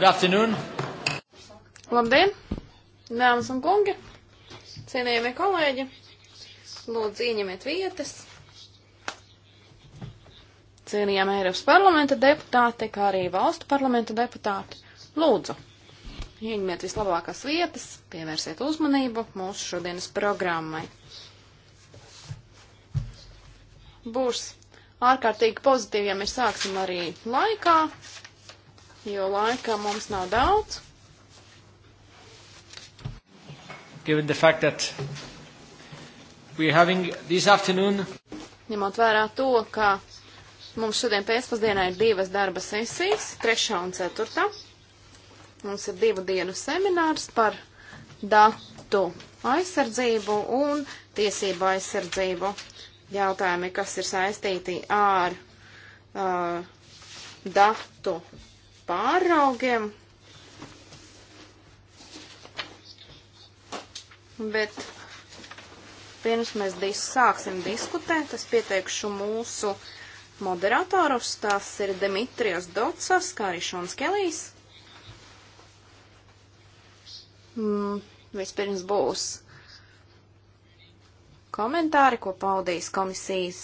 Good afternoon. Labdien, dāmas un kungi, cienījamie kolēģi. Lūdzu, ieņemiet vietas. Cienījamie Eiropas parlamenta deputāti, kā arī valstu parlamenta deputāti. Lūdzu, ieņemiet vislabākās vietas, pievērsiet uzmanību mūsu šodienas programmai. Būs ārkārtīgi pozitīvi, ja mēs sāksim arī laikā jo laika mums nav daudz. Given the fact that we are having this afternoon. Ņemot vērā to, ka mums šodien pēcpusdienā ir divas darba sesijas, trešā un ceturtā. Mums ir divu dienu seminārs par datu aizsardzību un tiesību aizsardzību. Jautājumi, kas ir saistīti ar uh, datu pāraugiem, bet pirms mēs dis sāksim diskutēt, es pieteikšu mūsu moderatorus. Tās ir Dimitrijs Dotsas, kā arī Šons Kelijs. Mm, vispirms būs komentāri, ko paudīs komisijas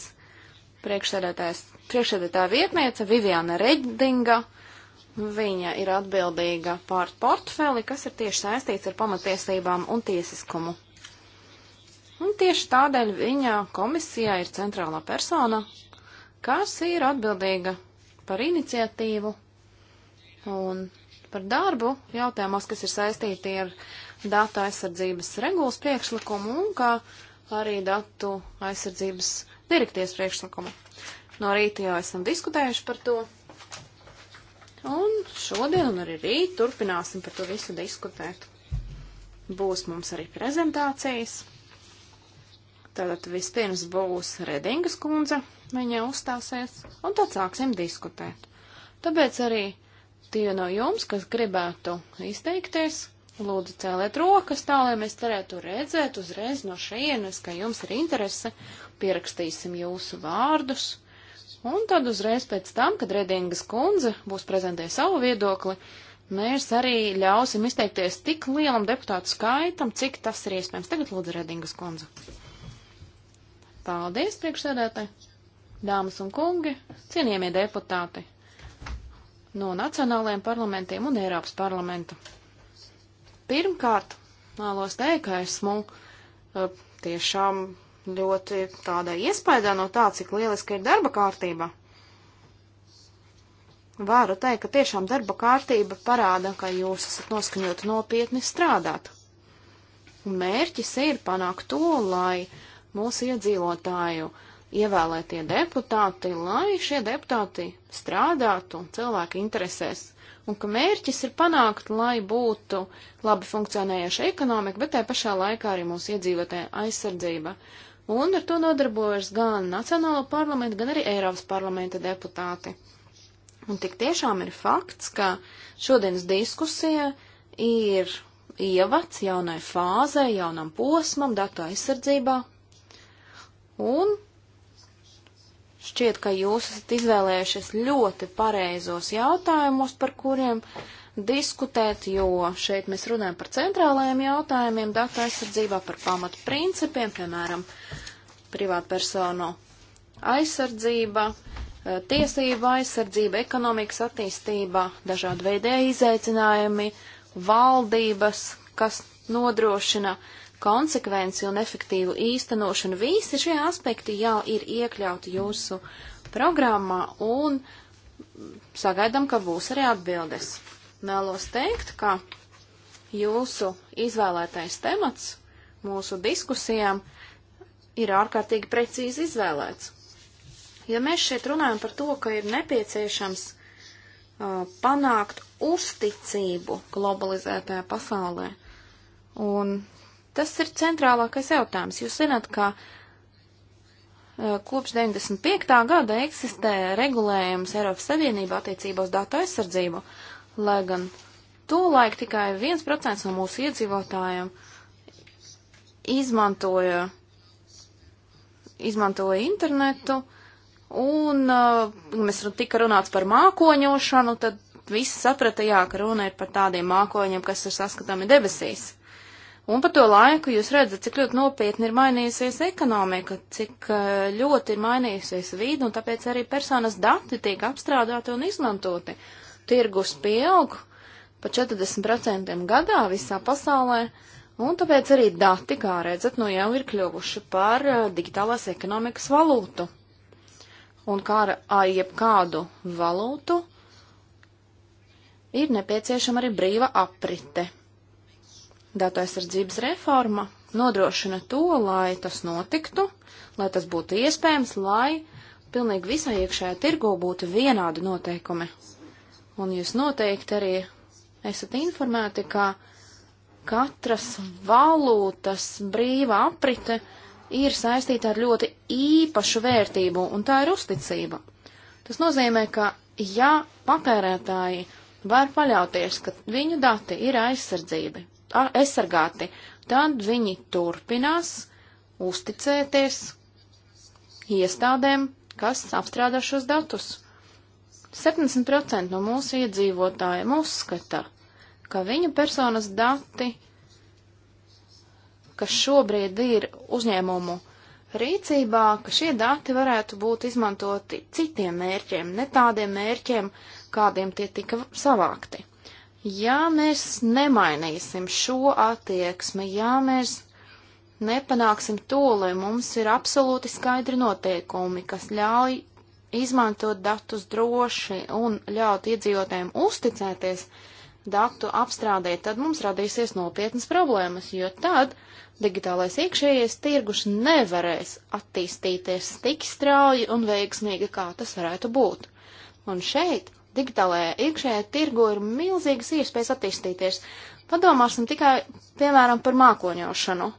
priekšsēdētāja vietniece Viviana Redinga, Viņa ir atbildīga par portfeli, kas ir tieši saistīts ar pamatiesībām un tiesiskumu. Un tieši tādēļ viņa komisijā ir centrālā persona, kas ir atbildīga par iniciatīvu un par darbu jautājumos, kas ir saistīti ar datu aizsardzības regulas priekšlikumu un kā arī datu aizsardzības direktīvas priekšlikumu. No rīta jau esam diskutējuši par to. Un šodien un arī rīt turpināsim par to visu diskutēt. Būs mums arī prezentācijas. Tātad vispirms būs Redingas kundze, viņa uzstāsies, un tad sāksim diskutēt. Tāpēc arī tie no jums, kas gribētu izteikties, lūdzu cēliet rokas tā, lai mēs varētu redzēt uzreiz no šejienes, ka jums ir interese, pierakstīsim jūsu vārdus, Un tad uzreiz pēc tam, kad Redingas kundze būs prezentējusi savu viedokli, mēs arī ļausim izteikties tik lielam deputātu skaitam, cik tas ir iespējams. Tagad lūdzu Redingas kundze. Paldies, priekšsēdētāji, dāmas un kungi, cienījamie deputāti no nacionālajiem parlamentiem un Eiropas parlamenta. Pirmkārt, vēlos teikt, ka esmu uh, tiešām ļoti tādā iespaidā no tā, cik lieliski ir darba kārtība. Varu teikt, ka tiešām darba kārtība parāda, ka jūs esat noskaņoti nopietni strādāt. Un mērķis ir panākt to, lai mūsu iedzīvotāju ievēlētie deputāti, lai šie deputāti strādātu cilvēku interesēs. Un ka mērķis ir panākt, lai būtu labi funkcionējoša ekonomika, bet tai pašā laikā arī mūsu iedzīvotāja aizsardzība. Uh, un ar to nodarbojas gan Nacionālo parlamentu, gan arī Eiropas parlamenta deputāti. Un tik tiešām ir fakts, ka šodienas diskusija ir ievads jaunai fāzē, jaunam posmam, datu aizsardzībā. Un šķiet, ka jūs esat izvēlējušies ļoti pareizos jautājumus, par kuriem uh, diskutēt, jo šeit mēs runājam par centrālajiem jautājumiem, datu aizsardzībā, par pamatu principiem, piemēram, privātpersonu aizsardzība, eh, tiesība aizsardzība, ekonomikas attīstība, dažādi veidēji izaicinājumi, valdības, kas nodrošina konsekvenci un efektīvu īstenošanu. Visi šie aspekti jau ir iekļauti jūsu programmā un sagaidām, ka būs arī atbildes. Vēlos teikt, ka jūsu izvēlētais temats mūsu diskusijām ir ārkārtīgi precīzi izvēlēts. Ja mēs šeit runājam par to, ka ir nepieciešams uh, panākt uzticību globalizētajā pasaulē, un tas ir centrālākais jautājums. Jūs zināt, ka uh, kopš 95. gada eksistē regulējums Eiropas Savienība attiecībos datu aizsardzību, uh, lai gan tolaik tikai 1% no mūsu iedzīvotājiem izmantoja, izmantoja internetu, un, ja uh, mēs tika runāts par mākoņošanu, tad visi saprata, jā, ka runa ir par tādiem mākoņiem, kas ir saskatāmi debesīs. Un pa to laiku jūs redzat, cik ļoti nopietni ir mainījusies ekonomika, cik uh, ļoti ir mainījusies vīda, un tāpēc arī personas dati tiek apstrādāti un izmantoti. Uh, tirgus pieaug pa 40% gadā visā pasaulē, un tāpēc arī dati, kā redzat, nu jau ir kļuvuši par eh, digitālās ekonomikas valūtu. Un kā ar jebkādu valūtu ir nepieciešama arī brīva aprite. Datu aizsardzības reforma nodrošina to, lai tas notiktu, lai tas būtu iespējams, lai pilnīgi visā iekšējā tirgū būtu vienādi noteikumi. Un jūs noteikti arī esat informēti, ka katras valūtas brīva aprite ir saistīta ar ļoti īpašu vērtību, un tā ir uzticība. Tas nozīmē, ka ja patērētāji var paļauties, ka viņu dati ir aizsardzība, aizsargāti, tad viņi turpinās uzticēties iestādēm, kas apstrādā šos datus. 70% no mūsu iedzīvotājiem uzskata, ka viņu personas dati, kas šobrīd ir uzņēmumu rīcībā, ka šie dati varētu būt izmantoti citiem mērķiem, ne tādiem mērķiem, kādiem tie tika savākti. Ja mēs nemainīsim šo attieksmi, ja mēs nepanāksim to, lai mums ir absolūti skaidri noteikumi, kas ļauj izmantot datus droši un ļaut iedzīvotājiem uzticēties datu apstrādē, tad mums radīsies nopietnas problēmas, jo tad digitālais iekšējais tirgus nevarēs attīstīties tik strauji un veiksmīgi, kā tas varētu būt. Un šeit digitālajā iekšējā tirgu ir milzīgas iespējas attīstīties. Padomāsim tikai, piemēram, par mākoņošanu,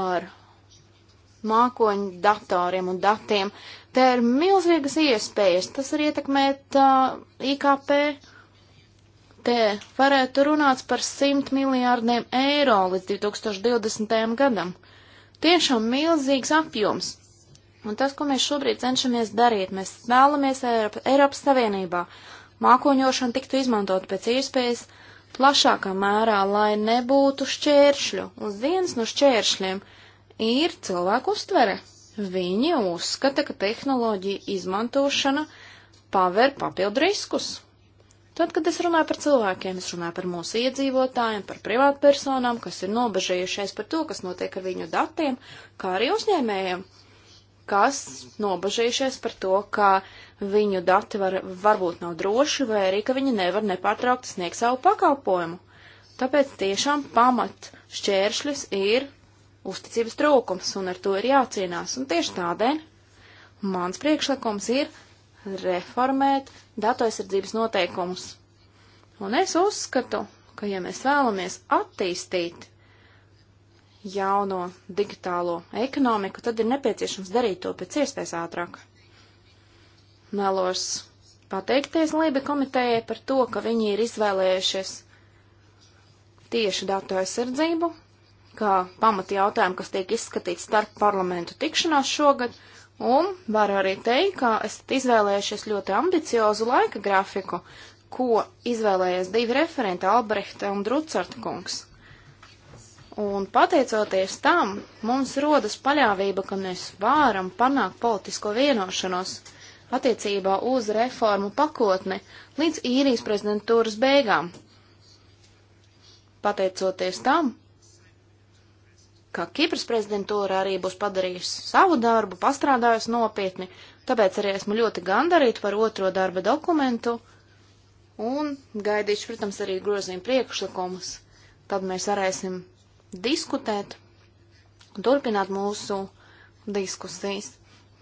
par mākoņu datoriem un datiem. Te ir milzīgas iespējas, tas var ietekmēt uh, IKP. Te varētu runāt par 100 miljārdiem eiro līdz 2020. gadam. Tiešām milzīgs apjoms. Un tas, ko mēs šobrīd cenšamies darīt, mēs vēlamies Eiropa, Eiropas Savienībā mākoņošanu tiktu izmantot pēc iespējas plašākā mērā, lai nebūtu šķēršļu. Uz viens no šķēršļiem uh, ir cilvēku uztvere. Viņi uzskata, ka tehnoloģija izmantošana paver papildu riskus. Tad, kad es runāju par cilvēkiem, es runāju par mūsu iedzīvotājiem, par privātpersonām, kas ir nobežējušies par to, kas notiek ar viņu datiem, kā arī uzņēmējiem, kas nobežējušies par to, ka viņu dati var, varbūt nav droši, vai arī, ka viņi nevar nepārtraukti sniegt savu pakalpojumu. Tāpēc tiešām pamat šķēršļis ir uzticības trūkums, un ar to ir jācīnās. Un tieši tādēļ mans priekšlikums ir reformēt datu aizsardzības noteikumus. Un es uzskatu, ka ja mēs vēlamies attīstīt jauno digitālo ekonomiku, tad ir nepieciešams darīt to pēc iespējas ātrāk. Vēlos pateikties Lība komitējai par to, ka viņi ir izvēlējušies tieši datu aizsardzību kā pamati jautājumu, kas tiek izskatīts starp parlamentu tikšanās šogad, un varu arī teikt, ka esat izvēlējušies ļoti ambiciozu laika grafiku, ko izvēlējies divi referenti, Albrehta un Drucerta kungs. Un pateicoties tam, mums rodas paļāvība, ka mēs varam panākt politisko vienošanos attiecībā uz reformu pakotni līdz īrijas prezidentūras beigām. Pateicoties tam, ka Kipras prezidentūra arī būs padarījusi savu darbu, pastrādājusi nopietni, tāpēc arī esmu ļoti gandarīta par otro darba dokumentu un gaidīšu, protams, arī grozījumu priekšlikumus. Tad mēs varēsim diskutēt un turpināt mūsu diskusijas.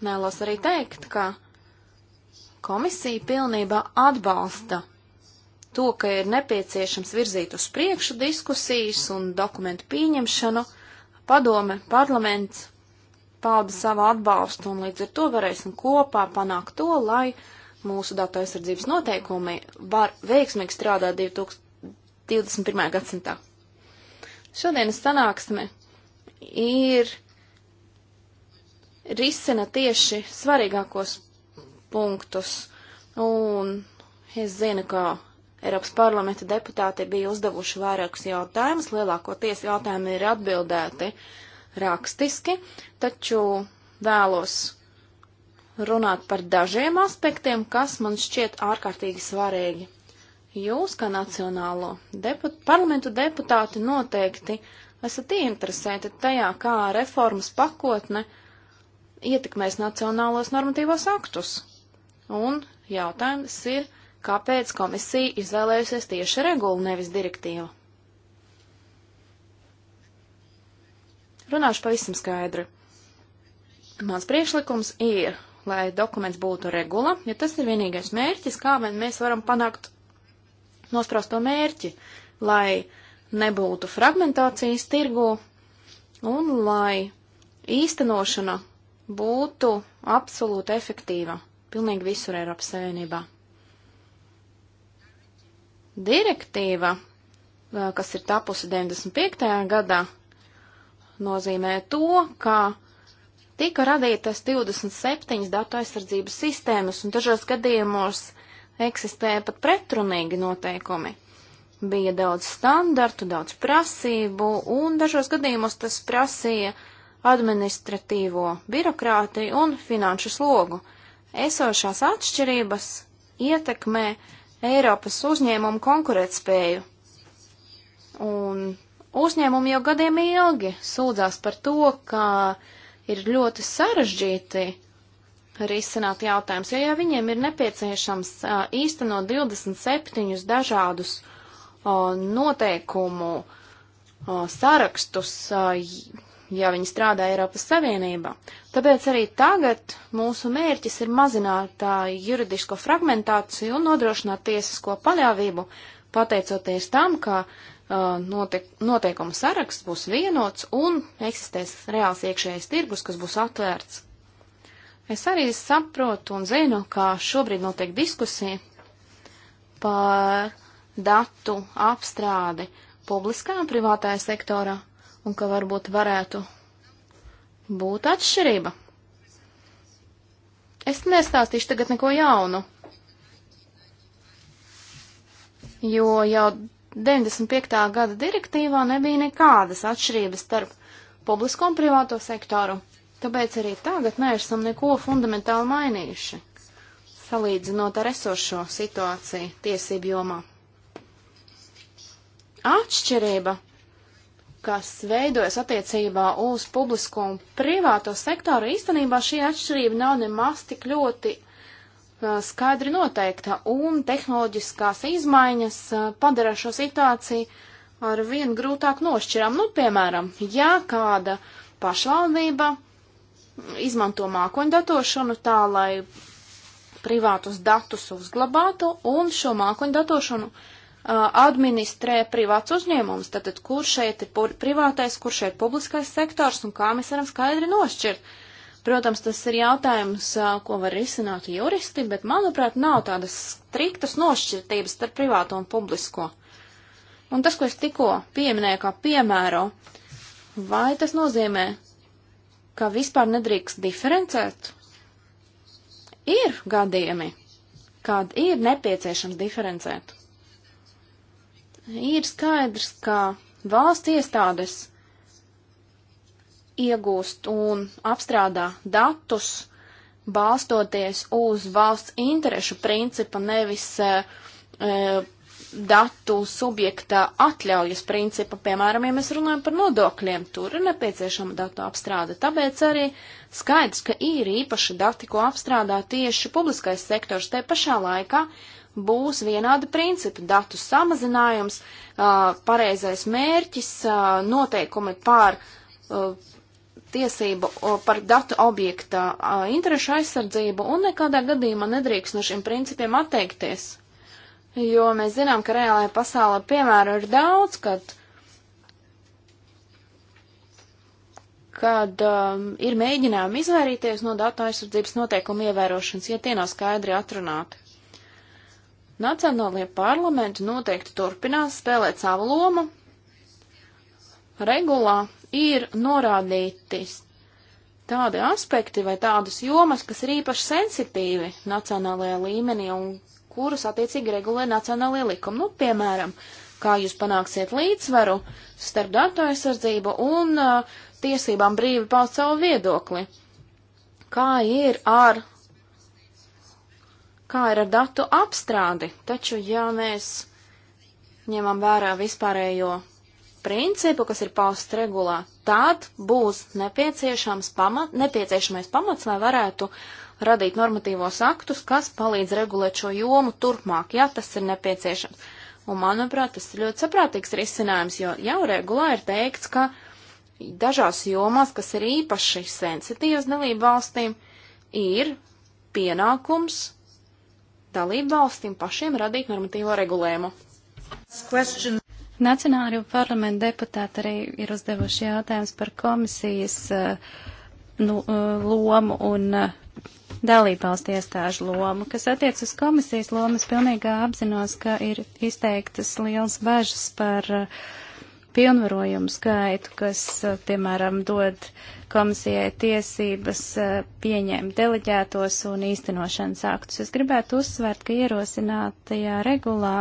Mēlos arī teikt, ka komisija pilnībā atbalsta to, ka ir nepieciešams virzīt uz priekšu diskusijas un dokumentu pieņemšanu padome, parlaments pauda savu atbalstu, un līdz ar to varēsim kopā panākt to, lai mūsu datu aizsardzības noteikumi var veiksmīgi strādāt 2021. gadsimtā. Šodienas sanāksme ir risina tieši svarīgākos punktus, un es zinu, ka Eiropas parlamenta deputāti bija uzdevuši vairākus jautājumus, lielākoties jautājumi ir atbildēti rakstiski, taču vēlos runāt par dažiem aspektiem, kas man šķiet ārkārtīgi svarīgi. Jūs, kā nacionālo deput parlamentu deputāti, noteikti esat ieinteresēti tajā, kā reformas pakotne ietekmēs nacionālos normatīvos aktus. Un jautājums ir, kāpēc komisija izvēlējusies tieši regulu, nevis direktīvu. Runāšu pavisam skaidri. Mans priekšlikums ir, lai dokuments būtu regula, jo tas ir vienīgais mērķis, kā mēs varam panākt nosprosto mērķi, lai nebūtu fragmentācijas tirgu un lai īstenošana būtu absolūti efektīva pilnīgi visur Eiropas Savienībā. Direktīva, kas ir tapusi 95. gadā, nozīmē to, ka tika radītas 27 datu aizsardzības sistēmas, un dažos gadījumos eksistēja pat pretrunīgi noteikumi. Bija daudz standartu, daudz prasību, un dažos gadījumos tas prasīja administratīvo birokrātiju un finanšu slogu. Esošās atšķirības ietekmē uh, Eiropas uzņēmumu konkurētspēju. Un uzņēmumi jau gadiem ilgi sūdzās par to, ka ir ļoti sarežģīti risināt jautājums, jo ja viņiem ir nepieciešams a, īstenot 27 dažādus a, noteikumu a, sarakstus, ja viņi strādā Eiropas Savienībā. Tāpēc arī tagad mūsu mērķis ir mazināt tā juridisko fragmentāciju un nodrošināt tiesisko paļāvību, pateicoties tam, ka uh, notiek, noteikumu saraksts būs vienots un eksistēs reāls iekšējais tirgus, kas būs atvērts. Es arī saprotu un zinu, ka šobrīd notiek diskusija par datu apstrādi publiskā un privātajā sektorā un ka varbūt varētu būt atšķirība. Es nestāstīšu tagad neko jaunu, jo jau 95. gada direktīvā nebija nekādas atšķirības starp publisko un privāto sektoru, tāpēc arī tagad neesam neko fundamentāli mainījuši, salīdzinot ar esošo situāciju tiesību jomā. Atšķirība kas veidojas attiecībā uz publisko un privāto sektoru, īstenībā šī atšķirība nav nemaz tik ļoti uh, skaidri noteikta, un tehnoloģiskās izmaiņas uh, padara šo situāciju ar vien grūtāk nošķiram. Nu, piemēram, ja kāda pašvaldība izmanto mākoņdatošanu tā, lai privātus datus uzglabātu un šo mākoņdatošanu uh, Uh, administrē privāts uzņēmums, tātad kur šeit ir privātais, kur šeit ir publiskais sektors un kā mēs varam skaidri nošķirt. Protams, tas ir jautājums, uh, ko var risināt juristi, bet, manuprāt, nav tādas striktas nošķirtības starp privāto un publisko. Un tas, ko es tikko pieminēju kā piemēru, vai tas nozīmē, ka vispār nedrīkst diferencēt? Ir gadījumi, kad ir nepieciešams diferencēt ir skaidrs, ka valsts iestādes iegūst un apstrādā datus, balstoties uz valsts interešu principa, nevis e, e, datu subjekta atļaujas principa. Piemēram, ja mēs runājam par nodokļiem, tur ir nepieciešama datu apstrāde. Tāpēc arī skaidrs, ka ir īpaši dati, ko apstrādā tieši publiskais sektors. Te pašā laikā būs vienādi principi - datu samazinājums, pareizais mērķis, noteikumi pār tiesību par datu objekta interešu aizsardzību un nekādā gadījumā nedrīkst no šiem principiem atteikties. Jo mēs zinām, ka reālajā pasaulē piemēru ir daudz, kad, kad um, ir mēģinājumi izvairīties no datu aizsardzības noteikumu ievērošanas, ja tie nav skaidri atrunāti. Nacionālajie parlamenti noteikti turpinās spēlēt savu lomu. Regulā ir norādītis tādi aspekti vai tādas jomas, kas ir īpaši sensitīvi nacionālajā līmenī un kurus attiecīgi regulē nacionālajie likumi. Nu, piemēram, kā jūs panāksiet līdzsvaru starp datu aizsardzību un uh, tiesībām brīvi paust savu viedokli. Kā ir ar kā ir ar datu apstrādi, taču ja mēs ņemam vērā vispārējo principu, kas ir pausts regulā, tad būs nepieciešams pamat, nepieciešamais pamats, lai varētu radīt normatīvos aktus, kas palīdz regulēt šo jomu turpmāk, ja tas ir nepieciešams. Un, manuprāt, tas ir ļoti saprātīgs risinājums, jo jau regulā ir teikts, ka dažās jomās, kas ir īpaši sensitīvas dalību valstīm, ir pienākums dalību valstīm pašiem radīt normatīvo regulējumu. Question. Nacionālajā parlamenta deputāti arī ir uzdevuši jautājums par komisijas eh, nu, eh, lomu un eh, dalībvalstu iestāžu lomu. Kas attiec uz komisijas lomas, pilnīgā apzinos, ka ir izteiktas liels bažas par uh, pilnvarojumu skaitu, kas, eh, piemēram, dod komisijai tiesības eh, pieņemt deleģētos un īstenošanas aktus. Es gribētu uzsvērt, ka ierosinātajā regulā,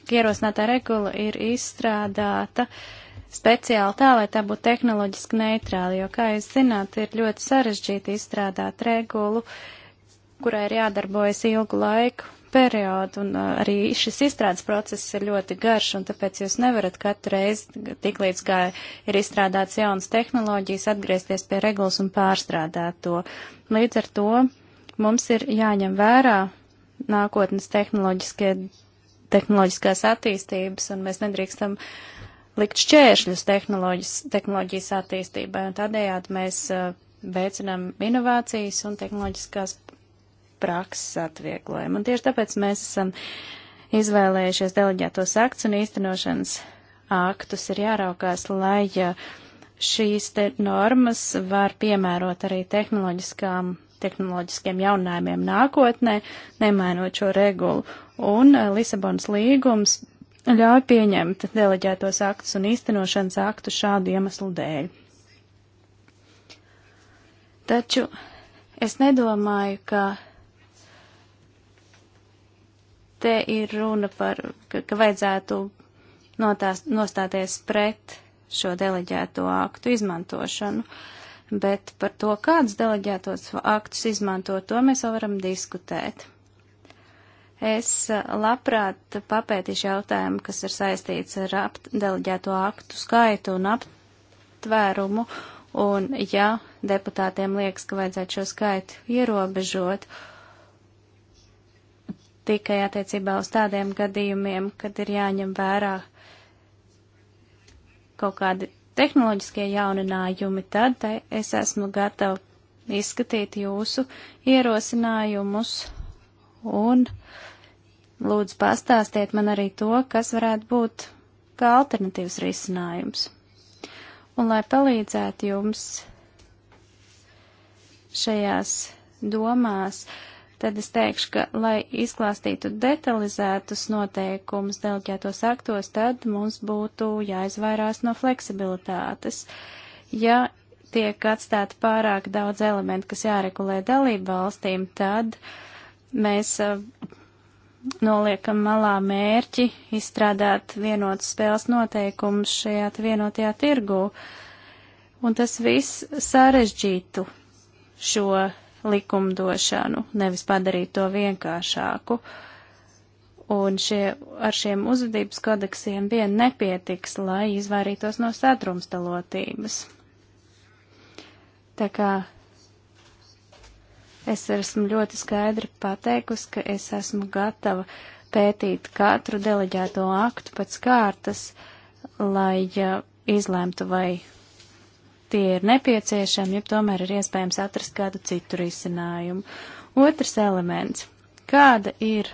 ka ierosinātā regula ir izstrādāta speciāli tā, lai tā būtu tehnoloģiski neitrāla, jo, kā jūs zināt, ir ļoti sarežģīti izstrādāt regulu, kurai ir jādarbojas ilgu laiku periodu, un uh, arī šis izstrādes process ir ļoti garš, un tāpēc jūs nevarat katru reizi, tik līdz kā ir izstrādāts jaunas tehnoloģijas, atgriezties pie regulas un pārstrādāt to. Līdz ar to mums ir jāņem vērā nākotnes tehnoloģiskie, tehnoloģiskās attīstības, un mēs nedrīkstam likt šķēršļus tehnoloģijas attīstībai, un tādējādi mēs uh, veicinām inovācijas un tehnoloģiskās prakses atvieglojumu. Un tieši tāpēc mēs esam izvēlējušies deleģētos aktus un īstenošanas aktus ir jāraukās, lai šīs te normas var piemērot arī tehnoloģiskām tehnoloģiskiem jauninājumiem nākotnē, nemainot šo regulu. Un eh, Lisabonas līgums ļauj pieņemt deleģētos aktus un īstenošanas aktu šādu iemeslu dēļ. Taču es nedomāju, ka te ir runa par, ka, ka vajadzētu notās, nostāties pret šo deleģēto aktu izmantošanu, bet par to, kāds deleģētos aktus izmanto, to mēs vēl varam diskutēt. Es labprāt papētīšu jautājumu, kas ir saistīts ar apt, deleģēto aktu skaitu un aptvērumu, un ja deputātiem liekas, ka vajadzētu šo skaitu ierobežot, uh, tikai attiecībā uz tādiem gadījumiem, kad ir jāņem vērā kaut kādi tehnoloģiskie jauninājumi, tad es esmu gatava izskatīt jūsu ierosinājumus un lūdzu pastāstiet man arī to, kas varētu būt kā alternatīvs risinājums. Un lai palīdzētu jums šajās domās, uh, tad es teikšu, ka, lai izklāstītu detalizētus noteikumus deleģētos aktos, tad mums būtu jāizvairās no fleksibilitātes. Ja tiek atstāti pārāk daudz elementu, kas jāregulē dalību valstīm, tad mēs uh, noliekam malā mērķi izstrādāt vienotas spēles noteikumus šajā vienotajā tirgū. Un tas viss sarežģītu šo likumdošanu, nevis padarīt to vienkāršāku. Un šie, ar šiem uzvedības kodeksiem vien nepietiks, lai izvairītos no sadrumstalotības. Tā kā es esmu ļoti skaidri pateikusi, ka es esmu gatava pētīt katru deleģēto aktu pēc kārtas, lai izlemtu, vai tie ir nepieciešami, ja tomēr ir iespējams atrast kādu citu risinājumu. Otrs elements - kāda ir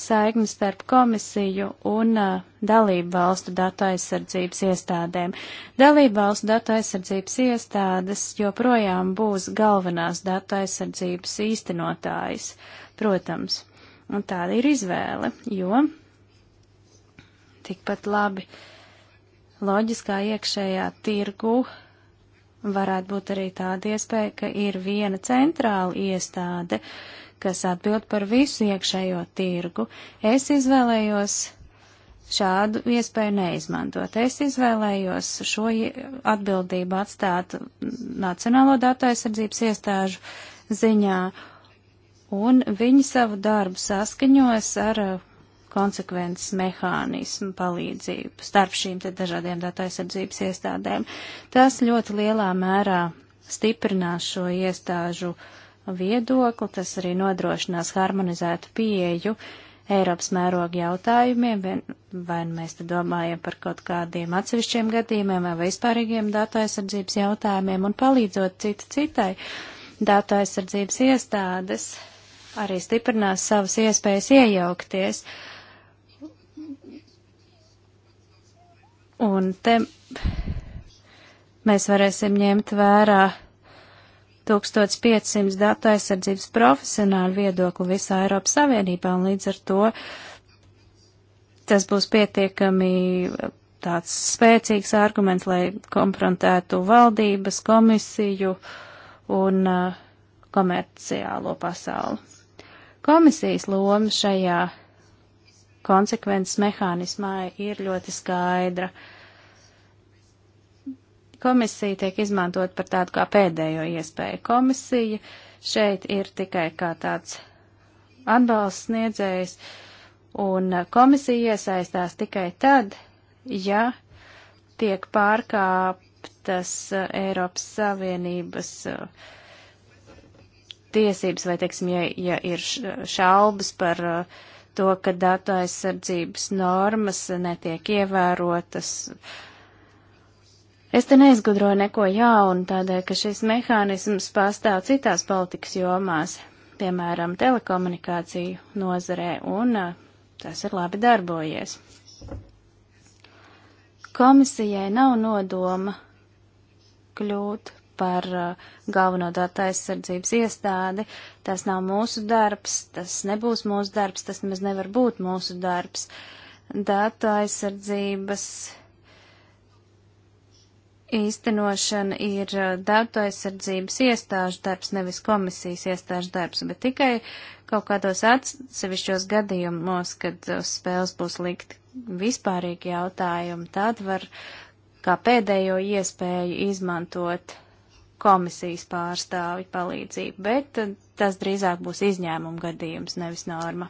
saikne starp komisiju un uh, dalību valstu datu aizsardzības iestādēm. Dalību valstu datu aizsardzības iestādes joprojām būs galvenās datu aizsardzības īstenotājs, protams. Un tāda ir izvēle, jo tikpat labi uh, loģiskā iekšējā tirgu varētu būt arī tāda iespēja, ka ir viena centrāla iestāde, kas atbild par visu iekšējo tirgu. Es izvēlējos šādu iespēju neizmantot. Es izvēlējos šo atbildību atstāt Nacionālo datu aizsardzības iestāžu ziņā, un viņi savu darbu saskaņos ar konsekvences mehānismu palīdzību starp šīm te dažādiem datu aizsardzības iestādēm. Tas ļoti lielā mērā stiprinās šo iestāžu viedokli, tas arī nodrošinās harmonizētu pieeju Eiropas mēroga jautājumiem, vien, vai nu mēs te domājam par kaut kādiem atsevišķiem gadījumiem vai vispārīgiem datu aizsardzības jautājumiem un palīdzot cita citai datu aizsardzības iestādes arī stiprinās savas iespējas iejaukties uh, Un te mēs varēsim ņemt vērā 1500 datu aizsardzības profesionāļu viedokli visā Eiropas Savienībā, un līdz ar to tas būs pietiekami e, tāds spēcīgs arguments, lai konfrontētu valdības, komisiju un uh, komerciālo pasauli. Komisijas loma šajā konsekvences mehānismā ir ļoti skaidra. Komisija tiek izmantot par tādu kā pēdējo iespēju. Komisija šeit ir tikai kā tāds atbalsts sniedzējs, un komisija iesaistās tikai tad, ja tiek pārkāptas Eiropas Savienības uh, tiesības, vai, teiksim, ja, ja ir šaubas par uh, to, ka datu aizsardzības normas netiek ievērotas. Es te neizgudroju neko jaunu, tādēļ, ka šis mehānisms pastāv citās politikas jomās, piemēram, telekomunikāciju nozarē, un uh, tas ir labi darbojies. Komisijai nav nodoma kļūt par uh, galveno datu aizsardzības iestādi. Tas nav mūsu darbs, tas nebūs mūsu darbs, tas nemaz nevar būt mūsu darbs. Datu aizsardzības īstenošana ir uh, datu aizsardzības iestāžu darbs, nevis komisijas iestāžu darbs, bet tikai kaut kādos atsevišķos gadījumos, kad uz uh, spēles būs likt vispārīgi jautājumi, tad var kā pēdējo iespēju izmantot komisijas pārstāvi palīdzību, bet tas drīzāk būs izņēmuma gadījums, nevis norma.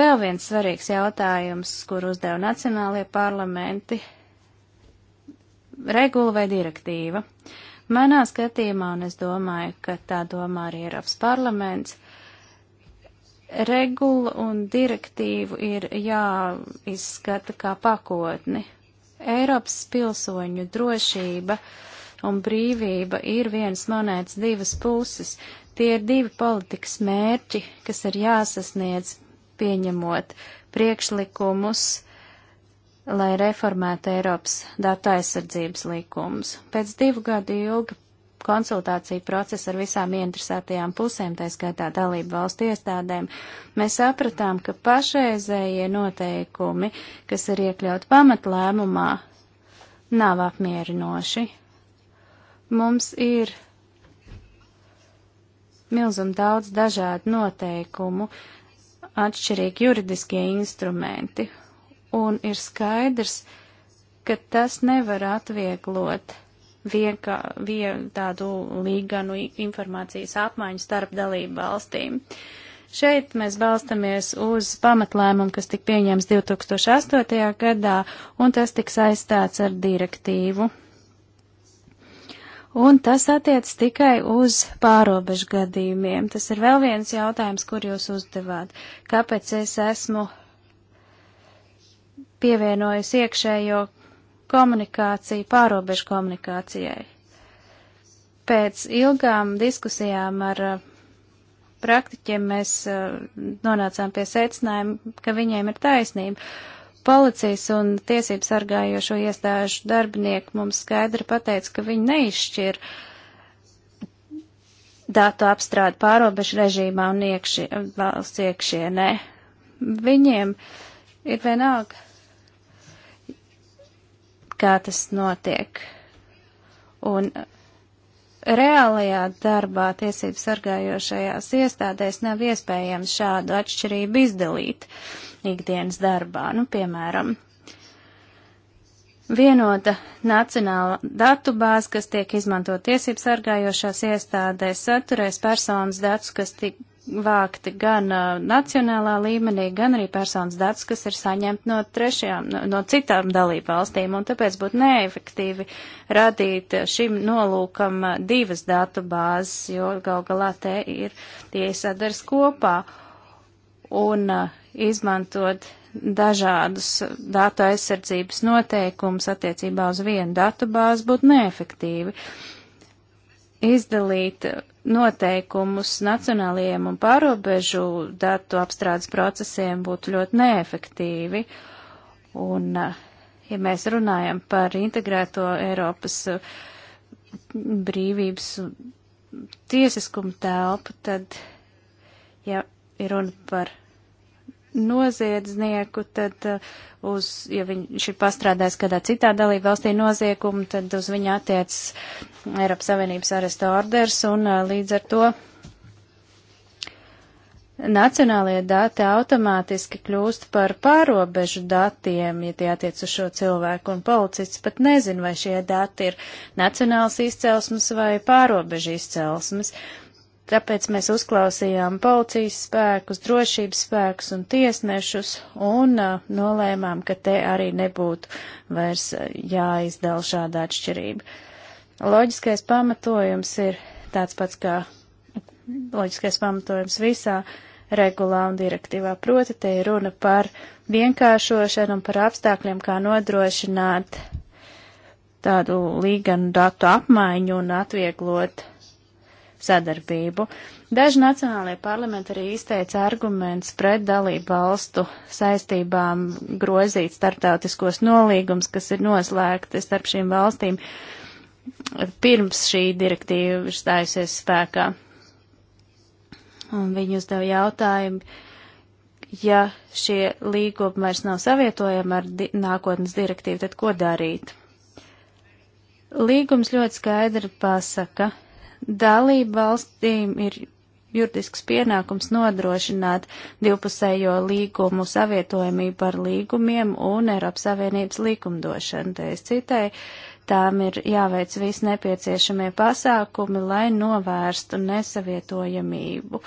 Vēl viens svarīgs jautājums, kur uzdeva nacionālie parlamenti - regula vai direktīva. Manā skatījumā, un es domāju, ka tā domā arī Eiropas parlaments, regula un direktīvu ir jāizskata kā pakotni. Eiropas pilsoņu drošība uh, un brīvība ir viens monēts divas puses. Tie ir divi politikas mērķi, kas ir jāsasniedz pieņemot priekšlikumus, lai reformētu Eiropas datu aizsardzības likumus. Pēc divu gadu ilga konsultāciju procesu ar visām interesētajām pusēm, tā skaitā dalību valstu iestādēm, mēs sapratām, ka pašreizējie noteikumi, kas ir iekļaut pamatlēmumā, nav apmierinoši. Mums ir milzum daudz dažādu noteikumu, atšķirīgi juridiskie instrumenti, un ir skaidrs, ka tas nevar atvieglot vienkā, vien tādu līganu informācijas apmaiņu starp dalību valstīm. Šeit mēs balstamies uz pamatlēmumu, kas tika pieņems 2008. gadā, un tas tika saistāts ar direktīvu Un tas attiec tikai uz pārobežu gadījumiem. Tas ir vēl viens jautājums, kur jūs uzdevāt. Kāpēc es esmu pievienojis iekšējo komunikāciju pārobežu komunikācijai? Pēc ilgām diskusijām ar uh, praktiķiem mēs uh, nonācām pie secinājuma, ka viņiem ir taisnība. Policijas un tiesību sargājošo iestāžu darbinieki mums skaidri pateica, ka viņi neizšķir datu apstrādi pārobežu režīmā un iekši, valsts iekšienē. Viņiem ir vienalga, kā tas notiek. Un uh, reālajā darbā tiesību sargājošajās iestādēs nav iespējams šādu atšķirību izdalīt ikdienas darbā. Nu, piemēram, vienota nacionāla datubāze, kas tiek izmantot tiesību sargājošās iestādēs, saturēs personas datus, kas tik vākti gan uh, nacionālā līmenī, gan arī personas datus, kas ir saņemti no trešajām, no, no citām dalību valstīm, un tāpēc būtu neefektīvi radīt šim nolūkam divas datubāzes, jo gal galā te ir tie sadars kopā un uh, izmantot dažādus datu aizsardzības noteikumus attiecībā uz vienu datu bāzi būtu neefektīvi. Izdalīt noteikumus nacionālajiem un pārobežu datu apstrādes procesiem būtu ļoti neefektīvi. Un, ja mēs runājam par integrēto Eiropas brīvības tiesiskumu telpu, tad, ja ir runa par noziedznieku, tad uh, uz, ja viņš ir pastrādājis kādā citā dalība valstī noziegumu, tad uz viņu attiecas Eiropas Savienības aresta orders un uh, līdz ar to nacionālajie dati automātiski kļūst par pārobežu datiem, ja tie attiec uz šo cilvēku, un policists pat nezin, vai šie dati ir nacionāls izcelsmes vai pārobežu izcelsmes. Uh, Tāpēc mēs uzklausījām policijas spēkus, drošības spēkus un tiesnešus un uh, nolēmām, ka te arī nebūtu vairs uh, jāizdala šāda atšķirība. Loģiskais pamatojums ir tāds pats kā loģiskais pamatojums visā regulā un direktīvā. Proti, te ir runa par vienkāršošanu un par apstākļiem, kā nodrošināt tādu līganu datu apmaiņu un atvieglot sadarbību. Daži nacionālajie parlamenti arī izteica arguments pret dalību valstu saistībām grozīt starptautiskos nolīgums, kas ir noslēgti starp šīm valstīm pirms šī direktīva ir stājusies spēkā. Un viņi uzdeva jautājumu, ja šie līgumi vairs nav savietojami ar di nākotnes direktīvu, tad ko darīt? Līgums ļoti skaidri pasaka, dalību valstīm ir juridisks pienākums nodrošināt divpusējo līgumu savietojamību ar līgumiem un Eiropas Savienības likumdošanu. Tā es citēju, tām ir jāveic visi nepieciešamie pasākumi, lai novērstu nesavietojamību,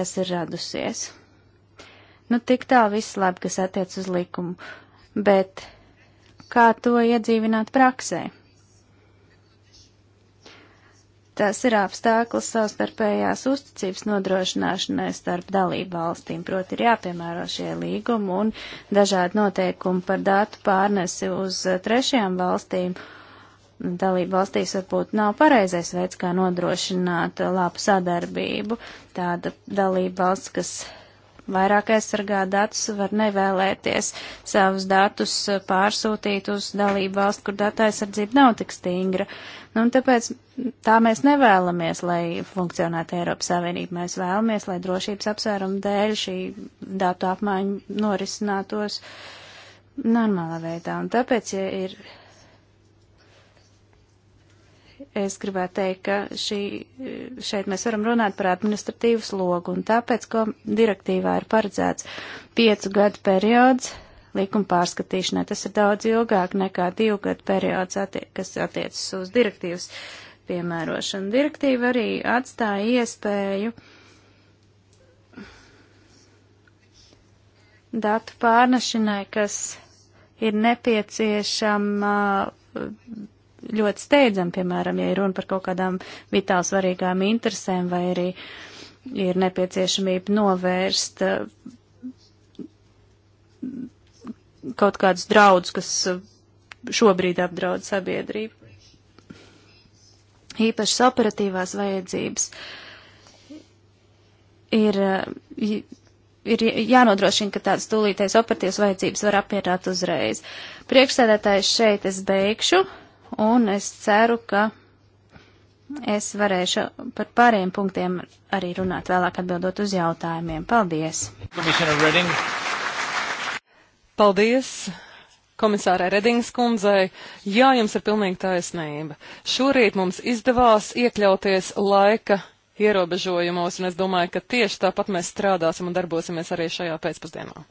kas ir radusies. Nu, tik tā viss labi, kas attiec uz likumu, bet kā to iedzīvināt praksē? Tas ir apstākļus savstarpējās uzticības nodrošināšanai starp dalību valstīm. Proti ir jāpiemēro šie līgumi un dažādi noteikumi par datu pārnesi uz eh, trešajām valstīm. Dalību valstīs varbūt nav pareizais veids, kā nodrošināt eh, labu sadarbību. Tāda dalība valsts, kas vairāk aizsargāt datus, var nevēlēties savus datus eh, pārsūtīt uz dalību valstu, kur datu aizsardzība nav tik stingra. Nu, un tāpēc tā mēs nevēlamies, lai funkcionētu Eiropas Savienība. Mēs vēlamies, lai drošības apsvērumu dēļ šī datu apmaiņa norisinātos normālā veidā. Un tāpēc, ja ir es gribētu teikt, ka šī, šeit mēs varam runāt par administratīvu slogu, un tāpēc, ko direktīvā ir paredzēts piecu gadu periods likuma pārskatīšanai, tas ir daudz ilgāk nekā divu gadu periods, attie kas attiecas uz direktīvas piemērošanu. Direktīva arī atstāja iespēju datu pārnešanai, kas ir nepieciešama. Uh, ļoti steidzami, piemēram, ja ir runa par kaut kādām vitāli svarīgām interesēm vai arī ir nepieciešamība novērst uh, kaut kādus draudus, kas uh, šobrīd apdraud sabiedrību. Īpašas operatīvās vajadzības ir, uh, ir jānodrošina, ka tāds tūlītais operatīvs vajadzības var apmierināt uzreiz. Priekšsēdētājs šeit es beigšu un es ceru, ka es varēšu par pāriem punktiem arī runāt vēlāk atbildot uz jautājumiem. Paldies! Paldies! Komisārai Redings kundzei, jā, jums ir pilnīgi taisnība. Šorīt mums izdevās iekļauties laika ierobežojumos, un es domāju, ka tieši tāpat mēs strādāsim un darbosimies arī šajā pēcpusdienā.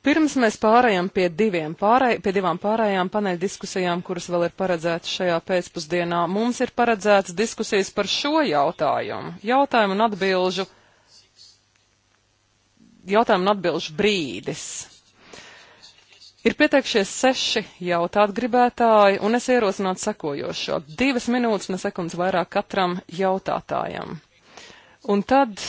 Pirms mēs pārējām pie, diviem, pārēj, pie divām pārējām paneļa diskusijām, kuras vēl ir paredzētas šajā pēcpusdienā, mums ir paredzētas diskusijas par šo jautājumu. Jautājumu un atbilžu, jautājumu un atbilžu brīdis. Ir pieteikšies seši jautāt gribētāji, un es ierosinātu sekojošo. Divas minūtes un sekundes vairāk katram jautātājam. Un tad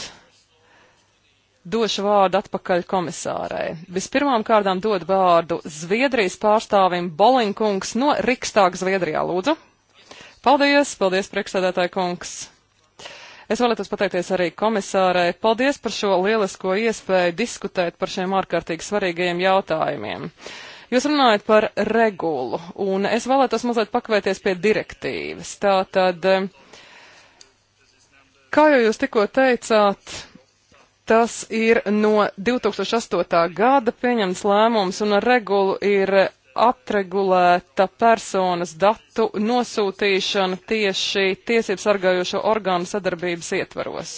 Došu vārdu atpakaļ komisārai. Vispirmām kārdām dod vārdu Zviedrijas pārstāvim Bolinkungs no Rikstāga Zviedrijā, lūdzu. Paldies, paldies, priekšsēdētāji kungs. Es vēlētos pateikties arī komisārai. Paldies par šo lielisko iespēju diskutēt par šiem ārkārtīgi svarīgajiem jautājumiem. Jūs runājat par regulu, un es vēlētos mazliet pakvēties pie direktīvas. Tātad, kā jau jūs tikko teicāt, Tas ir no 2008. gada pieņemts lēmums un ar regulu ir apregulēta personas datu nosūtīšana tieši tiesību sargājošo orgānu sadarbības ietvaros.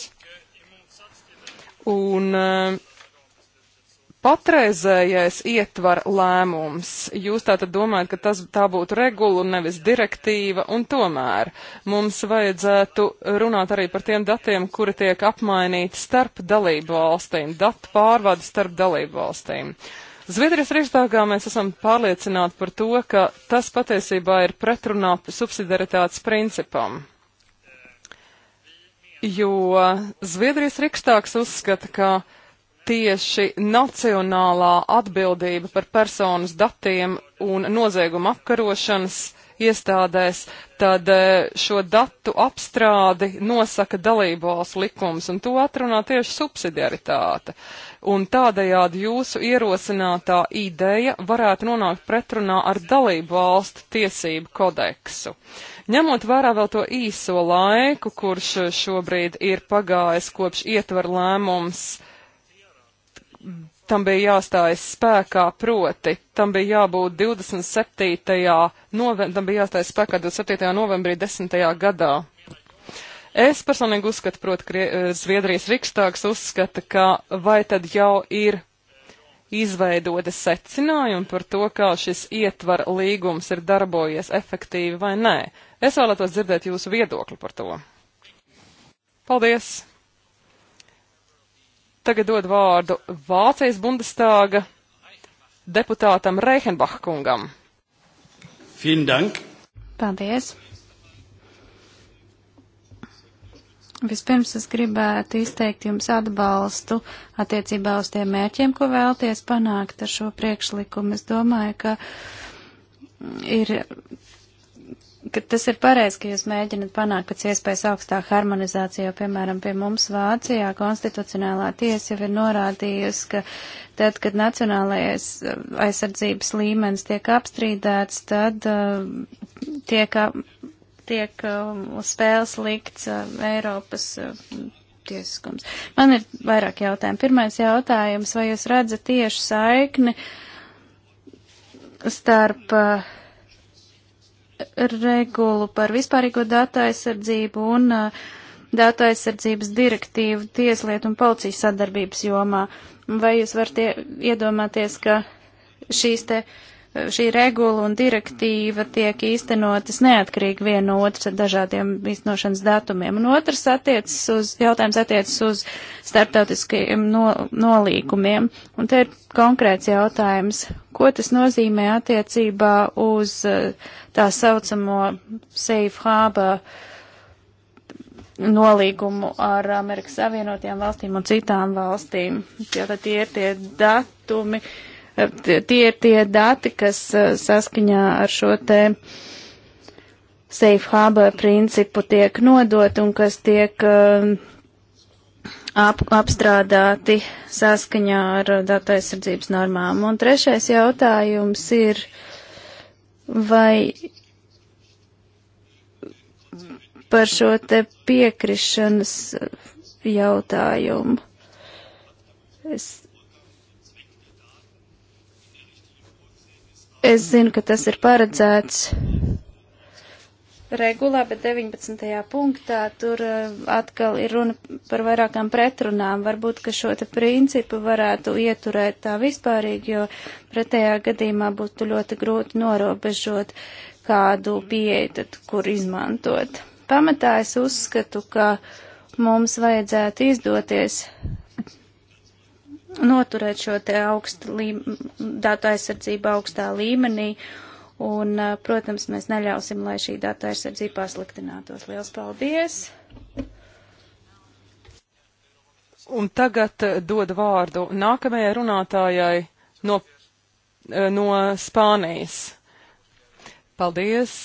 Un uh, patreizējais ietvar lēmums. Jūs tātad domājat, ka tas, tā būtu regula un nevis direktīva, un tomēr mums vajadzētu runāt arī par tiem datiem, kuri tiek apmainīti starp dalību valstīm, datu pārvadu starp dalību valstīm. Zviedrijas rīkstākā mēs esam pārliecināti par to, ka tas patiesībā ir pretrunā subsidiaritātes principam. Jo Zviedrijas rīkstāks uzskata, ka tieši nacionālā atbildība par personas datiem un nozieguma apkarošanas iestādēs, tad e, šo datu apstrādi nosaka dalībvalsts likums, un to atrunā tieši subsidiaritāte. Un tādējādi jūsu ierosinātā ideja varētu nonākt pretrunā ar dalībvalstu tiesību kodeksu. Ņemot vērā vēl to īso laiku, kurš šobrīd ir pagājis kopš ietver lēmums, uh, tam bija jāstājas spēkā, proti, tam bija jābūt 27. novembrī, tam bija jāstājas spēkā 27. novembrī 10. gadā. Es personīgi uzskatu, proti, ka eh, Zviedrijas Rikstāks uzskata, ka vai tad jau ir izveidota secinājuma par to, kā šis ietvar līgums ir darbojies efektīvi vai nē. Es vēlētos dzirdēt jūsu viedokli par to. Paldies! Tagad dod vārdu Vācijas Bundestāga deputātam Reihenbach kungam. Paldies! Vispirms es gribētu izteikt jums atbalstu attiecībā uz tiem mērķiem, ko vēlties panākt ar šo priekšlikumu. Es domāju, ka ir ka tas ir pareizi, ka jūs mēģinat panākt pēc iespējas augstāku harmonizāciju, jo, piemēram, pie mums Vācijā konstitucionālā tiesa jau ir norādījusi, ka tad, kad nacionālais uh, aizsardzības līmenis tiek apstrīdēts, tad uh, tiek, tiek uh, uz spēles likts uh, Eiropas. Uh, Tiesiskums. Man ir vairāk jautājumu. Pirmais jautājums, vai jūs redzat tiešu saikni starp uh, regulu par vispārīgo datu aizsardzību un uh, datu aizsardzības direktīvu tieslietu un policijas sadarbības jomā. Vai jūs varat iedomāties, ka šīs te uh, šī regula un direktīva tiek īstenotas neatkarīgi viena no otras ar dažādiem īstenošanas datumiem. Un otrs attiecas uz, jautājums attiecas uz starptautiskajiem no, nolīkumiem. Un te ir konkrēts jautājums, ko tas nozīmē attiecībā uz eh, tā saucamo safe harbor nolīgumu ar Amerikas Savienotajām valstīm un citām valstīm. Tātad tie ir tie datumi, uh, Tie ir tie dati, kas saskaņā ar šo te safe hub principu tiek nodot un kas tiek ap, apstrādāti saskaņā ar datu aizsardzības normām. Un trešais jautājums ir, vai par šo te piekrišanas jautājumu. Es Es zinu, ka tas ir paredzēts regulā, bet 19. punktā tur eh, atkal ir runa par vairākām pretrunām. Varbūt, ka šo te principu varētu ieturēt tā vispārīgi, jo pretējā gadījumā būtu ļoti grūti norobežot kādu pieeju, tad kur izmantot. Pamatā es uzskatu, ka mums vajadzētu izdoties noturēt šo te augstu datu aizsardzību augstā līmenī. Un, protams, mēs neļausim, lai šī datu aizsardzība pasliktinātos. Lielas paldies! Un tagad dod vārdu nākamajai runātājai no, no Spānijas. Paldies!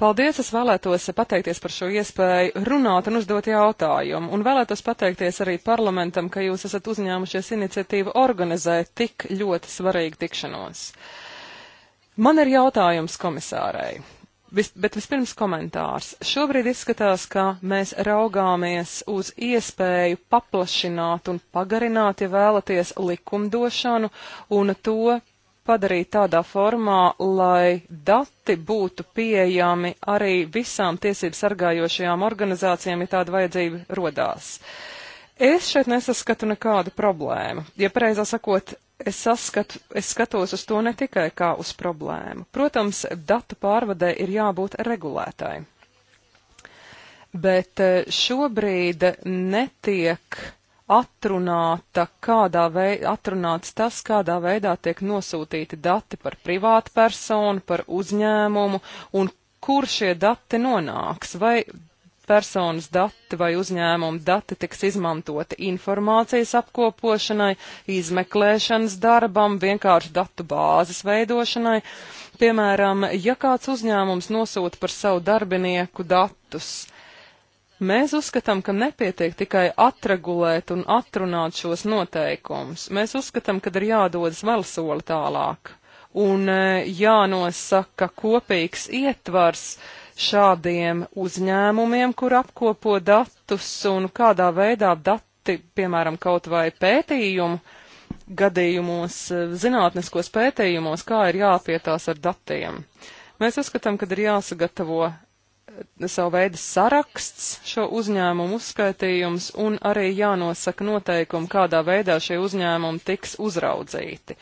Paldies, es vēlētos pateikties par šo iespēju runāt un uzdot jautājumu, un vēlētos pateikties arī parlamentam, ka jūs esat uzņēmušies iniciatīvu organizēt tik ļoti svarīgu tikšanos. Man ir jautājums komisārai. Vis, bet vispirms komentārs. Šobrīd izskatās, ka mēs raugāmies uz iespēju paplašināt un pagarināt, ja vēlaties, likumdošanu un to padarīt tādā formā, lai dati būtu pieejami arī visām tiesību sargājošajām organizācijām, ja tāda vajadzība rodās. Es šeit nesaskatu nekādu problēmu. Ja pareizā sakot, es, saskatu, es skatos uz to ne tikai kā uz problēmu. Protams, datu pārvadē ir jābūt regulētai. Bet eh, šobrīd netiek atrunāta, kādā veidā, atrunāts tas, kādā veidā tiek nosūtīti dati par privātu personu, par uzņēmumu un kur šie dati nonāks, vai personas dati vai uzņēmuma dati tiks izmantoti informācijas apkopošanai, izmeklēšanas darbam, vienkārši datu bāzes veidošanai. Piemēram, ja kāds uzņēmums nosūta par savu darbinieku datus, Mēs uzskatām, ka nepietiek tikai atregulēt un atrunāt šos noteikumus. Mēs uzskatām, ka ir jādodas vēl soli tālāk un e, jānosaka kopīgs ietvars šādiem uzņēmumiem, kur apkopo datus un kādā veidā dati, piemēram, kaut vai pētījumu gadījumos, e, zinātniskos pētījumos, kā ir jāpietās ar datiem. Mēs uzskatām, ka ir jāsagatavo Eh, savu veidu saraksts šo uzņēmumu uzskaitījums un arī jānosaka noteikumi, kādā veidā šie uzņēmumi tiks uzraudzīti.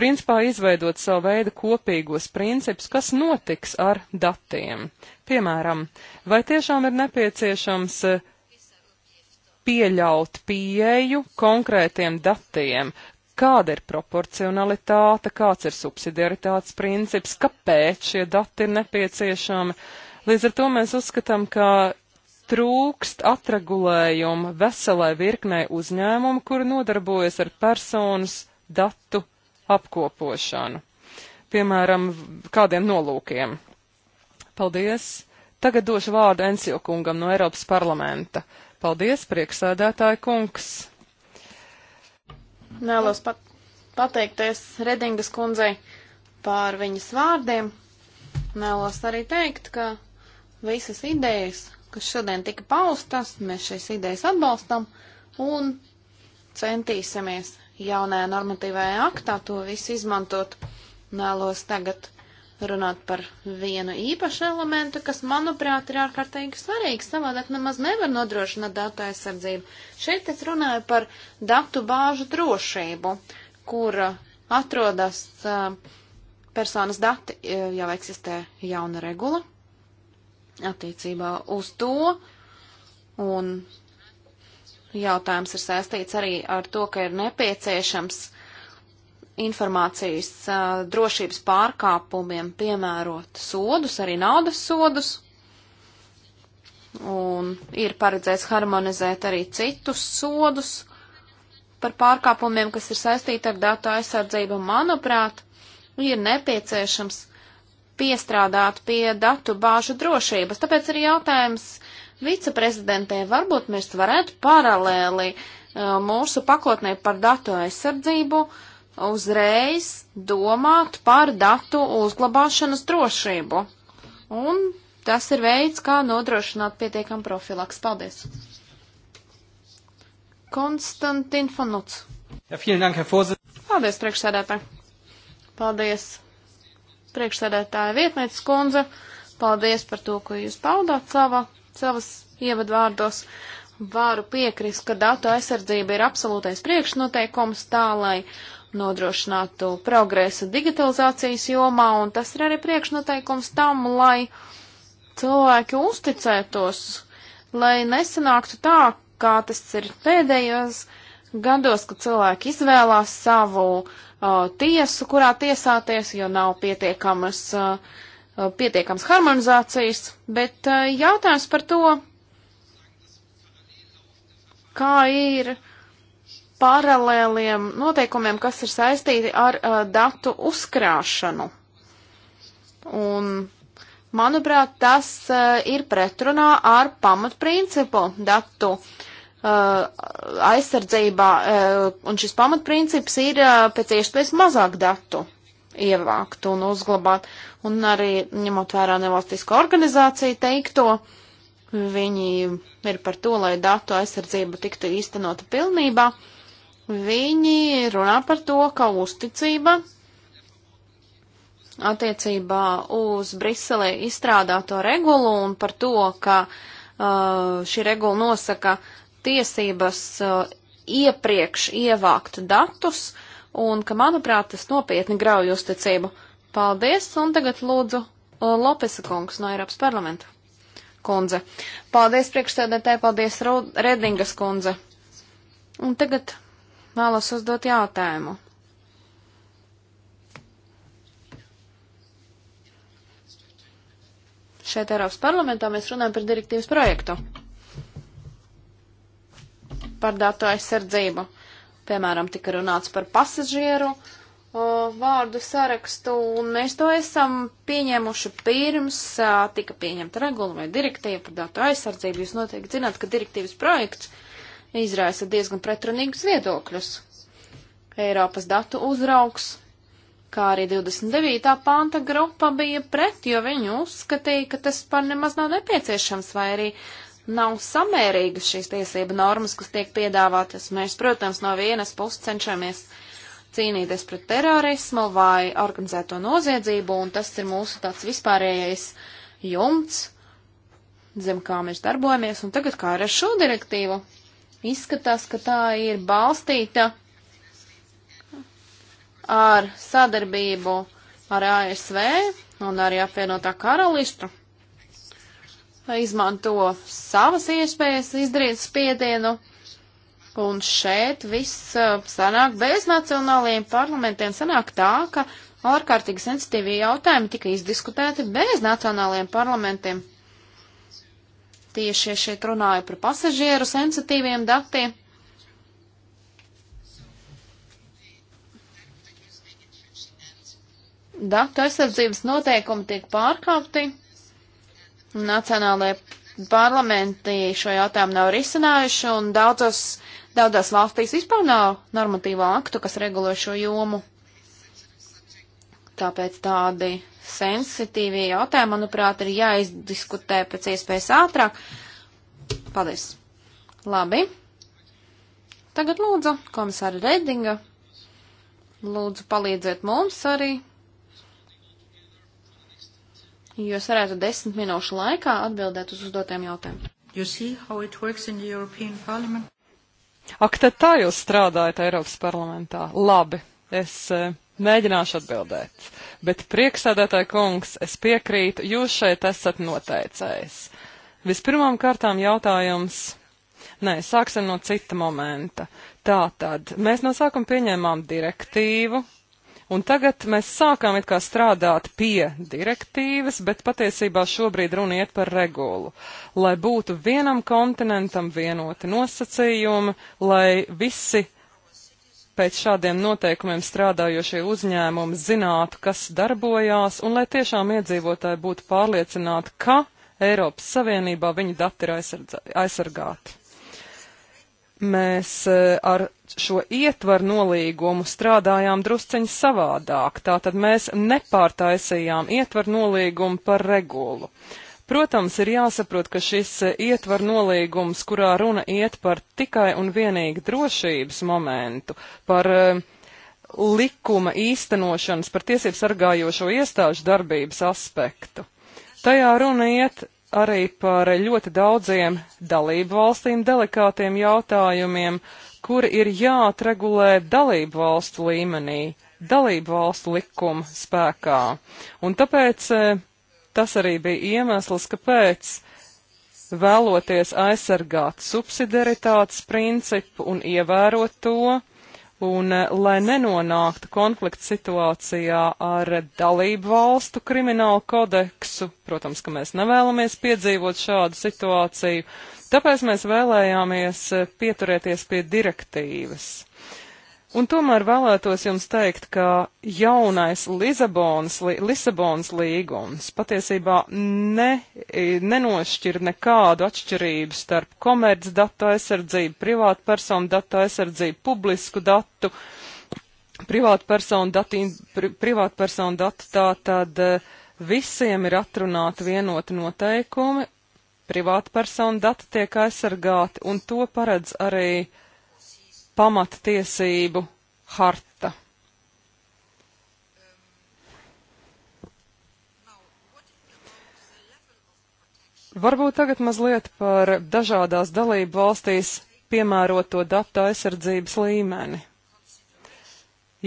Principā izveidot savu veidu kopīgos principus, kas notiks ar datiem. Piemēram, vai tiešām ir nepieciešams eh, pieļaut pieeju konkrētiem datiem, kāda ir proporcionalitāte, kāds ir subsidiaritātes princips, kāpēc šie dati ir nepieciešami. Uh, Līdz ar to mēs uzskatām, ka trūkst atregulējuma veselai virknei uzņēmumu, kuri nodarbojas ar personas datu apkopošanu. Piemēram, kādiem nolūkiem. Paldies! Tagad došu vārdu Ensio kungam no Eiropas parlamenta. Paldies, prieksēdētāji kungs! Vēlos pat pateikties Redingas kundzei pār viņas vārdiem. Vēlos arī teikt, ka visas idejas, kas šodien tika paustas, mēs šīs idejas atbalstam un centīsimies jaunajā normatīvajā aktā to visu izmantot. Nēlos tagad runāt par vienu īpašu elementu, kas, manuprāt, ir ārkārtīgi svarīgs, savādāk nemaz nevar nodrošināt datu aizsardzību. Šeit es runāju par datu bāžu drošību, kur uh, atrodas uh, personas dati, uh, jau eksistē jauna regula, attiecībā uz to, un jautājums ir saistīts arī ar to, ka ir nepieciešams informācijas uh, drošības pārkāpumiem piemērot sodus, arī naudas sodus, un ir paredzēts harmonizēt arī citus sodus par pārkāpumiem, kas ir saistīti ar datu aizsardzību, manuprāt, ir nepieciešams piestrādāt pie datu bāžu drošības. Tāpēc ir jautājums viceprezidentē, varbūt mēs varētu paralēli uh, mūsu pakotnē par datu aizsardzību uzreiz domāt par datu uzglabāšanas drošību. Un tas ir veids, kā nodrošināt pietiekam profilaks. Paldies! Konstantin Fanuts. Ja, dank, Paldies, priekšsēdētāji! Paldies priekšsēdētāja vietnieces kundze. Paldies par to, ko jūs paudāt sava, savas ievadvārdos. Varu piekrist, ka datu aizsardzība ir absolūtais priekšnoteikums tā, lai nodrošinātu progresu digitalizācijas jomā, un tas ir arī priekšnoteikums tam, lai cilvēki uzticētos, lai nesanāktu tā, kā tas ir pēdējos gados, kad cilvēki izvēlās savu uh, tiesu, kurā tiesāties, jo nav pietiekamas, pietiekams harmonizācijas, bet jautājums par to, kā ir paralēliem noteikumiem, kas ir saistīti ar uh, datu uzkrāšanu. Un, manuprāt, tas uh, ir pretrunā ar pamatprincipu datu uh, Uh, aizsardzībā, uh, un šis pamatprincips ir uh, pēc iespējas mazāk datu ievākt un uzglabāt, un arī ņemot vērā nevalstisko organizāciju teikto, viņi ir par to, lai datu aizsardzība tiktu īstenota pilnībā, viņi runā par to, ka uzticība attiecībā uz Briselē izstrādāto regulu un par to, ka uh, šī regula nosaka uh, tiesības uh, iepriekš ievākt datus, un ka, manuprāt, tas nopietni grauj uzticību. Paldies, un tagad lūdzu uh, Lopesa kungs no Eiropas parlamenta. Kundze. Paldies priekšstādētāji, paldies Rūd Redingas kundze. Un tagad vēlos uzdot jautājumu. Šeit Eiropas parlamentā mēs runājam par direktīvas projektu par datu aizsardzību. Piemēram, tika runāts par pasažieru vārdu sarakstu, un mēs to esam pieņēmuši pirms tika pieņemta regula vai direktīva par datu aizsardzību. Jūs noteikti zināt, ka direktīvas projekts izraisa diezgan pretrunīgus viedokļus. Eiropas datu uzraugs, kā arī 29. panta grupa bija pret, jo viņi uzskatīja, ka tas par nemaz nav nepieciešams, vai arī nav samērīgas šīs tiesība normas, kas tiek piedāvātas. Mēs, protams, no vienas puses cenšamies cīnīties pret terorismu vai organizēto noziedzību, un tas ir mūsu tāds vispārējais jumts, zem kā mēs darbojamies, un tagad kā ar šo direktīvu. Izskatās, ka tā ir balstīta ar sadarbību ar ASV un arī apvienotā karalistu izmanto savas iespējas izdarīt spiedienu, un šeit viss uh, sanāk bez nacionālajiem parlamentiem. Sanāk tā, ka ārkārtīgi sensitīvie jautājumi tika izdiskutēti bez nacionālajiem parlamentiem. Tieši šeit runāju par pasažieru sensitīviem datiem. Datu aizsardzības noteikumi tiek pārkāpti, Nacionālajie parlamenti šo jautājumu nav risinājuši, un daudzos, daudzās valstīs vispār nav normatīvā aktu, kas regulē šo jomu. Tāpēc tādi sensitīvie jautājumi, manuprāt, ir jāizdiskutē pēc iespējas ātrāk. Paldies! Labi. Tagad lūdzu komisāra Redinga. Lūdzu palīdziet mums arī jūs varētu desmit minūšu laikā atbildēt uz uzdotiem jautājumiem. Ak, tad tā jūs strādājat Eiropas parlamentā. Labi, es e, mēģināšu atbildēt. Bet priekšsēdētāji kungs, es piekrītu, jūs šeit esat noteicējis. Vispirmām kārtām jautājums. Nē, sāksim no cita momenta. Tātad, mēs no sākuma pieņēmām direktīvu, Un tagad mēs sākām it kā strādāt pie direktīvas, bet patiesībā šobrīd runa iet par regulu. Lai būtu vienam kontinentam vienoti nosacījumi, lai visi pēc šādiem noteikumiem strādājošie uzņēmumi zinātu, kas darbojās, un lai tiešām iedzīvotāji būtu pārliecināti, ka Eiropas Savienībā viņu dati ir aizsargāti mēs eh, ar šo ietvaru nolīgumu strādājām drusceņi savādāk. Tātad mēs nepārtaisījām ietvaru nolīgumu par regulu. Protams, ir jāsaprot, ka šis eh, ietvaru nolīgums, kurā runa iet par tikai un vienīgi drošības momentu, par eh, likuma īstenošanas, par tiesību sargājošo iestāžu darbības aspektu. Tajā runa iet arī par ļoti daudziem dalību valstīm delikātiem jautājumiem, kuri ir jāatregulē dalību valstu līmenī, dalību valstu likuma spēkā. Un tāpēc e, tas arī bija iemesls, kāpēc vēloties aizsargāt subsidiaritātes principu un ievērot to, Un, eh, lai nenonāktu konflikta situācijā ar dalību valstu kriminālu kodeksu, protams, ka mēs nevēlamies piedzīvot šādu situāciju, tāpēc mēs vēlējāmies eh, pieturēties pie direktīvas. Un tomēr vēlētos jums teikt, ka jaunais Lisabonas, Lisabonas līgums patiesībā ne, nenošķir nekādu atšķirību starp komercdatu aizsardzību, privātpersonu datu aizsardzību, publisku datu, privātpersonu datu, privātpersonu datu, tā tad eh, visiem ir atrunāti vienoti noteikumi, privātpersonu dati tiek aizsargāti, un to paredz arī pamattiesību harta. Varbūt tagad mazliet par dažādās dalību valstīs piemēroto datu aizsardzības līmeni.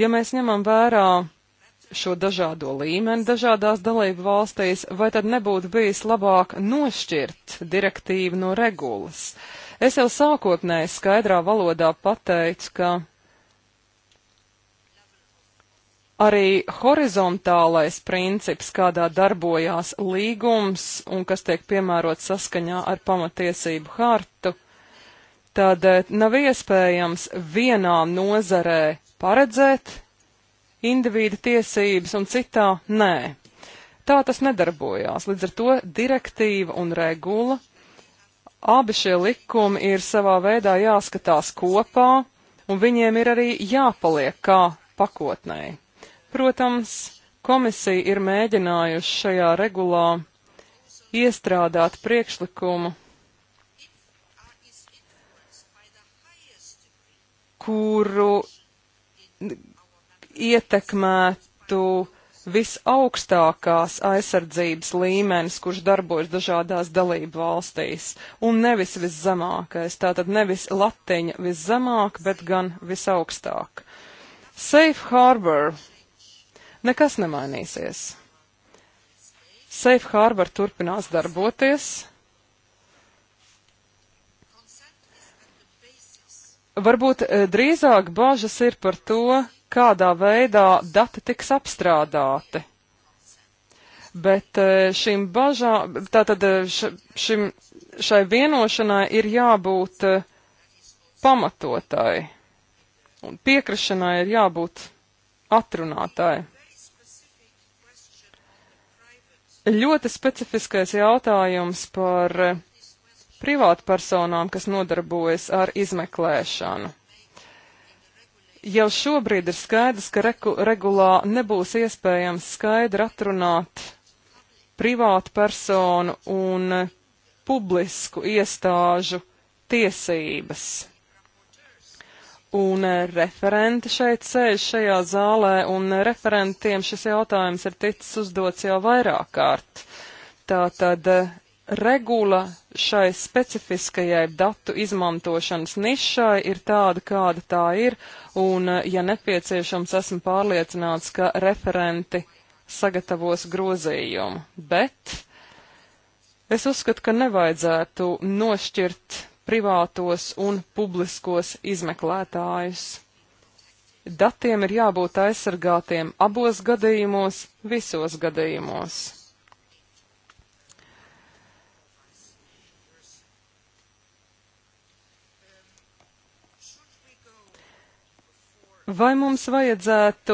Ja mēs ņemam vērā šo dažādo līmeni dažādās dalību valstīs, vai tad nebūtu bijis labāk nošķirt direktīvu no regulas? Uh, Es jau sākotnēji skaidrā valodā pateicu, ka arī horizontālais princips, kādā darbojās līgums un kas tiek piemērots saskaņā ar pamatiesību hartu, tad eh, nav iespējams vienā nozarē paredzēt indivīda tiesības un citā nē. Tā tas nedarbojās, līdz ar to direktīva un regula Abi šie likumi ir savā veidā jāskatās kopā, un viņiem ir arī jāpaliek kā pakotnē. Protams, komisija ir mēģinājusi šajā regulā iestrādāt priekšlikumu, kuru ietekmētu visaugstākās aizsardzības līmenis, kurš darbojas dažādās dalību valstīs, un nevis viszemākais, tātad nevis latiņa viszemāk, bet gan visaugstāk. Safe Harbor. Nekas nemainīsies. Safe Harbor turpinās darboties. Varbūt eh, drīzāk bāžas ir par to, kādā veidā dati tiks apstrādāti. Bet e, šim bažām, tātad e, šim, šai vienošanai ir jābūt e, pamatotai. Un piekrišanai ir jābūt atrunātāji. Ļoti specifiskais jautājums par privātpersonām, kas nodarbojas ar izmeklēšanu. Jau šobrīd ir skaidrs, ka regulā nebūs iespējams skaidri atrunāt privātu personu un publisku iestāžu tiesības. Un referenti šeit sēž šajā zālē, un referentiem šis jautājums ir ticis uzdots jau vairāk kārt. Tātad regula šai specifiskajai datu izmantošanas nišai ir tāda, kāda tā ir, un, eh, ja nepieciešams, esmu pārliecināts, ka referenti sagatavos grozījumu. Bet es uzskatu, ka nevajadzētu nošķirt privātos un publiskos izmeklētājus. Datiem ir jābūt aizsargātiem abos gadījumos, visos gadījumos. Vai mums vajadzētu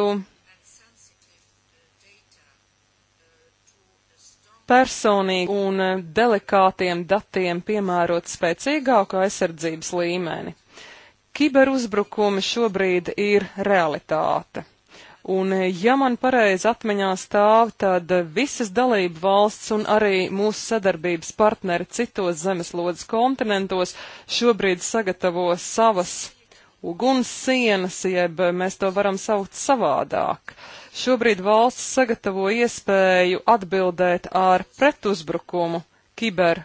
personīgi un delikātiem datiem piemērot spēcīgāku aizsardzības līmeni? Kiberuzbrukumi šobrīd ir realitāte. Un, ja man pareizi atmiņā stāv, tad visas dalību valsts un arī mūsu sadarbības partneri citos zemeslodes kontinentos šobrīd sagatavo savas ugunsienas, jeb mēs to varam saukt savādāk. Šobrīd valsts sagatavo iespēju atbildēt ar pretuzbrukumu kiber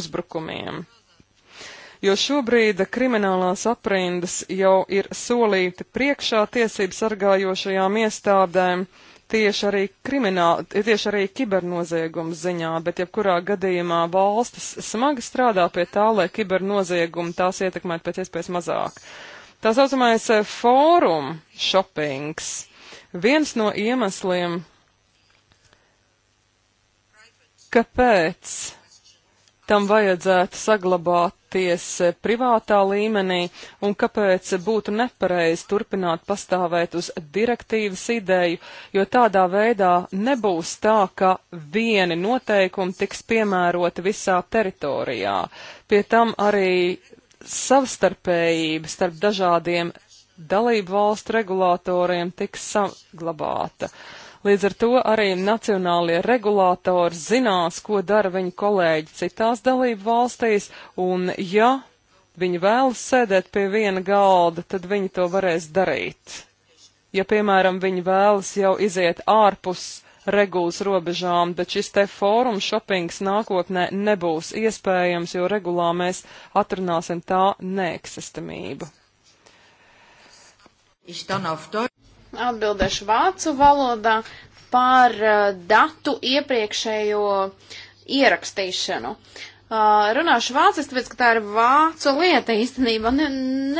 uzbrukumiem. Jo šobrīd kriminālās aprindas jau ir solīti priekšā tiesību sargājošajām iestādēm tieši arī, krimināl, tieši arī kibernozieguma ziņā, bet jebkurā gadījumā valstis smagi strādā pie tā, lai kibernozieguma tās ietekmētu pēc iespējas mazāk. Uh, Tā saucamais eh, fórum shoppings. Viens no iemesliem, kāpēc tam vajadzētu saglabāties eh, privātā līmenī un kāpēc būtu nepareizi turpināt pastāvēt uz direktīvas ideju, jo tādā veidā nebūs tā, ka vieni noteikumi tiks piemēroti visā teritorijā. Pie tam arī savstarpējība starp dažādiem dalību valstu regulātoriem tiks saglabāta. Līdz ar to arī nacionālie regulātori zinās, ko dara viņu kolēģi citās dalību valstīs, un ja viņi vēlas sēdēt pie viena galda, tad viņi to varēs darīt. Ja, piemēram, viņi vēlas jau iziet ārpus regulas robežām, bet šis te fórum šopings nākotnē nebūs iespējams, jo regulā mēs atrunāsim tā neeksistamību. Atbildēšu vācu valodā par eh, datu iepriekšējo ierakstīšanu. Uh, runāšu vāciski, tāpēc, ka tā ir vācu lieta īstenībā. Ne,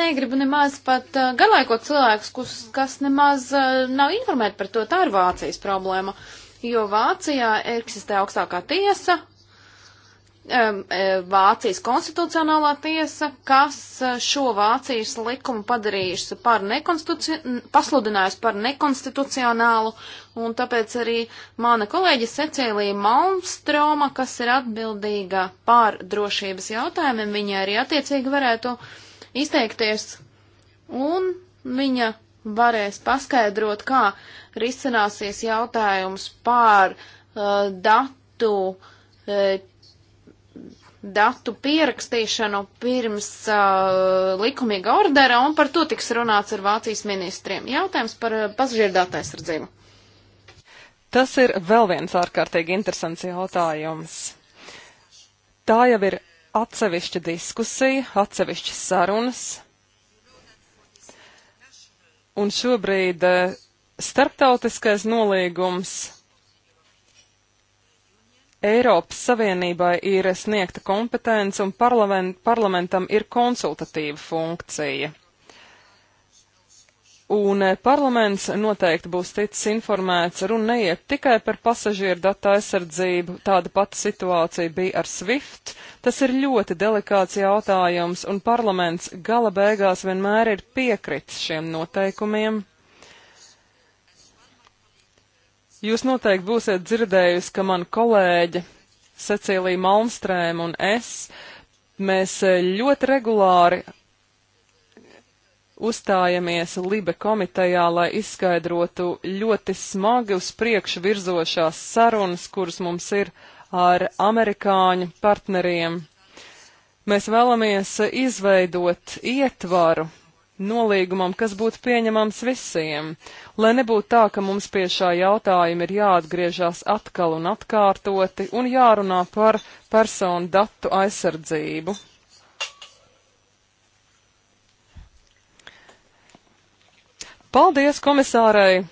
negribu nemaz pat uh, galēkot cilvēkus, kas, kas nemaz uh, nav informēti par to. Tā ir Vācijas problēma. Jo Vācijā eksistē augstākā tiesa, Um, e, Vācijas konstitucionālā tiesa, kas e, šo Vācijas likumu padarījusi par nekonstitucionālu, pasludinājusi par nekonstitucionālu, un tāpēc arī mana kolēģe Cecēlija Malmstroma, kas ir atbildīga par drošības jautājumiem, viņa arī attiecīgi varētu izteikties, un viņa varēs paskaidrot, kā risināsies jautājums par uh, datu uh, datu pierakstīšanu pirms uh, likumīga ordera, un par to tiks runāts ar Vācijas ministriem. Jautājums par uh, pasažieru datu aizsardzību. Tas ir vēl viens ārkārtīgi interesants jautājums. Tā jau ir atsevišķa diskusija, atsevišķas sarunas, un šobrīd uh, starptautiskais nolīgums Eiropas Savienībai ir sniegta kompetence un parlament, parlamentam ir konsultatīva funkcija. Un eh, parlaments noteikti būs ticis informēts, runa neiet tikai par pasažieru datu aizsardzību, tāda pati situācija bija ar SWIFT. Tas ir ļoti delikāts jautājums, un parlaments gala beigās vienmēr ir piekritis šiem noteikumiem. Jūs noteikti būsiet dzirdējusi, ka man kolēģe Cecīlija Malmstrēma un es, mēs e, ļoti regulāri uzstājamies Libe komitejā, lai izskaidrotu ļoti smagi uz priekšu virzošās sarunas, kuras mums ir ar amerikāņu partneriem. Mēs vēlamies izveidot ietvaru, nolīgumam, kas būtu pieņemams visiem, lai nebūtu tā, ka mums pie šā jautājuma ir jāatgriežās atkal un atkārtoti un jārunā par personu datu aizsardzību. Paldies komisārai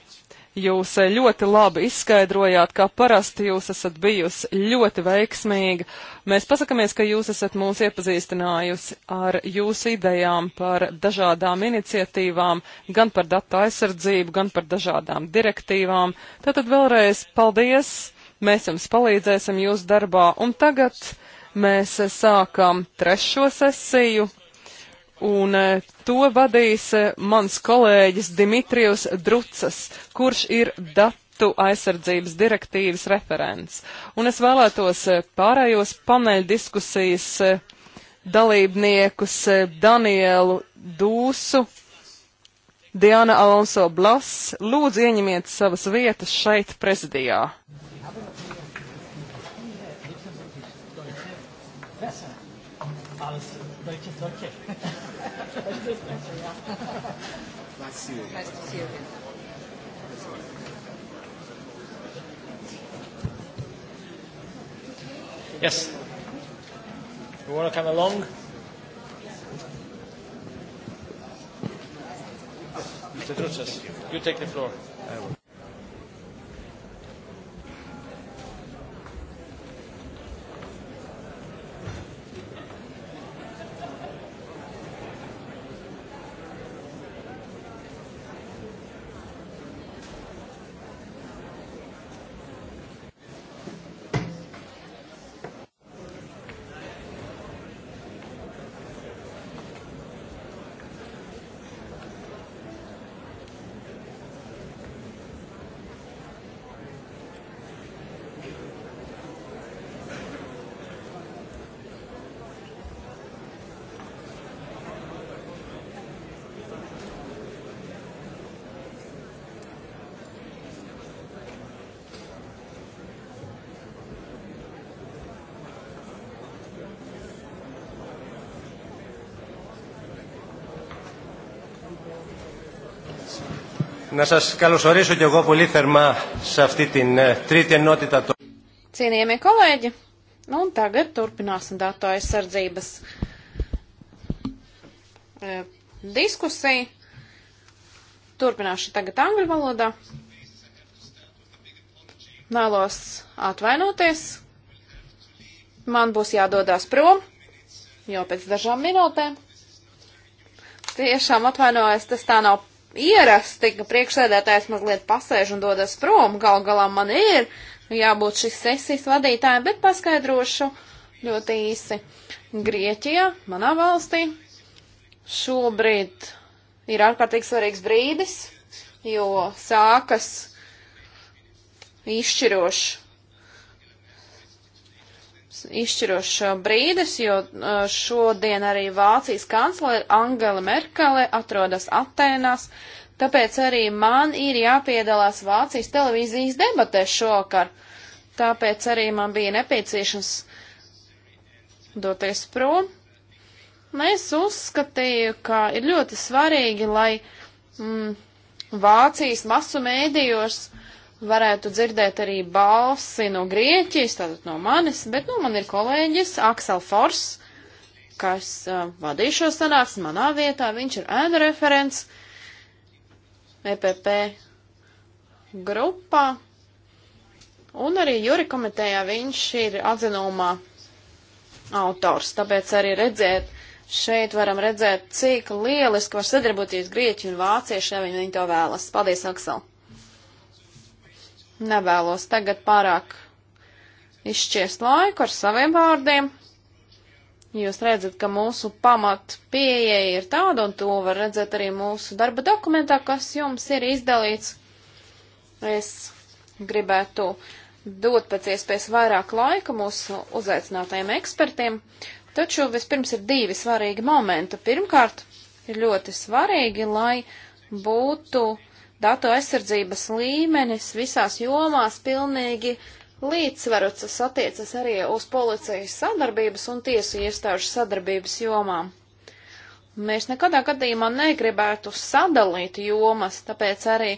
Jūs eh, ļoti labi izskaidrojāt, kā parasti jūs esat bijusi ļoti veiksmīga. Mēs pasakamies, ka jūs esat mūs iepazīstinājusi ar jūsu idejām par dažādām iniciatīvām, gan par datu aizsardzību, gan par dažādām direktīvām. Tātad vēlreiz paldies! Mēs jums palīdzēsim jūsu darbā, un tagad mēs sākam trešo sesiju. Un e, to vadīs e, mans kolēģis Dimitrijus Drucas, kurš ir datu aizsardzības direktīvas referents. Un es vēlētos e, pārējos paneļdiskusijas dalībniekus Danielu Dūsu, Diana Alonso Blas, lūdzu ieņemiet savas vietas šeit prezidijā. Alles Deutsche Deutsche. West Syria. Yes. You want to come along? Mr. Drutzes, you take the floor. I will. Να σας καλωσορίσω και εγώ πολύ θερμά σε αυτή την τρίτη ενότητα. Cienījamie kolēģi, un nu, tagad turpināsim datu aizsardzības e, diskusiju. Turpināšu tagad angļu valodā. Vēlos atvainoties. Man būs jādodas prom jau pēc dažām minūtēm. Tiešām atvainojos, tas tā nav ierasti, ka priekšsēdētājs mazliet pasēž un dodas prom. Gal galā man ir jābūt šis sesijas vadītājiem, bet paskaidrošu ļoti īsi. Grieķijā, manā valstī, šobrīd ir ārkārtīgi svarīgs brīdis, jo sākas izšķirošs izšķirošs brīdis, jo šodien arī Vācijas kanclere Angela Merkele atrodas Atēnās, tāpēc arī man ir jāpiedalās Vācijas televīzijas debatē šokar. Tāpēc arī man bija nepieciešams doties prom. Es uzskatīju, ka ir ļoti svarīgi, lai mm, Vācijas masu mēdījos uh, varētu dzirdēt arī balsi no Grieķijas, tātad no manis, bet nu man ir kolēģis Aksel Fors, kas uh, vadīs šo sanāksmi manā vietā, viņš ir ēnu referents EPP grupā, un arī Juri komitejā viņš ir atzinumā autors, tāpēc arī redzēt, šeit varam redzēt, cik lieliski var sadarboties Grieķi un Vācieši, ja viņi to vēlas. Paldies, Aksel! Nevēlos tagad pārāk izšķiest laiku ar saviem vārdiem. Jūs redzat, ka mūsu pamat pieeja ir tāda, un to var redzēt arī mūsu darba dokumentā, kas jums ir izdalīts. Es gribētu dot pēc iespējas vairāk laika mūsu uzaicinātajiem ekspertiem, taču vispirms ir divi svarīgi momenti. Pirmkārt, ir ļoti svarīgi, lai būtu uh, datu aizsardzības līmenis visās jomās pilnīgi līdzsvarots, tas attiecas arī uz policijas sadarbības un tiesu iestāžu sadarbības jomām. Mēs nekadā gadījumā negribētu sadalīt jomas, tāpēc arī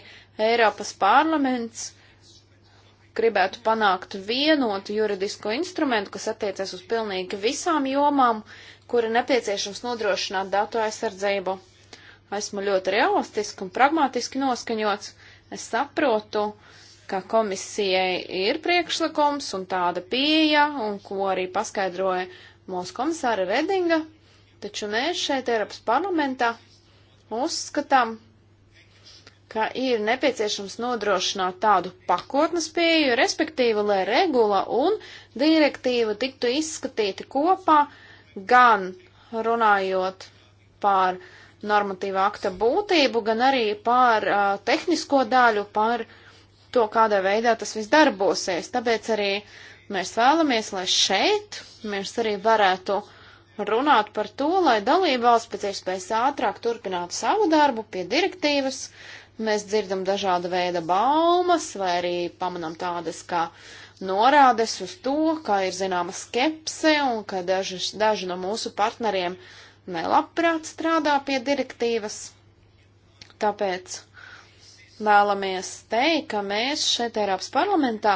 Eiropas parlaments gribētu panākt vienotu juridisko instrumentu, kas attiecas uz pilnīgi visām jomām, kuri nepieciešams nodrošināt datu aizsardzību. Esmu ļoti realistiski un pragmatiski noskaņots. Es saprotu, ka komisijai ir priekšlikums un tāda pieeja, un ko arī paskaidroja mūsu komisāra Redinga, taču mēs šeit Eiropas parlamentā uzskatām, ka ir nepieciešams nodrošināt tādu pakotnes pieeju, respektīvi, lai regula un direktīva tiktu izskatīti kopā, gan runājot par uh, normatīva akta būtību, gan arī par uh, tehnisko daļu, par to, kādā veidā tas viss darbosies. Tāpēc arī mēs vēlamies, lai šeit mēs arī varētu runāt par to, lai dalībvalsts pēc iespējas ātrāk turpinātu savu darbu pie direktīvas. Mēs dzirdam dažāda veida baumas vai arī pamanam tādas, kā norādes uz to, ka ir zināma skepse un ka daži, daži no mūsu partneriem uh, nelabprāt strādā pie direktīvas. Tāpēc vēlamies teikt, ka mēs šeit Eiropas parlamentā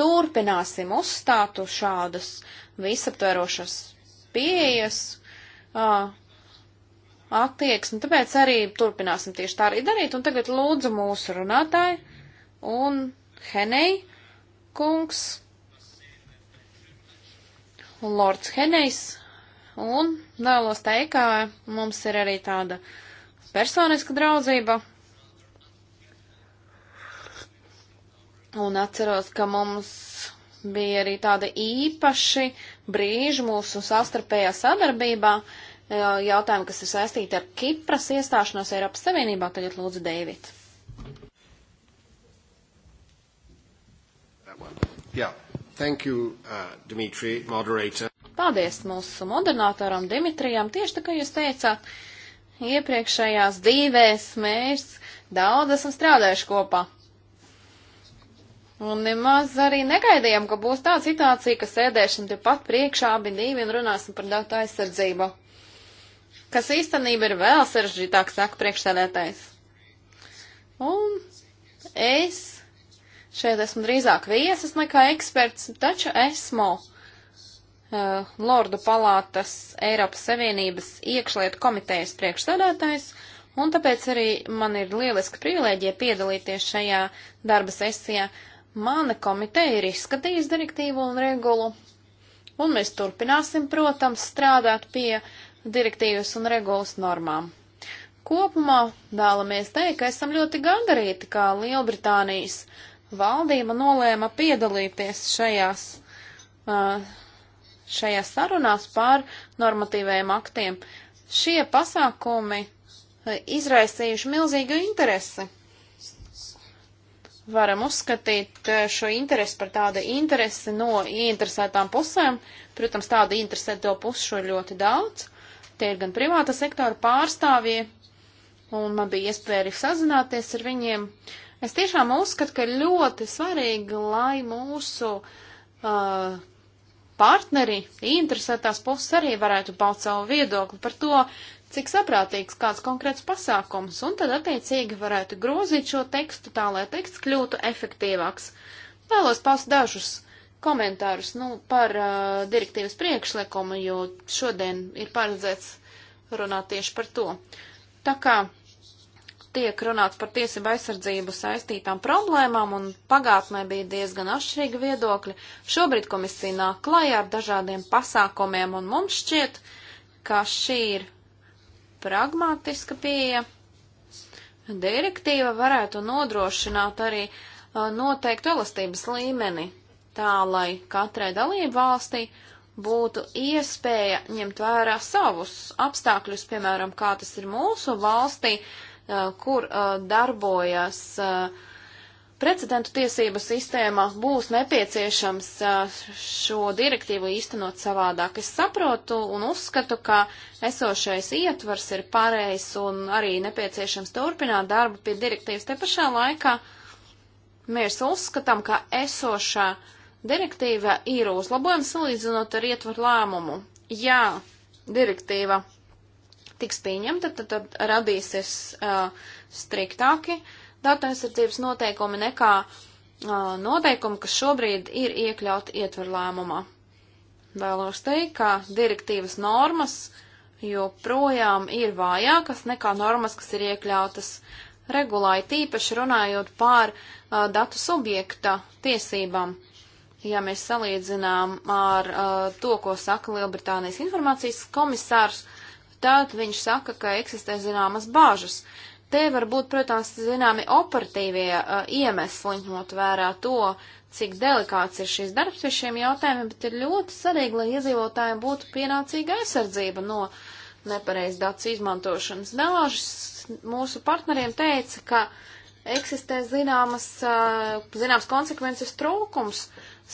turpināsim uzstāt uz šādas visaptverošas pieejas uh, attieksmi, tāpēc arī turpināsim tieši tā arī darīt. Un tagad lūdzu mūsu runātāji un Henei kungs. Lords Henejs Un vēlos teikt, ka mums ir arī tāda personiska draudzība. Un atceros, ka mums bija arī tādi īpaši brīži mūsu sastarpējā sadarbībā e, jautājumi, kas ir saistīti ar Kipras iestāšanos Eiropas Savienībā. Tagad lūdzu, Dēvid. Yeah. Thank you, uh, Dimitri, moderator. Paldies mūsu modernatoram Dimitrijam, tieši tā kā jūs teicāt, iepriekšējās divēs mēs daudz esam strādājuši kopā. Un nemaz arī negaidījām, ka būs tāda situācija, ka sēdēsim te pat priekšā abi divi un runāsim par datu aizsardzību. Kas īstenībā ir vēl sarežģītāk, saka priekšsēdētājs. Un es šeit esmu drīzāk viesis nekā eksperts, taču esmu uh, Lordu palātas Eiropas Savienības iekšlietu komitejas priekšsēdētājs, un tāpēc arī man ir lieliska privilēģija piedalīties šajā darba sesijā. Mana komiteja ir izskatījusi direktīvu un regulu, un mēs turpināsim, protams, strādāt pie direktīvas un regulas normām. Kopumā vēlamies teikt, ka esam ļoti gandarīti, kā Lielbritānijas valdība nolēma piedalīties šajās uh, šajās sarunās par normatīvajiem aktiem, šie pasākumi e, izraisījuši milzīgu interesi. Varam uzskatīt e, šo interesi par tādu interesi no ieinteresētām pusēm. Protams, tādu interesēto pušu ir ļoti daudz. Tie ir gan privāta sektora pārstāvji, un man bija iespēja arī sazināties ar viņiem. Es tiešām uzskatu, ka ļoti svarīgi, lai mūsu uh, partneri, interesētās puses arī varētu paut savu viedokli par to, cik saprātīgs kāds konkrēts pasākums, un tad attiecīgi varētu grozīt šo tekstu tā, lai teksts kļūtu efektīvāks. Vēlos paust dažus komentārus nu, par uh, direktīvas priekšlikumu, jo šodien ir paredzēts runāt tieši par to. Tā kā tiek runāts par tiesību aizsardzību saistītām problēmām, un pagātnē bija diezgan atšķirīgi viedokļi. Šobrīd komisija nāk klajā ar dažādiem pasākumiem, un mums šķiet, ka šī ir pragmatiska pieeja. Direktīva varētu nodrošināt arī uh, noteiktu elastības līmeni, tā lai katrai dalību valstī būtu iespēja ņemt vērā savus apstākļus, piemēram, kā tas ir mūsu valstī, uh, kur darbojas precedentu tiesību sistēmā, būs nepieciešams šo direktīvu īstenot savādāk. Es saprotu un uzskatu, ka esošais ietvars ir pareizs un arī nepieciešams turpināt darbu pie direktīvas. Te pašā laikā mēs uzskatām, ka esošā direktīva ir uzlabojums salīdzinot ar ietvaru lēmumu. Jā, direktīva tiks pieņemta, tad, tad radīsies uh, striktāki datu aizsardzības noteikumi nekā uh, noteikumi, kas šobrīd ir iekļauti ietverlēmumā. Vēlos teikt, ka direktīvas normas joprojām ir vājākas nekā normas, kas ir iekļautas regulāri, tīpaši runājot pār uh, datu subjekta tiesībām. Ja mēs salīdzinām ar uh, to, ko saka Lielbritānijas informācijas komisārs, uh, tad viņš saka, ka eksistē zināmas bāžas. Te var būt, protams, zināmi operatīvie uh, iemesli, ņemot vērā to, cik delikāts ir šis darbs pie šiem jautājumiem, bet ir ļoti svarīgi, lai iedzīvotājiem būtu pienācīga aizsardzība no nepareiz datu izmantošanas. Dažs mūsu partneriem teica, ka eksistē zināmas, uh, zināms konsekvences trūkums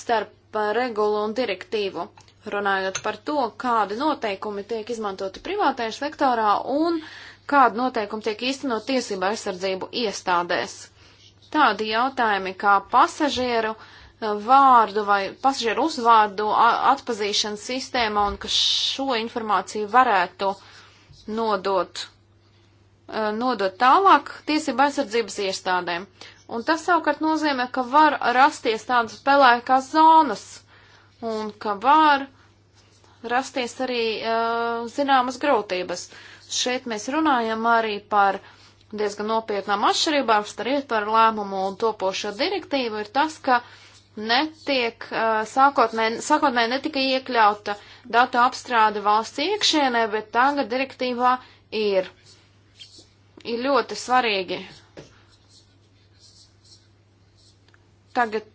starp uh, regulu un direktīvu. Uh, runājot par to, kādi noteikumi tiek izmantoti privātajā sektorā un kādi noteikumi tiek īstenot tiesību aizsardzību iestādēs. Tādi jautājumi kā pasažieru eh, vārdu vai pasažieru uzvārdu atpazīšanas sistēma un ka šo informāciju varētu nodot, eh, nodot tālāk tiesību aizsardzības iestādēm. Un tas savukārt nozīmē, ka var rasties tādas pelēkās zonas, un ka var rasties arī uh, zināmas grūtības. Šeit mēs runājam arī par diezgan nopietnām atšķirībām starp par lēmumu un topošo direktīvu ir tas, ka netiek, uh, sākotnēji sākotnē netika iekļauta datu apstrāde valsts iekšienē, bet tagad direktīvā ir. Ir ļoti svarīgi tagad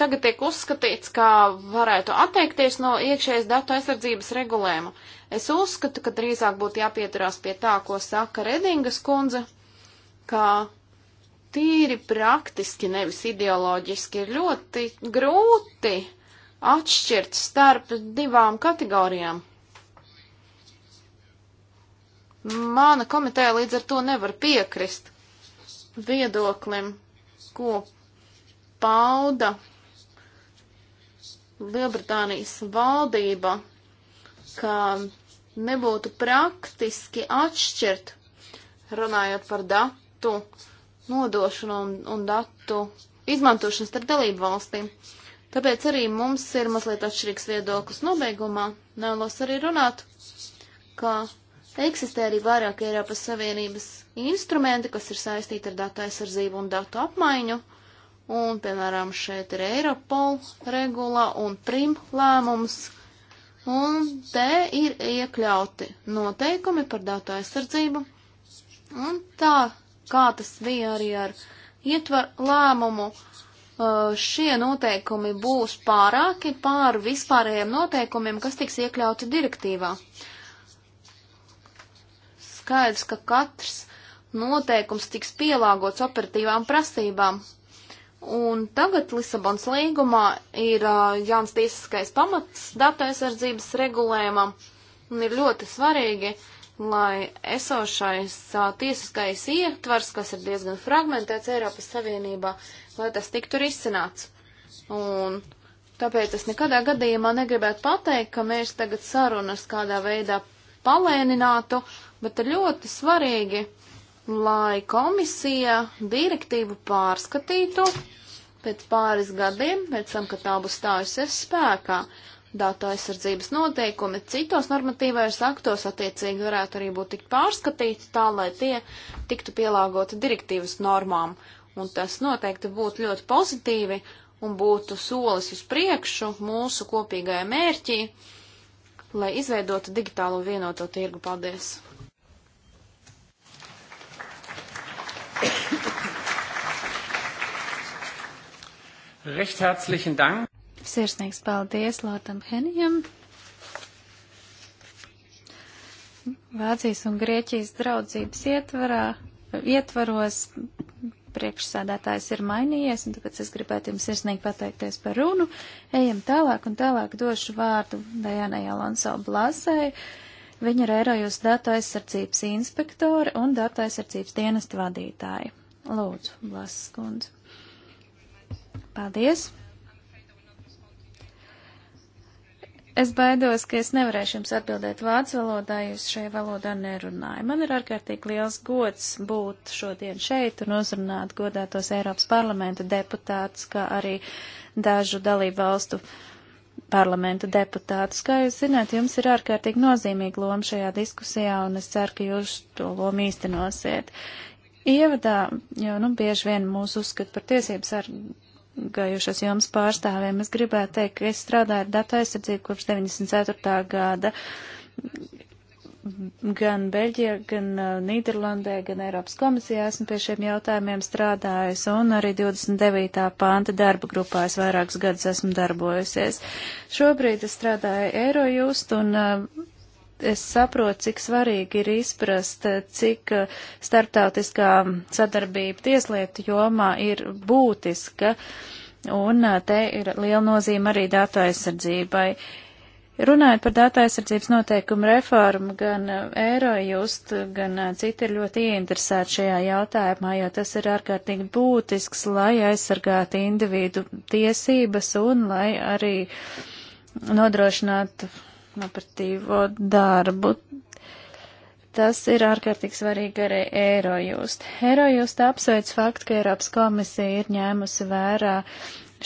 tagad tiek uzskatīts, kā varētu atteikties no iekšējas datu aizsardzības regulēma. Es uzskatu, ka drīzāk būtu jāpieturās pie tā, ko saka Redingas kundze, ka tīri praktiski, nevis ideoloģiski, ir ļoti grūti atšķirt starp divām kategorijām. Mana komiteja līdz ar to nevar piekrist viedoklim, ko pauda Lielbritānijas valdība, ka nebūtu praktiski atšķirt, runājot par datu nodošanu un, un datu izmantošanu starp dalību valstīm. Tāpēc arī mums ir mazliet atšķirīgs viedoklis nobeigumā. Nevēlos arī runāt, ka eksistē arī vairāk Eiropas Savienības instrumenti, kas ir saistīti ar datu aizsardzību un datu apmaiņu un, piemēram, šeit ir Eiropol regula un prim lēmums, un te ir iekļauti noteikumi par datu aizsardzību, un tā, kā tas bija arī ar ietver lēmumu, uh, šie noteikumi būs pārāki pār vispārējiem noteikumiem, kas tiks iekļauti direktīvā. Skaidrs, ka katrs noteikums tiks pielāgots operatīvām prasībām, Un tagad Lisabons līgumā ir uh, jauns tiesiskais pamats datu aizsardzības regulējumam, un ir ļoti svarīgi, lai esošais uh, tiesiskais ietvars, kas ir diezgan fragmentēts Eiropas Savienībā, lai tas tiktu risināts. Un tāpēc es nekadā gadījumā negribētu pateikt, ka mēs tagad sarunas kādā veidā palēninātu, bet ir ļoti svarīgi lai komisija direktīvu pārskatītu pēc pāris gadiem, pēc tam, kad tā būs stājusies spēkā. Datu aizsardzības noteikumi citos normatīvajos aktos attiecīgi varētu arī būt tik pārskatīti tā, lai tie tiktu pielāgoti direktīvas normām. Un tas noteikti būtu ļoti pozitīvi un būtu solis uz priekšu mūsu kopīgajai mērķī, lai izveidotu digitālo vienoto tirgu. Paldies! Recht herzlichen Dank. Sirsnīgs paldies Lordam Henijam. Vācijas un Grieķijas draudzības ietvarā, ietvaros priekšsādātājs ir mainījies, un tāpēc es gribētu jums sirsnīgi pateikties par runu. Ejam tālāk un tālāk došu vārdu Dajanai Alonso Blasai. Uh, Viņa ir Eirojas datu aizsardzības inspektori un datu aizsardzības dienesta vadītāji. Lūdzu, Blasas kundze. Paldies! Es baidos, ka es nevarēšu jums atbildēt vācu valodā, jūs šajā valodā nerunāju. Man ir ārkārtīgi liels gods būt šodien šeit un uzrunāt godētos Eiropas parlamenta deputātus, kā arī dažu dalību valstu uh, parlamenta deputātus. Kā jūs zināt, jums ir ārkārtīgi nozīmīga loma šajā diskusijā, un es ceru, ka jūs to lomu īstenosiet. Ievadā, jo, nu, bieži vien mūs uzskat par tiesības ar gājušos jums pārstāvēm, es gribētu teikt, ka es strādāju ar datu aizsardzību kopš 94. gada gan Beļģijā, gan uh, Nīderlandē, gan Eiropas komisijā esmu pie šiem jautājumiem strādājis, un arī 29. panta darba grupā es vairākus gadus esmu darbojusies. Šobrīd es strādāju Eirojust, un uh, es saprotu, cik svarīgi ir izprast, cik uh, starptautiskā sadarbība tieslietu jomā ir būtiska, un uh, te ir liela nozīme arī datu aizsardzībai. Uh, Runājot par datu aizsardzības noteikumu reformu, gan uh, Eirojust, gan uh, citi ir ļoti ieinteresēti šajā jautājumā, jo tas ir ārkārtīgi būtisks, lai aizsargātu individu tiesības un lai arī nodrošinātu operatīvo darbu. Tas ir ārkārtīgi svarīgi arī Eirojust. Eirojust apsveic faktu, ka Eiropas komisija ir ņēmusi vērā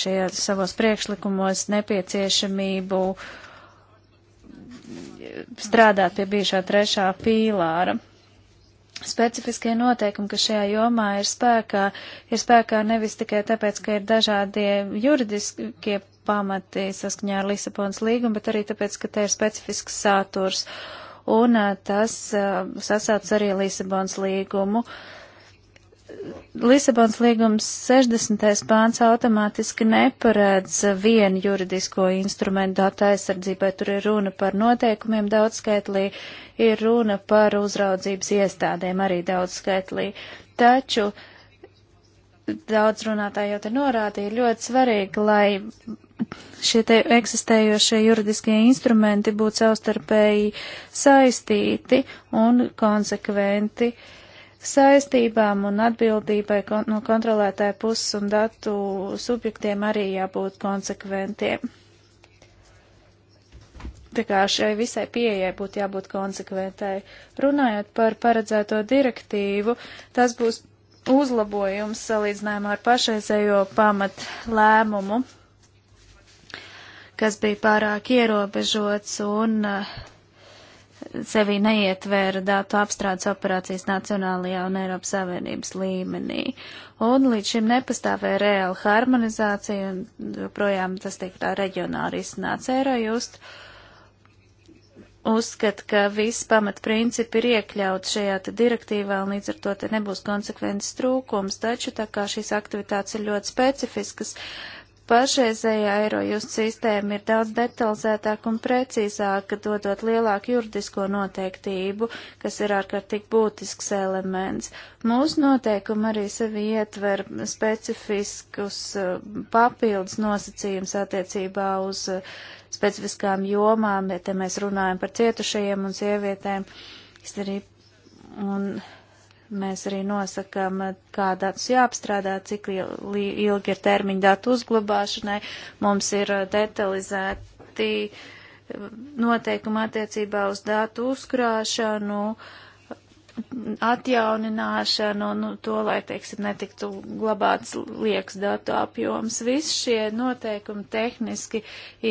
šajā savos priekšlikumos nepieciešamību uh, strādāt pie bijušā trešā pīlāra. Specifiskie noteikumi, kas šajā jomā ir spēkā, ir spēkā nevis tikai tāpēc, ka ir dažādie juridiskie pamati saskaņā ar Lisabonas līgumu, bet arī tāpēc, ka te ir specifisks saturs. Un eh, tas uh, sasauc arī Lisabonas līgumu. Uh, Lisabons līgums 60. pāns automātiski neparedz vienu juridisko instrumentu datu aizsardzībai. Tur ir runa par noteikumiem daudzskaitlī, ir runa par uzraudzības iestādēm arī daudzskaitlī. Taču daudz runātāji jau te norādīja, ļoti svarīgi, lai šie te eksistējošie juridiskie instrumenti būtu savstarpēji saistīti un konsekventi. Uh, saistībām un atbildībai kon no kontrolētāja puses un datu subjektiem arī jābūt konsekventiem. Tā kā šai visai pieejai būtu jābūt konsekventai. Runājot par paredzēto direktīvu, tas būs uzlabojums salīdzinājumā ar pašreizējo pamat lēmumu, kas bija pārāk ierobežots un uh, sevī neietvēra datu apstrādes operācijas nacionālajā un Eiropas Savienības līmenī. Un līdz šim nepastāvēja reāla harmonizācija, un joprojām tas tiek tā reģionāli izsnāca Eirojust. Uzskat, ka viss pamatprincipi ir iekļauts šajā te direktīvā, un līdz ar to te nebūs konsekvences trūkums, taču tā kā šīs aktivitātes ir ļoti specifiskas, uh, Pašreizējā Eirojust sistēma ir daudz detalizētāka un precīzāka, dodot lielāku juridisko noteiktību, kas ir ārkārtīgi būtisks elements. Mūsu noteikumi arī sevi ietver specifiskus eh, papildus nosacījums attiecībā uz eh, specifiskām jomām, ja te mēs runājam par cietušajiem un sievietēm. Es arī, un, Mēs arī nosakam, kā datus jāapstrādā, cik ilgi ir termiņa datu uzglabāšanai. Mums ir uh, detalizēti uh, noteikumi attiecībā uz datu uzkrāšanu, atjaunināšanu, nu, to, lai, teiksim, netiktu glabāts liekas datu apjoms. Viss šie noteikumi tehniski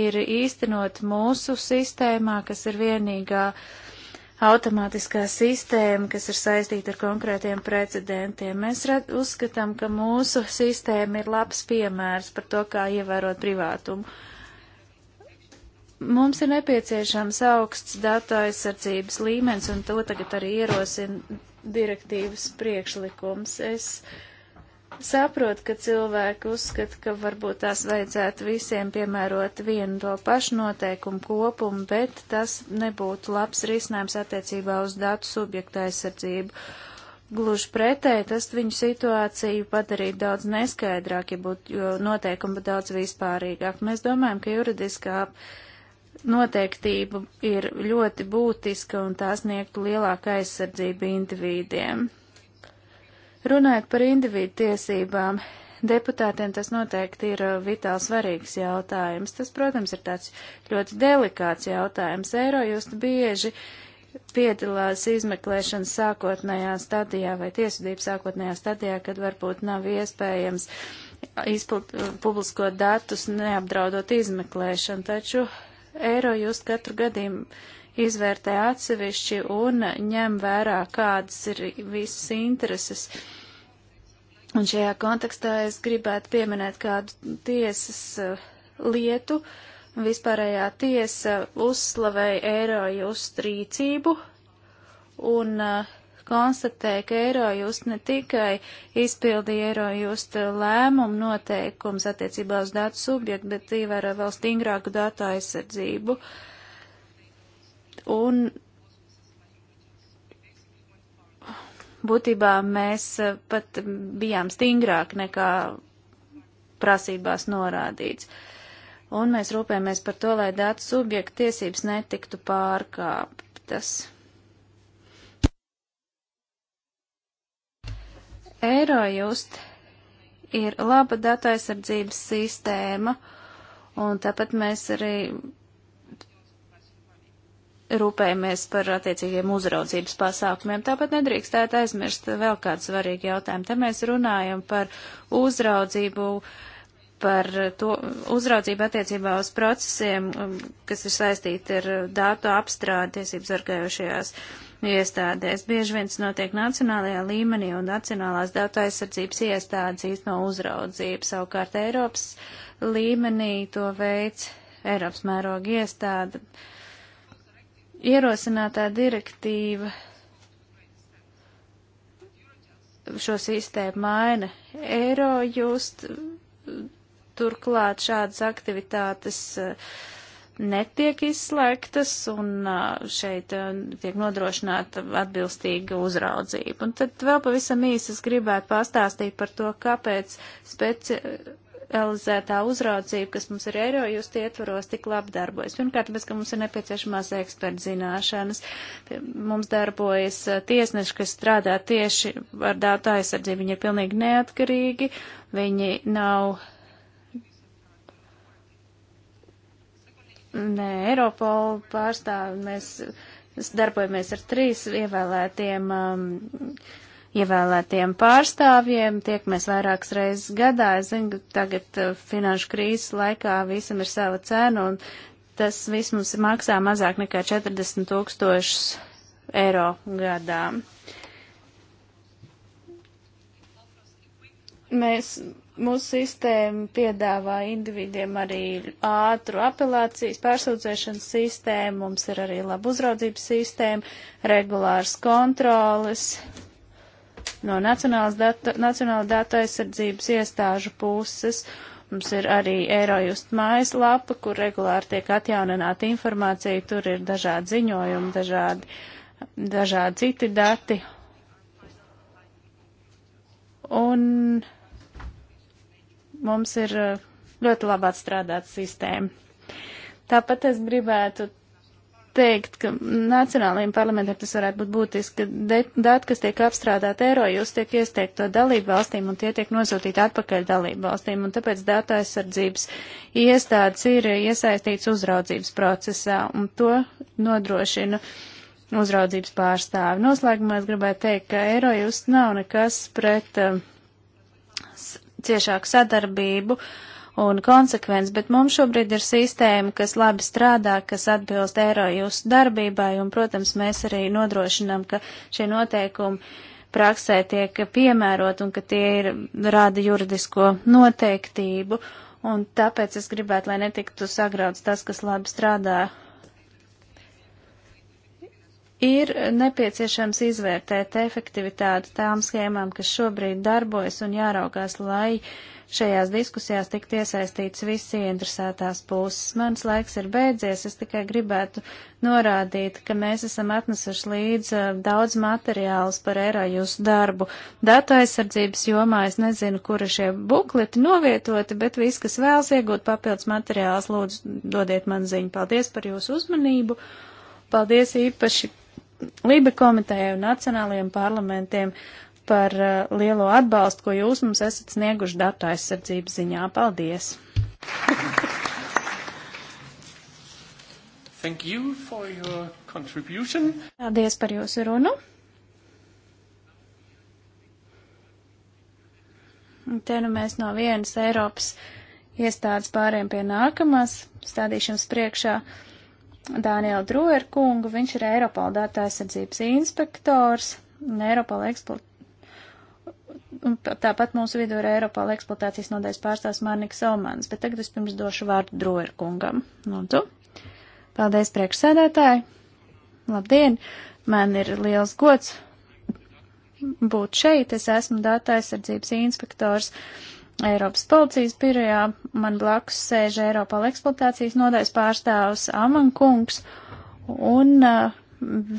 ir īstenot mūsu sistēmā, kas ir vienīgā uh, automātiskā sistēma, kas ir saistīta ar konkrētiem precedentiem. Mēs red, uzskatām, ka mūsu sistēma ir labs piemērs par to, kā ievērot privātumu. Mums ir nepieciešams augsts datu aizsardzības līmenis, un to tagad arī ierosina direktīvas priekšlikums. Es, uh, saprotu, ka cilvēki uzskata, ka varbūt tās vajadzētu visiem piemērot vienu to pašu noteikumu kopumu, bet tas nebūtu labs risinājums attiecībā uz datu subjektu aizsardzību. Gluži pretēji, tas viņu situāciju padarītu daudz neskaidrāk, ja būtu noteikumi daudz vispārīgāk. Mēs domājam, ka juridiskā noteiktība ir ļoti būtiska un tā sniegtu lielāku aizsardzību individiem. Runājot par individu tiesībām, deputātiem tas noteikti ir uh, vitāli svarīgs jautājums. Tas, protams, ir tāds ļoti delikāts jautājums. Eiro just bieži piedalās izmeklēšanas sākotnējā stadijā vai tiesvedības sākotnējā stadijā, kad varbūt nav iespējams izpult, publiskot datus, neapdraudot izmeklēšanu, taču eiro just katru gadījumu izvērtē atsevišķi un ņem vērā, kādas ir visas intereses. Un šajā kontekstā es gribētu pieminēt kādu tiesas uh, lietu. Vispārējā tiesa uzslavēja Eirojust rīcību un uh, konstatēja, ka Eirojust ne tikai izpildīja Eirojust uh, lēmumu noteikums attiecībā uz datu subjektu, bet ievēro vēl stingrāku datu aizsardzību. Uh, Un būtībā mēs pat bijām stingrāk nekā prasībās norādīts. Un mēs rūpējamies par to, lai datu subjektu tiesības netiktu pārkāptas. Eirojust ir laba datu aizsardzības sistēma, un tāpat mēs arī rūpējamies par attiecīgiem uzraudzības pasākumiem. Tāpat nedrīkstētu aizmirst vēl kādu svarīgu jautājumu. Te mēs runājam par uzraudzību, par to uzraudzību attiecībā uz procesiem, um, kas ir saistīti ar dātu apstrādi tiesības sargājošajās iestādēs. Bieži viens notiek nacionālajā līmenī un nacionālās datu aizsardzības iestādes īsteno uzraudzību. Savukārt Eiropas līmenī to veids Eiropas mēroga iestāde. Uh, Ierosinātā direktīva šo sistēmu maina. Eiro just turklāt šādas aktivitātes eh, netiek izslēgtas un eh, šeit eh, tiek nodrošināta atbilstīga uzraudzība. Un tad vēl pavisam īsi es gribētu pastāstīt par to, kāpēc speci centralizētā uzraudzība, kas mums ir eiro, jūs tie ietvaros tik labi darbojas. Pirmkārt, tāpēc, ka mums ir nepieciešamās eksperta zināšanas. Mums darbojas tiesneši, kas strādā tieši ar datu aizsardzību. Viņi ir pilnīgi neatkarīgi, viņi nav. Nē, Eiropola pārstāvi mēs darbojamies ar trīs ievēlētiem um, ievēlētiem pārstāvjiem, tiekamies vairākas reizes gadā. Es zinu, ka tagad uh, finanšu krīzes laikā visam ir sava cena, un tas viss mums maksā mazāk nekā 40 tūkstošus eiro gadā. Mēs Mūsu sistēma piedāvā individiem arī ātru apelācijas pārsūdzēšanas sistēmu, mums ir arī laba uzraudzības sistēma, regulārs kontrolis, no data, Nacionāla data aizsardzības iestāžu puses. Mums ir arī Eirojust mājaslapa, kur regulāri tiek atjaunināta informācija, tur ir dažādi ziņojumi, dažādi, dažādi citi dati. Un mums ir eh, ļoti labi atstrādāta sistēma. Tāpat es gribētu teikt, ka nacionālajiem parlamentiem tas varētu būt būtiski, ka dati, kas tiek apstrādāti eiro, jūs tiek iesteikti to dalību valstīm un tie tiek nosūtīti atpakaļ dalību valstīm, un tāpēc datu aizsardzības iestādes ir iesaistīts uzraudzības procesā, un to nodrošina uzraudzības pārstāvi. Noslēgumā es gribētu teikt, ka eiro jūs nav nekas pret uh, ciešāku sadarbību. Uh, un konsekvents, bet mums šobrīd ir sistēma, kas labi strādā, kas atbilst eiro jūsu darbībai, un, protams, mēs arī nodrošinām, ka šie noteikumi praksē tiek piemērot un ka tie ir rāda juridisko noteiktību, un tāpēc es gribētu, lai netiktu sagrauts tas, kas labi strādā. Ir nepieciešams izvērtēt efektivitāti tām schēmām, kas šobrīd darbojas, un jāraugās, lai uh, šajās diskusijās tikt iesaistīts visi interesētās puses. Mans laiks ir beidzies, es tikai gribētu norādīt, ka mēs esam atnesuši līdz eh, daudz materiālus par erajus darbu. Datu aizsardzības jomā es nezinu, kura šie bukleti novietoti, bet viss, kas vēlas iegūt papildus materiālus, lūdzu, dodiet man ziņu. Paldies par jūsu uzmanību. Paldies īpaši Lība komitējai un nacionālajiem parlamentiem par uh, lielo atbalstu, ko jūs mums esat snieguši datu aizsardzības ziņā. Paldies! Thank you for your contribution. Paldies par jūsu runu. Un te nu mēs no vienas Eiropas iestādes pāriem pie nākamās stādīšanas priekšā Dāniela Druer kungu. Viņš ir Eiropal datu aizsardzības inspektors un Eiropal eksploatācijas tāpat mūsu vidū ir Eiropāla eksploatācijas nodaļas pārstāvs Mārniks Salmans, bet tagad es pirms došu vārdu Droer kungam. Lūdzu. Paldies, priekšsēdētāji. Labdien! Man ir liels gods būt šeit. Es esmu datu aizsardzības inspektors Eiropas policijas birojā. Man blakus sēž Eiropāla eksploatācijas nodaļas pārstāvs Amankungs. Un uh,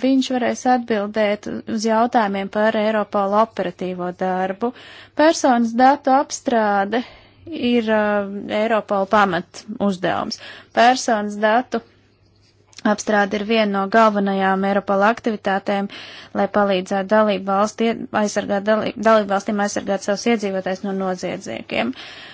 viņš varēs atbildēt uz jautājumiem par Eiropola operatīvo darbu. Personas datu apstrāde ir uh, Eiropola pamat uzdevums. Personas datu apstrāde ir viena no galvenajām Eiropola aktivitātēm, lai palīdzētu dalību, valsti, aizsargāt, dalību, dalību valstīm aizsargāt savus iedzīvotājs no noziedzniekiem. Uh,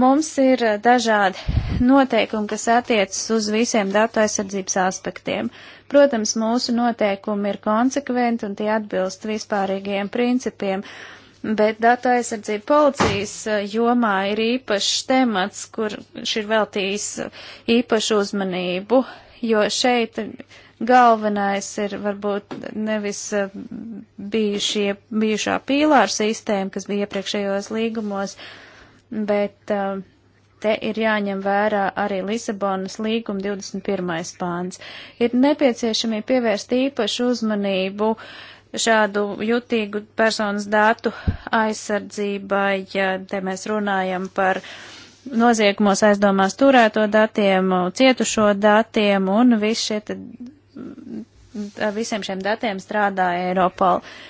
Mums ir uh, dažādi noteikumi, kas attiecas uz visiem datu aizsardzības aspektiem. Protams, mūsu noteikumi ir konsekventi un tie atbilst vispārīgiem principiem. Bet datu aizsardzība policijas eh, jomā ir īpašs temats, kur ir veltījis eh, īpašu uzmanību, jo šeit galvenais ir varbūt nevis eh, bijušie, bijušā pīlāra sistēma, kas bija iepriekšējos līgumos, bet uh, Te ir jāņem vērā arī Lisabonas līguma 21. pāns. Ir nepieciešami pievērst īpašu uzmanību šādu jutīgu personas datu aizsardzībai, ja te mēs runājam par noziegumos aizdomās turēto datiem, cietušo datiem un visi šie tad, visiem šiem datiem strādā Eiropal. Uh,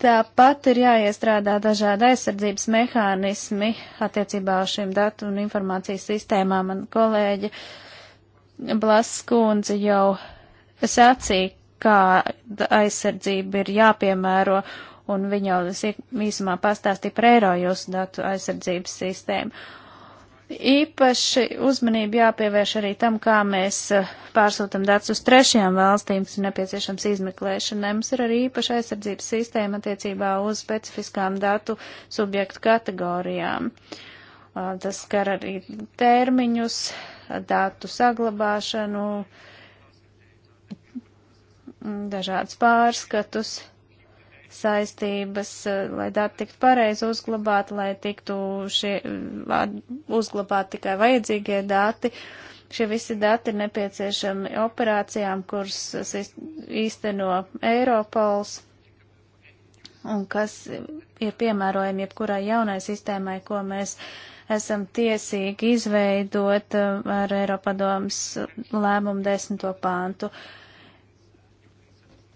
Tāpat ir jāiestrādā dažādi aizsardzības mehānismi attiecībā uz šīm datu un informācijas sistēmām. Man kolēģi Blaskundze jau sacīja, kā aizsardzība ir jāpiemēro, un viņa jau īsumā pastāstīja par eiro jūsu datu aizsardzības sistēmu. Īpaši uzmanību jāpievērš arī tam, kā mēs eh, pārsūtam datus uz trešajām valstīm, kas ir nepieciešams izmeklēšanai. Mums ir arī īpaša aizsardzības sistēma attiecībā uz specifiskām datu subjektu kategorijām. Tas skar arī termiņus, datu saglabāšanu, dažādas pārskatus saistības, eh, lai dati tiktu pareizi uzglabāti, lai tiktu šie eh, uzglabāti tikai vajadzīgie dati. Šie visi dati ir nepieciešami operācijām, kuras eh, īsteno Eiropols un kas ir piemērojami jebkurai jaunai sistēmai, ko mēs esam tiesīgi izveidot ar Eiropadomas lēmumu desmito pāntu. Uh,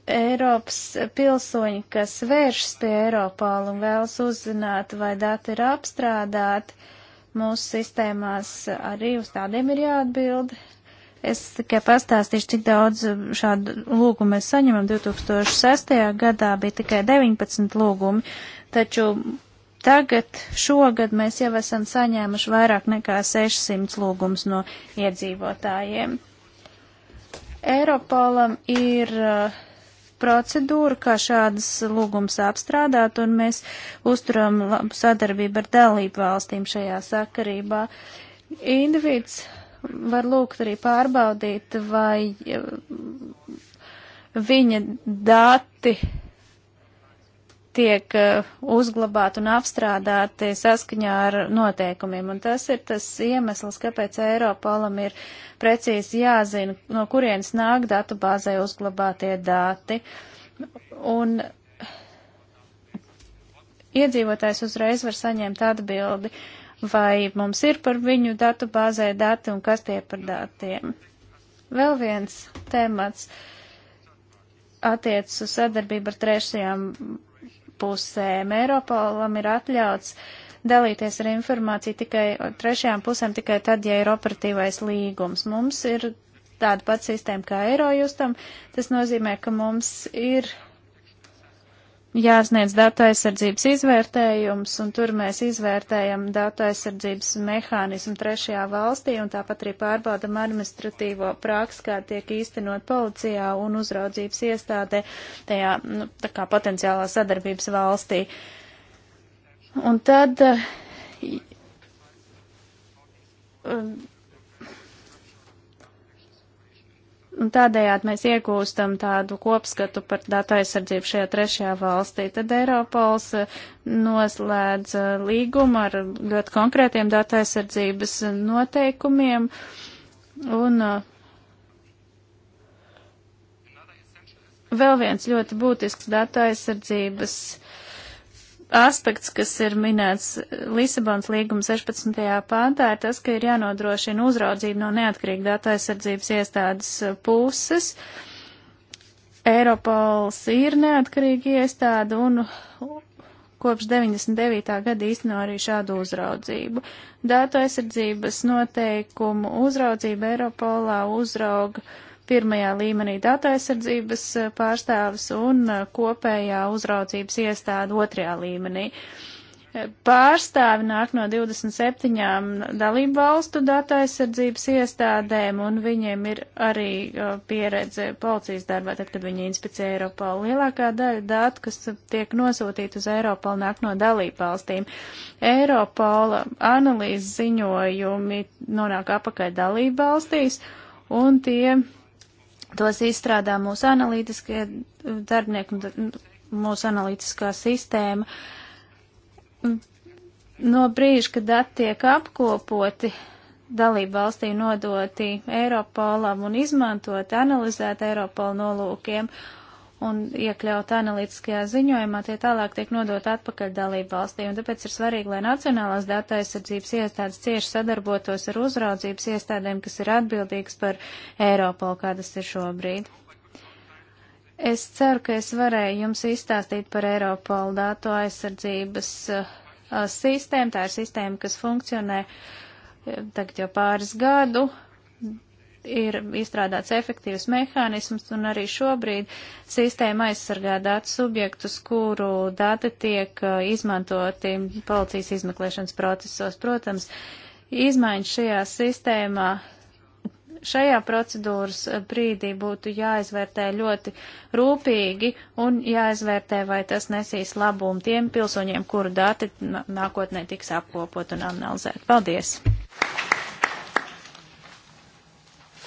Eiropas pilsoņi, kas vēršas pie Eiropāla un vēlas uzzināt, vai dati ir apstrādāti mūsu sistēmās, arī uz tādiem ir jāatbild. Es tikai pastāstīšu, cik daudz šādu lūgumu mēs saņemam. 2006. gadā bija tikai 19 lūgumi, taču tagad, šogad mēs jau esam saņēmuši vairāk nekā 600 lūgumus no iedzīvotājiem. Eiropolam ir uh, procedūru, kā šādas lūgums apstrādāt, un mēs uzturam sadarbību ar dalību valstīm šajā sakarībā. Individs var lūgt arī pārbaudīt, vai eh, viņa dati tiek eh, uzglabāti un apstrādāti saskaņā ar noteikumiem. Un tas ir tas iemesls, kāpēc Eiropolam ir precīzi jāzina, no kurienes nāk datu bāzē uzglabātie dati. Un iedzīvotājs uzreiz var saņemt atbildi, vai mums ir par viņu datu bāzē dati un kas tie par datiem. Vēl viens temats attiec uz sadarbību ar trešajām pusēm. Eiropolam ir atļauts dalīties ar informāciju tikai trešajām pusēm tikai tad, ja ir operatīvais līgums. Mums ir tāda pati sistēma kā Eirojustam. Tas nozīmē, ka mums ir jāsniedz datu aizsardzības izvērtējums, un tur mēs izvērtējam datu aizsardzības mehānismu trešajā valstī, un tāpat arī pārbaudam administratīvo praksi, kā tiek īstenot policijā un uzraudzības iestādē, tajā, nu, tā kā potenciālā sadarbības valstī. Un tad, um, Un tādējādi mēs iegūstam tādu kopskatu par datu aizsardzību šajā trešajā valstī. Tad Eiropols eh, noslēdz eh, līgumu ar ļoti konkrētiem datu aizsardzības noteikumiem. Un eh, vēl viens ļoti būtisks datu aizsardzības noteikumiem aspekts, kas ir minēts Lisabons līguma 16. pāntā, ir tas, ka ir jānodrošina uzraudzība no neatkarīga datu aizsardzības iestādes puses. Eiropols ir neatkarīga iestāde un kopš 99. gada īsteno arī šādu uzraudzību. Datu aizsardzības noteikumu uzraudzība Eiropolā uzrauga uh, pirmajā līmenī datu aizsardzības eh, pārstāvis un eh, kopējā uzraudzības iestāde otrajā līmenī. Eh, pārstāvi nāk no 27 dalību valstu datu aizsardzības iestādēm, un viņiem ir arī pieredze policijas darbā, tad, kad viņi inspicē Eiropolu. Lielākā daļa datu, kas tiek nosūtīta uz Eiropolu, nāk no dalību valstīm. Eiropola analīzes ziņojumi nonāk apakai dalību valstīs, un tie Tos izstrādā mūsu analītiskie darbinieki un mūsu analītiskā sistēma. No brīža, kad dati tiek apkopoti, dalību valstī nodoti Eiropolam un izmantot, analizēt Eiropola nolūkiem, uh, un iekļaut analītiskajā ziņojumā, tie tālāk tiek nodot atpakaļ dalību valstī, un tāpēc ir svarīgi, lai Nacionālās data aizsardzības iestādes cieši sadarbotos ar uzraudzības iestādēm, kas ir atbildīgas par Eiropolu, kā tas ir šobrīd. Es ceru, ka es varēju jums izstāstīt par Eiropolu datu aizsardzības uh, sistēmu. Tā ir sistēma, kas funkcionē eh, tagad jau pāris gadu ir izstrādāts efektīvs mehānisms, un arī šobrīd sistēma aizsargā datu subjektus, kuru dati tiek uh, izmantoti policijas izmeklēšanas procesos. Protams, izmaiņas šajā sistēmā. Šajā procedūras uh, brīdī būtu jāizvērtē ļoti rūpīgi un jāizvērtē, vai tas nesīs labumu tiem pilsoņiem, kuru dati nākotnē tiks apkopot un analizēt. Paldies!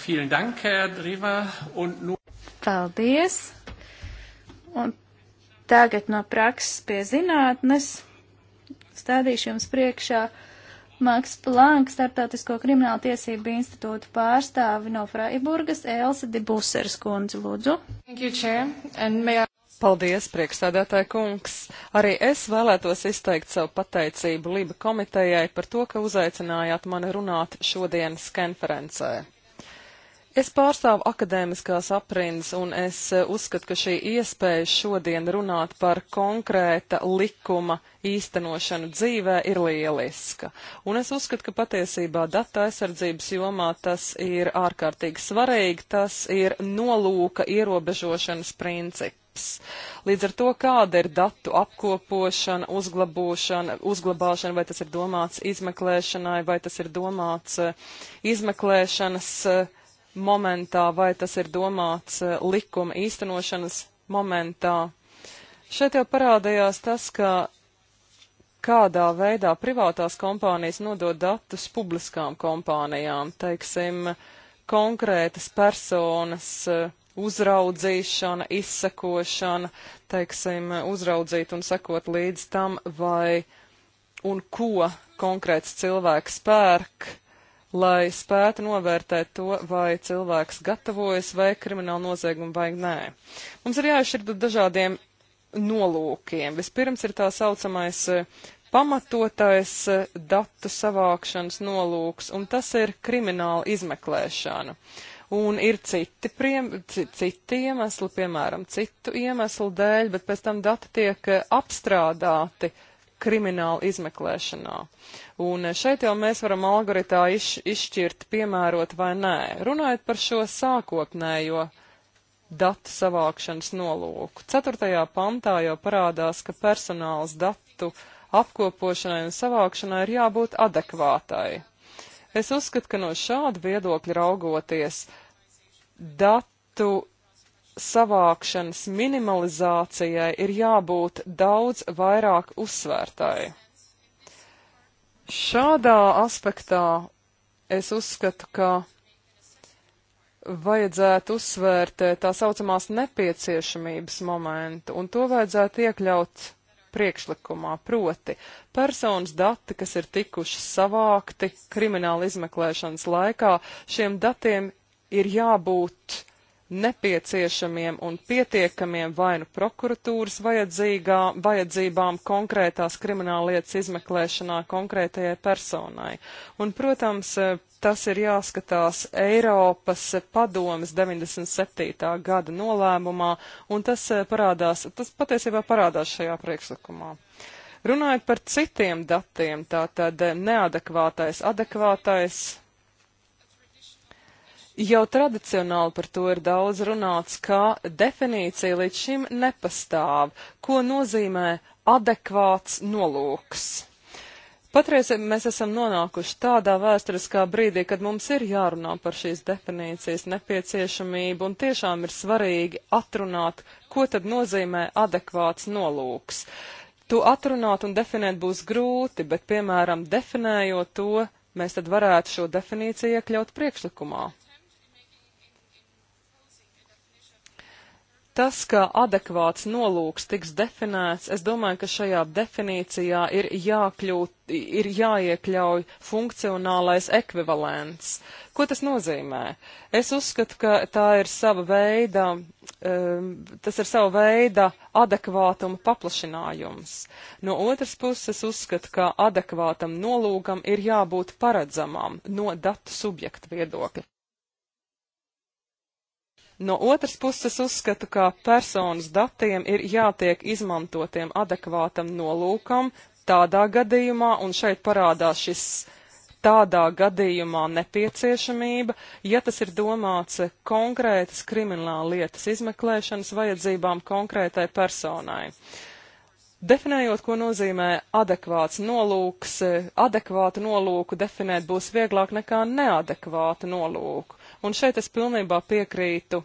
vielen Dank, Herr Driva. Un nu... Paldies. Un tagad no prakses pie zinātnes stādīšu jums priekšā Maks Plank, Startautisko kriminālu tiesību institūtu pārstāvi no Freiburgas, Elsa Dibusers kundze, lūdzu. Thank you, Chair, and may I... Paldies, priekšsēdētāja kungs! Arī es vēlētos izteikt savu pateicību Liba komitejai par to, ka uzaicinājāt mani runāt šodienas konferencē. Es pārstāvu akadēmiskās aprindas, un es eh, uzskatu, ka šī iespēja šodien runāt par konkrēta likuma īstenošanu dzīvē ir lieliska. Un es uzskatu, ka patiesībā data aizsardzības jomā tas ir ārkārtīgi svarīgi, tas ir nolūka ierobežošanas princips. Līdz ar to, kāda ir datu apkopošana, uzglabāšana, vai tas ir domāts izmeklēšanai, vai tas ir domāts eh, izmeklēšanas eh, momentā, vai tas ir domāts eh, likuma īstenošanas momentā. Šeit jau parādījās tas, ka kādā veidā privātās kompānijas nodod datus publiskām kompānijām, teiksim, konkrētas personas eh, uzraudzīšana, izsekošana, teiksim, uzraudzīt un sekot līdz tam, vai un ko konkrēts cilvēks pērk, lai spētu novērtēt to, vai cilvēks gatavojas vai kriminālu noziegumu vai nē. Mums ir jāizšķirda dažādiem nolūkiem. Vispirms ir tā saucamais eh, pamatotais eh, datu savākšanas nolūks, un tas ir krimināla izmeklēšana. Un ir citi, priem, citi iemesli, piemēram, citu iemeslu dēļ, bet pēc tam dati tiek eh, apstrādāti krimināla izmeklēšanā. Un šeit jau mēs varam algoritā iš, izšķirt, piemērot vai nē. Runājot par šo sākotnējo datu savākšanas nolūku. Ceturtajā pantā jau parādās, ka personāls datu apkopošanai un savākšanai ir jābūt adekvātai. Es uzskatu, ka no šāda viedokļa raugoties datu savākšanas minimalizācijai ir jābūt daudz vairāk uzsvērtai. Šādā aspektā es uzskatu, ka vajadzētu uzsvērt eh, tā saucamās nepieciešamības momentu, un to vajadzētu iekļaut priekšlikumā, proti personas dati, kas ir tikuši savākti krimināla izmeklēšanas laikā, šiem datiem ir jābūt nepieciešamiem un pietiekamiem vainu prokuratūras vajadzībām konkrētās krimināllietas izmeklēšanā konkrētajai personai. Un, protams, tas ir jāskatās Eiropas padomas 97. gada nolēmumā, un tas eh, parādās, tas patiesībā parādās šajā priekšlikumā. Runājot par citiem datiem, tātad neadekvātais, adekvātais, Jau tradicionāli par to ir daudz runāts, ka definīcija līdz šim nepastāv, ko nozīmē adekvāts nolūks. Patreiz mēs esam nonākuši tādā vēsturiskā brīdī, kad mums ir jārunā par šīs definīcijas nepieciešamību un tiešām ir svarīgi atrunāt, ko tad nozīmē adekvāts nolūks. To atrunāt un definēt būs grūti, bet, piemēram, definējot to, mēs tad varētu šo definīciju iekļaut priekšlikumā. Tas, kā adekvāts nolūks tiks definēts, es domāju, ka šajā definīcijā ir, jākļūt, ir jāiekļauj funkcionālais ekvivalents. Ko tas nozīmē? Es uzskatu, ka tā ir sava veida, um, tas ir sava veida adekvātuma paplašinājums. No otras puses, es uzskatu, ka adekvātam nolūkam ir jābūt paredzamam no datu subjekta viedokļa. No otras puses uzskatu, ka personas datiem ir jātiek izmantotiem adekvātam nolūkam tādā gadījumā, un šeit parādās šis tādā gadījumā nepieciešamība, ja tas ir domāts konkrētas krimināla lietas izmeklēšanas vajadzībām konkrētai personai. Definējot, ko nozīmē adekvāts nolūks, adekvātu nolūku definēt būs vieglāk nekā neadekvātu nolūku. Un šeit es pilnībā piekrītu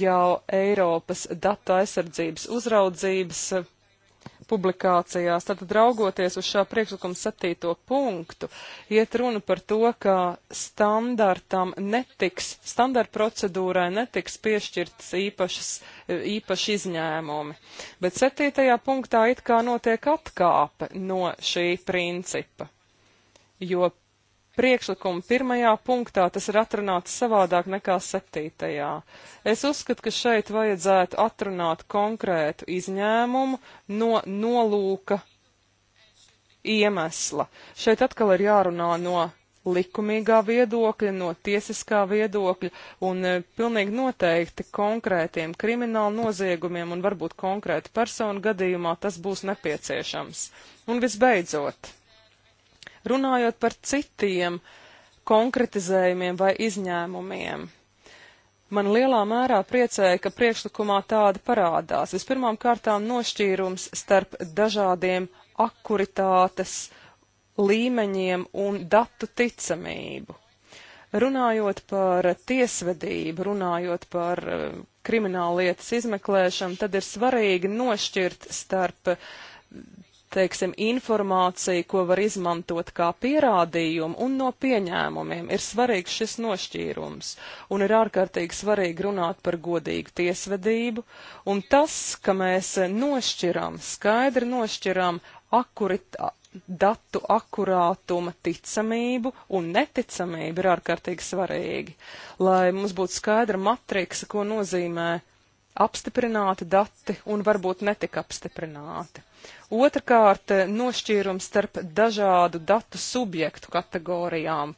jau Eiropas datu aizsardzības uzraudzības eh, publikācijās. Tātad raugoties uz šā priekšlikuma septīto punktu, iet runa par to, ka standartam netiks, standarta procedūrai netiks piešķirtas īpašas, eh, īpaši izņēmumi. Bet septītajā punktā it kā notiek atkāpe no šī principa, jo priekšlikuma pirmajā punktā tas ir atrunāts savādāk nekā septītajā. Es uzskatu, ka šeit vajadzētu atrunāt konkrētu izņēmumu no nolūka iemesla. Šeit atkal ir jārunā no likumīgā viedokļa, no tiesiskā viedokļa un e, pilnīgi noteikti konkrētiem kriminālu noziegumiem un varbūt konkrētu personu gadījumā tas būs nepieciešams. Un visbeidzot. Runājot par citiem konkretizējumiem vai izņēmumiem. Man lielā mērā priecēja, ka priekšlikumā tāda parādās. Vispirmām kārtām nošķīrums starp dažādiem akuritātes līmeņiem un datu ticamību. Runājot par tiesvedību, runājot par eh, krimināllietas izmeklēšanu, tad ir svarīgi nošķirt starp teiksim, informāciju, ko var izmantot kā pierādījumu un no pieņēmumiem, ir svarīgs šis nošķīrums, un ir ārkārtīgi svarīgi runāt par godīgu tiesvedību, un tas, ka mēs nošķiram, skaidri nošķiram akurit, datu akurātuma ticamību un neticamību ir ārkārtīgi svarīgi, lai mums būtu skaidra matriksa, ko nozīmē apstiprināti dati un varbūt netika apstiprināti. Otrakārt, nošķīrums starp dažādu datu subjektu kategorijām.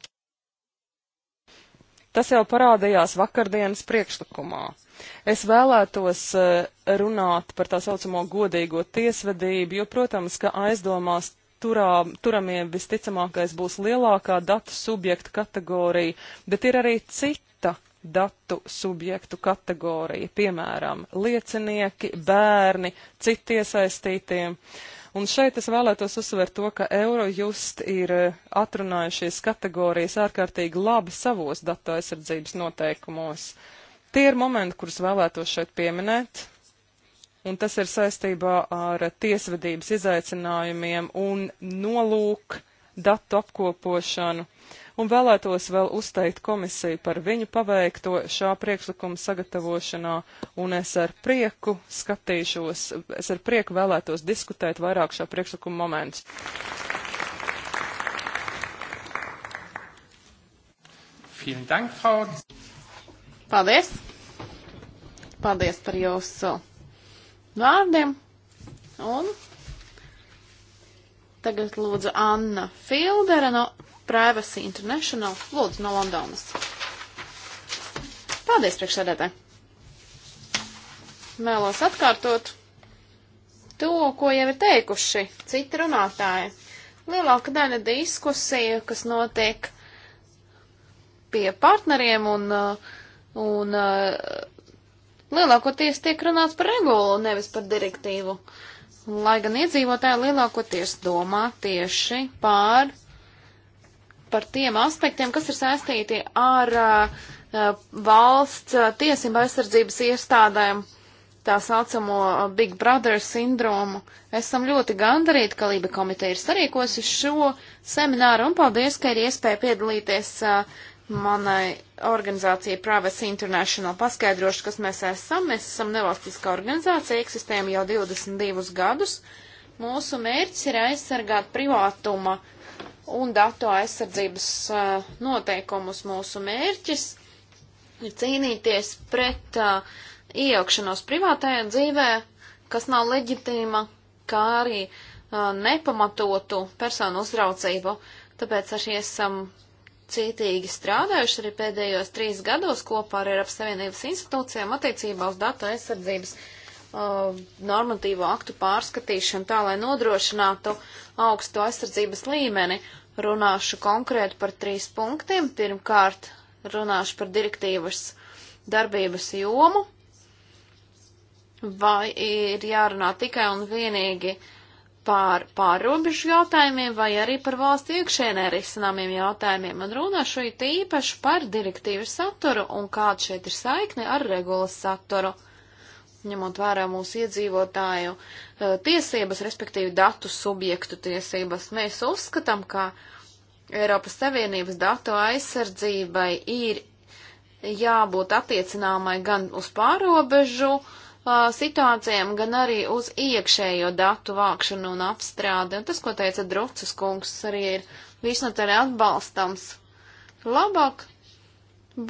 Tas jau parādījās vakardienas priekšlikumā. Es vēlētos eh, runāt par tā saucamo godīgo tiesvedību, jo, protams, ka aizdomās turā, turamie visticamākais būs lielākā datu subjektu kategorija, bet ir arī cita datu subjektu kategorija, piemēram, liecinieki, bērni, citi iesaistītiem. Un šeit es vēlētos uzsvērt to, ka Eurojust ir eh, atrunājušies kategorijas ārkārtīgi labi savos datu aizsardzības noteikumos. Tie ir momenti, kurus vēlētos šeit pieminēt, un tas ir saistībā ar tiesvedības izaicinājumiem un nolūk datu apkopošanu. Uh, un vēlētos vēl uzteikt komisiju par viņu paveikto šā priekšlikuma sagatavošanā, un es ar prieku skatīšos, es ar prieku vēlētos diskutēt vairāk šā priekšlikuma momentus. Paldies! Paldies par jūsu vārdiem! Un tagad lūdzu Anna Fildere no Privacy International, lūdzu, no Londonas. Paldies, priekšsēdētāji! Vēlos atkārtot to, ko jau ir teikuši citi runātāji. Lielāka daļa diskusiju, kas notiek pie partneriem un, uh, un uh, lielākoties tiek runāts par regulu, nevis par direktīvu. Lai gan iedzīvotāji lielākoties domā tieši pār par tiem aspektiem, kas ir saistīti ar uh, uh valsts uh, tiesību aizsardzības iestādēm, tā saucamo uh, Big Brother sindromu. Esam ļoti gandarīti, ka Lība komiteja ir sarīkosi šo semināru un paldies, ka ir iespēja piedalīties uh, manai organizācijai Privacy International. Paskaidrošu, kas mēs esam. Mēs esam nevalstiskā organizācija, eksistējam jau 22 gadus. Mūsu mērķis ir aizsargāt privātuma uh, un datu aizsardzības uh, noteikumus. Mūsu mērķis ir cīnīties pret uh, iejaukšanos privātajā dzīvē, kas nav leģitīma, kā arī uh, nepamatotu personu uzraucību. Tāpēc arī esam cītīgi strādājuši arī pēdējos trīs gados kopā ar Eiropas Savienības institūcijām attiecībā uz datu aizsardzības uh, normatīvo aktu pārskatīšanu tā, lai nodrošinātu augstu aizsardzības līmeni. Runāšu konkrēti par trīs punktiem. Pirmkārt, runāšu par direktīvas darbības jomu. Vai ir jārunā tikai un vienīgi par pārrobežu jautājumiem vai arī par valsts iekšēnē risināmiem jautājumiem? Un runāšu it īpaši par direktīvas saturu un kāda šeit ir saikne ar regulas saturu ņemot vērā mūsu iedzīvotāju eh, tiesības, respektīvi datu subjektu tiesības. Mēs uzskatām, ka Eiropas Savienības datu aizsardzībai ir jābūt attiecināmai gan uz pārobežu uh, situācijām, gan arī uz iekšējo datu vākšanu un apstrādi. Un tas, ko teica Drucis kungs, arī ir visnotaļ atbalstams. Labāk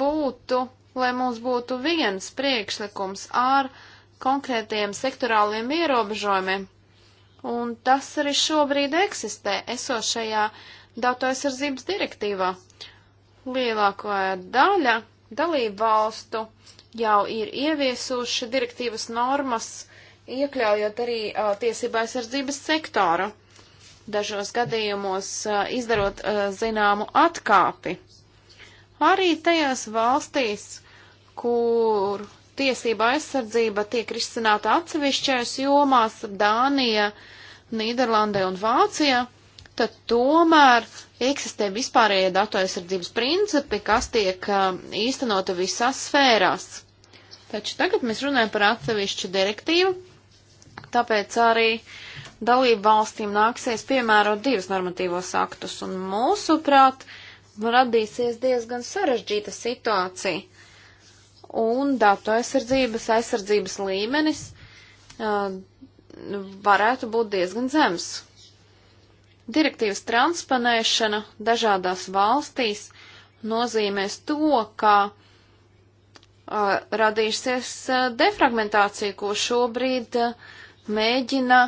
būtu, lai mums būtu viens priekšlikums ar uh, konkrētajiem sektorāliem ierobežojumiem. Un tas arī šobrīd eksistē esošajā datu aizsardzības direktīvā. Lielākā daļa dalību valstu jau ir ieviesuši direktīvas normas, iekļaujot arī uh, tiesībā aizsardzības sektoru, dažos gadījumos uh, izdarot uh, zināmu atkāpi. Arī tajās valstīs, kur tiesība aizsardzība tiek risināta atsevišķajās jomās - Dānija, Nīderlandē un Vācija, tad tomēr eksistē vispārējie datu aizsardzības principi, kas tiek um, īstenota visās sfērās. Taču tagad mēs runājam par atsevišķu direktīvu, tāpēc arī dalību valstīm nāksies piemērot divus normatīvos aktus, un mūsuprāt, radīsies diezgan sarežģīta situācija un datu aizsardzības aizsardzības līmenis uh, varētu būt diezgan zems. Direktīvas transponēšana dažādās valstīs nozīmēs to, ka uh, radīsies uh, defragmentācija, ko šobrīd uh, mēģina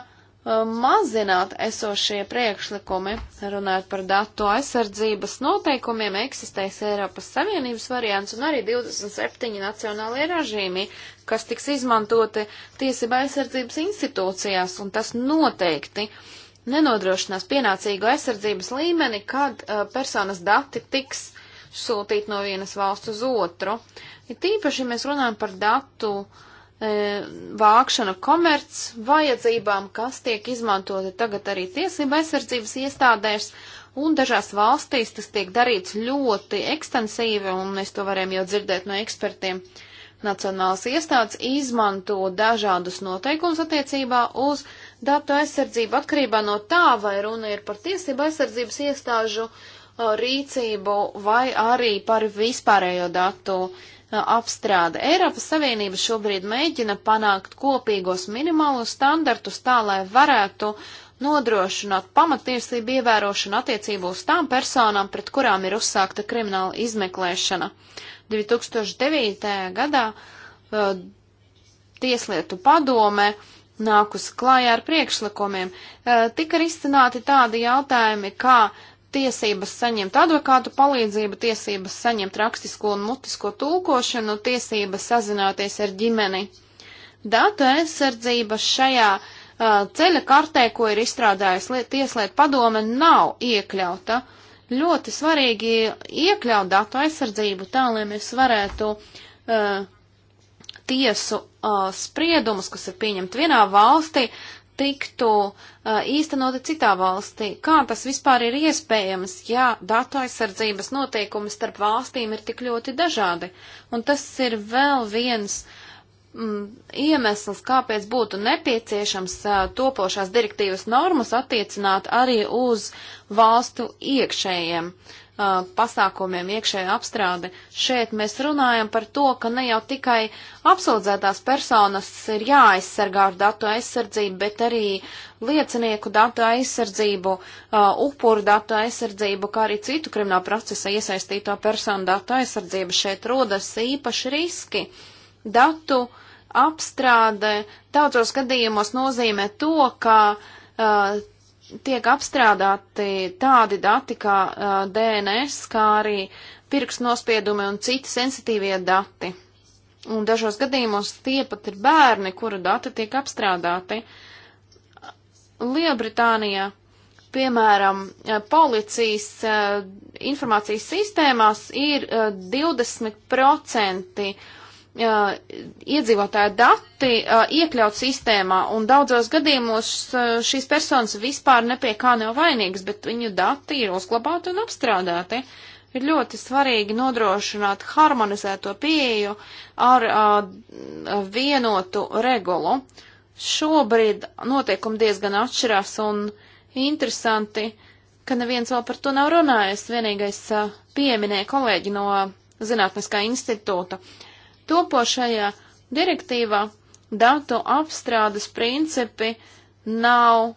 mazināt esošie priekšlikumi, runājot par datu aizsardzības noteikumiem, eksistēs Eiropas Savienības variants un arī 27 nacionālie režīmi, kas tiks izmantoti tiesība aizsardzības institūcijās, un tas noteikti nenodrošinās pienācīgu aizsardzības līmeni, kad uh, personas dati tiks sūtīt no vienas valsts uz otru. Ir ja tīpaši, ja mēs runājam par datu uh, E, vākšana komerc vajadzībām, kas tiek izmantoti tagad arī tiesība aizsardzības iestādēs, un dažās valstīs tas tiek darīts ļoti ekstensīvi, un mēs to varējām jau dzirdēt no ekspertiem. Nacionālas iestādes izmanto dažādus noteikumus attiecībā uz datu aizsardzību atkarībā no tā, vai runa ir par tiesību aizsardzības iestāžu e, rīcību vai arī par vispārējo datu uh, apstrāde. Eiropas Savienība šobrīd mēģina panākt kopīgos minimālos standartus tā, lai varētu nodrošināt pamatiesību ievērošanu attiecību uz tām personām, pret kurām ir uzsākta krimināla izmeklēšana. 2009. gadā uh, Tieslietu padome nākus klājā ar priekšlikumiem. Uh, tika risināti tādi jautājumi, kā tiesības saņemt advokātu palīdzību, tiesības saņemt rakstisko un mutisko tulkošanu, tiesības sazināties ar ģimeni. Datu aizsardzība šajā uh, ceļa kartē, ko ir izstrādājusi Tieslietu padome, nav iekļauta. Ļoti svarīgi iekļaut datu aizsardzību tā, lai mēs varētu uh, tiesu uh, spriedumus, kas ir pieņemti vienā valstī, uh, tiktu uh, īstenoti citā valstī. Kā tas vispār ir iespējams, ja datu aizsardzības noteikumi starp valstīm ir tik ļoti dažādi? Un tas ir vēl viens mm, iemesls, kāpēc būtu nepieciešams uh, topošās direktīvas normas attiecināt arī uz valstu iekšējiem uh, uh, pasākumiem, iekšēja apstrāde. Šeit mēs runājam par to, ka ne jau tikai apsūdzētās personas ir jāaizsargā ar datu aizsardzību, bet arī liecinieku datu aizsardzību, uh, upuru datu aizsardzību, kā arī citu kriminālu procesa iesaistīto personu datu aizsardzību. Šeit rodas īpaši riski datu apstrāde daudzos gadījumos nozīmē to, ka uh, tiek apstrādāti tādi dati kā uh, DNS, kā arī pirkstu nospiedumi un citi sensitīvie dati. Un dažos gadījumos tie pat ir bērni, kuru dati tiek apstrādāti. Lielbritānijā, piemēram, policijas uh, informācijas sistēmās ir uh, 20% uh, iedzīvotāju dati uh, iekļaut sistēmā, un daudzos gadījumos uh, šīs personas vispār ne pie kā nav vainīgas, bet viņu dati ir uzglabāti un apstrādāti. Ir ļoti svarīgi nodrošināt harmonizēto pieeju ar uh, vienotu regulu. Šobrīd notiekumi diezgan atšķirās un interesanti, ka neviens vēl par to nav runājis. Vienīgais uh, pieminēja kolēģi no Zinātniskā institūta. Uh, Topošajā direktīvā datu apstrādes principi nav,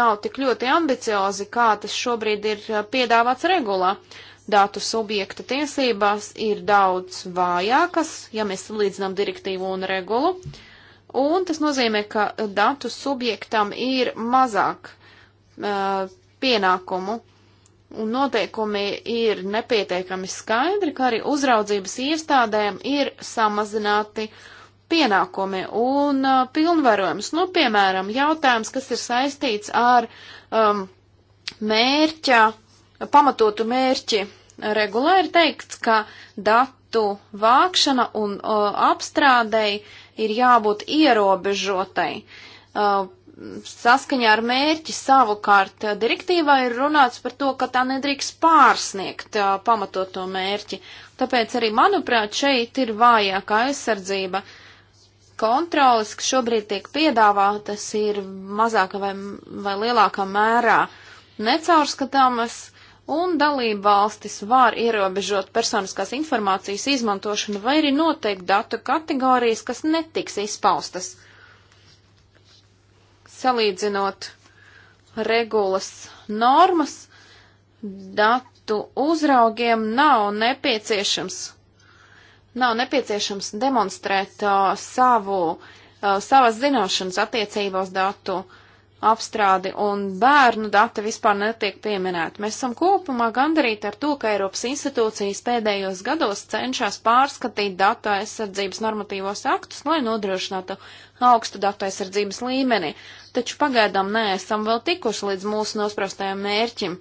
nav tik ļoti ambiciozi, kā tas šobrīd ir eh, piedāvāts regulā. Datu subjekta tiesībās ir daudz vājākas, ja mēs salīdzinām direktīvu un regulu, un tas nozīmē, ka datu subjektam ir mazāk uh, pienākumu uh, un noteikumi ir nepietiekami skaidri, kā arī uzraudzības iestādēm ir samazināti pienākumi un uh, pilnvarojums. Nu, piemēram, jautājums, kas ir saistīts ar um, mērķa, pamatotu mērķi regulēri teikts, ka datu vākšana un uh, apstrādei ir jābūt ierobežotai. Uh, saskaņā ar mērķi savukārt eh, direktīvā ir runāts par to, ka tā nedrīkst pārsniegt eh, pamatot to mērķi. Tāpēc arī, manuprāt, šeit ir vājāka aizsardzība. Kontrolas, kas šobrīd tiek piedāvātas, ir mazāka vai, vai lielākā mērā necaurskatāmas, un dalība valstis var ierobežot personiskās informācijas izmantošanu vai arī noteikt datu kategorijas, kas netiks izpaustas. Uh, salīdzinot regulas normas, datu uzraugiem nav nepieciešams, nav nepieciešams demonstrēt uh, savu, uh, savas zināšanas attiecībos datu uh, apstrādi un bērnu dati vispār netiek pieminēti. Mēs esam kopumā gandarīti ar to, ka Eiropas institūcijas pēdējos gados cenšas pārskatīt datu aizsardzības normatīvos aktus, lai nodrošinātu augstu datu aizsardzības līmeni, taču pagaidām neesam vēl tikuši līdz mūsu nosprostajam mērķim.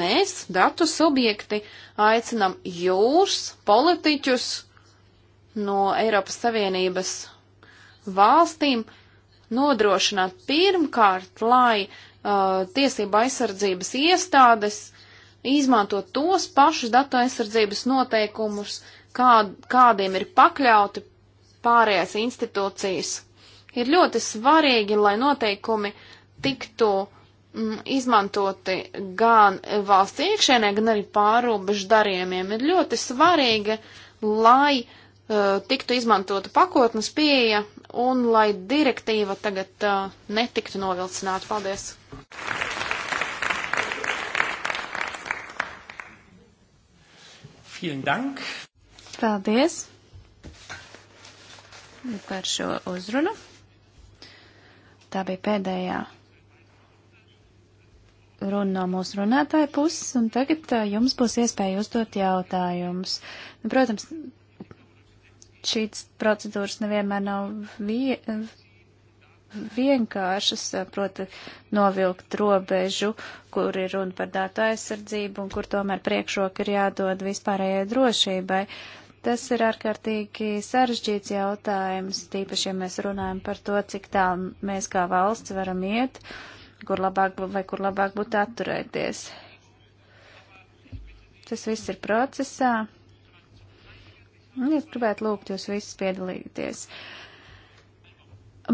Mēs, datu subjekti, aicinam jūs, politiķus no Eiropas Savienības valstīm, nodrošināt pirmkārt, lai uh, tiesība aizsardzības iestādes izmanto tos pašus datu aizsardzības noteikumus, kā, kādiem ir pakļauti pārējās institūcijas. Ir ļoti svarīgi, lai noteikumi tiktu mm, izmantoti gan valsts iekšēnē, gan arī pārobežu darījumiem. Ir ļoti svarīgi, lai uh, tiktu izmantota pakotnes pieeja un lai direktīva tagad uh, netiktu novilcināta. Paldies! Paldies par šo uzrunu. Tā bija pēdējā runa no mūsu runātāja puses, un tagad uh, jums būs iespēja uzdot jautājumus. Nu, protams, šīs procedūras nevienmēr nav vie vienkāršas, eh, proti novilkt robežu, kur ir runa par datu aizsardzību un kur tomēr priekšroka ir jādod vispārējai drošībai. Tas ir ārkārtīgi sarežģīts jautājums, tīpaši, ja mēs runājam par to, cik tālu mēs kā valsts varam iet, kur labāk vai kur labāk būtu atturēties. Tas viss ir procesā. Un nu, es gribētu lūgt jūs visus piedalīties.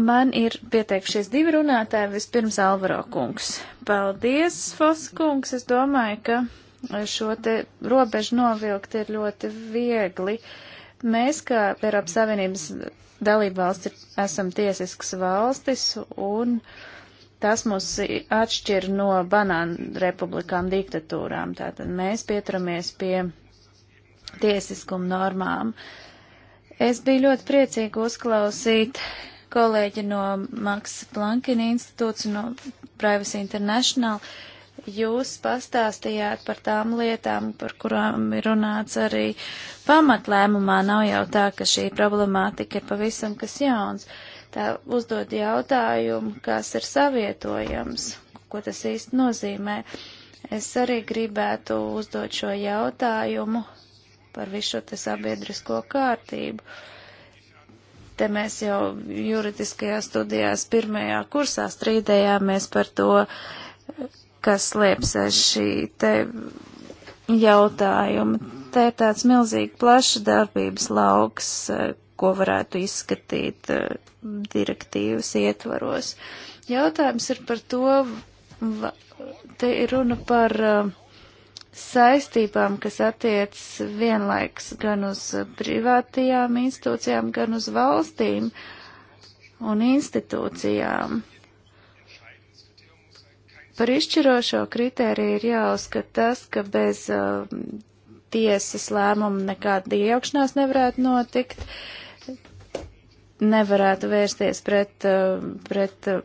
Man ir pieteikšies divi runātāji, vispirms Alvaro kungs. Paldies, Fos kungs, es domāju, ka šo te robežu novilkt ir ļoti viegli. Mēs, kā Eiropas Savienības dalība valsts, esam tiesisks valstis un tas mūs atšķir no banānu republikām diktatūrām. Tātad mēs pieturamies pie tiesiskumu normām. Es biju ļoti priecīgi uzklausīt kolēģi no Maksa Plankina institūts no Privacy International. Jūs pastāstījāt par tām lietām, par kurām ir runāts arī pamatlēmumā. Nav jau tā, ka šī problemātika ir pavisam kas jauns. Tā uzdod jautājumu, kas ir savietojams, ko tas īsti nozīmē. Es arī gribētu uzdot šo jautājumu par visu šo te sabiedrisko kārtību. Te mēs jau juridiskajā studijās pirmajā kursā strīdējāmies par to, kas slēpjas aiz šī te jautājuma. Te ir tāds milzīgi plašs darbības lauks, ko varētu izskatīt eh, direktīvas ietvaros. Jautājums ir par to, te ir runa par uh, saistībām, kas attiec vienlaiks gan uz privātajām institūcijām, gan uz valstīm un institūcijām. Par izšķirošo kritēriju ir jāuzskata tas, ka bez uh, tiesas lēmuma nekāda iejaukšanās nevarētu notikt, nevarētu vērsties pret, uh, pret uh,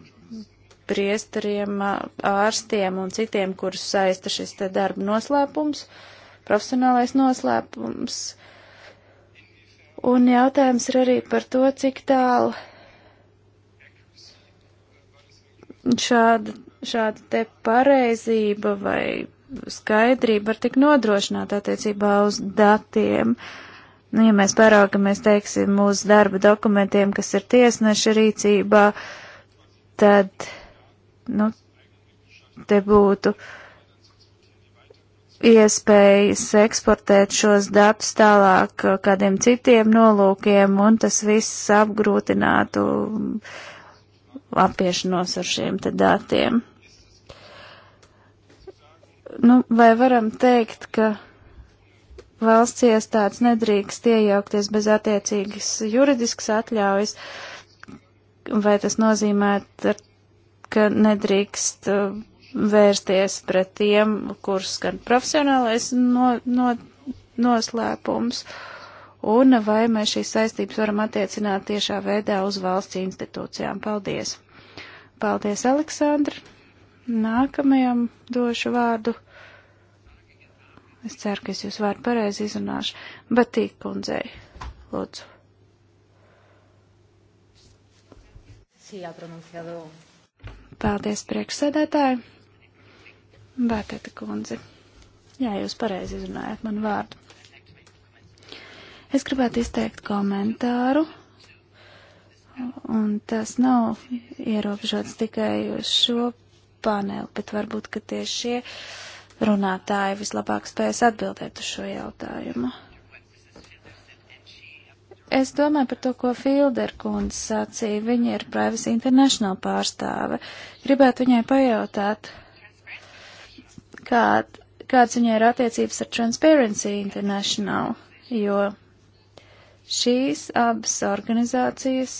priesteriem, ārstiem un citiem, kurus saista šis te darba noslēpums, profesionālais noslēpums. Un jautājums ir arī par to, cik tālu šāda, šāda te pareizība vai skaidrība var tik nodrošināt attiecībā uz datiem. Nu, ja mēs paraugamies, teiksim, uz darba dokumentiem, kas ir tiesneša rīcībā, tad nu, te būtu iespējas eksportēt šos datus tālāk uh, kādiem citiem nolūkiem, un tas viss apgrūtinātu apiešanos ar šiem te datiem. Nu, vai varam teikt, ka valsts iestādes nedrīkst iejaukties bez attiecīgas juridiskas atļaujas, vai tas nozīmē ar ka nedrīkst uh, vērsties pret tiem, kurus gan profesionālais no, no, noslēpums, un vai mēs šīs saistības varam attiecināt tiešā veidā uz valsts institūcijām. Paldies! Paldies, Aleksandra! Nākamajam došu vārdu. Es ceru, ka es jūs vārdu pareizi izrunāšu. Batīk kundzei, lūdzu. Sí, ha pronunciado Paldies priekšsēdētāji. Bērtēta kundze. Jā, jūs pareizi izrunājāt manu vārdu. Es gribētu izteikt komentāru, un tas nav ierobežots tikai uz šo paneli, bet varbūt, ka tieši šie runātāji vislabāk spējas atbildēt uz šo jautājumu. Es domāju par to, ko Filderkundze sacīja. Viņa ir Privacy International pārstāve. Gribētu viņai pajautāt, kād, kāds viņai ir attiecības ar Transparency International, jo šīs abas organizācijas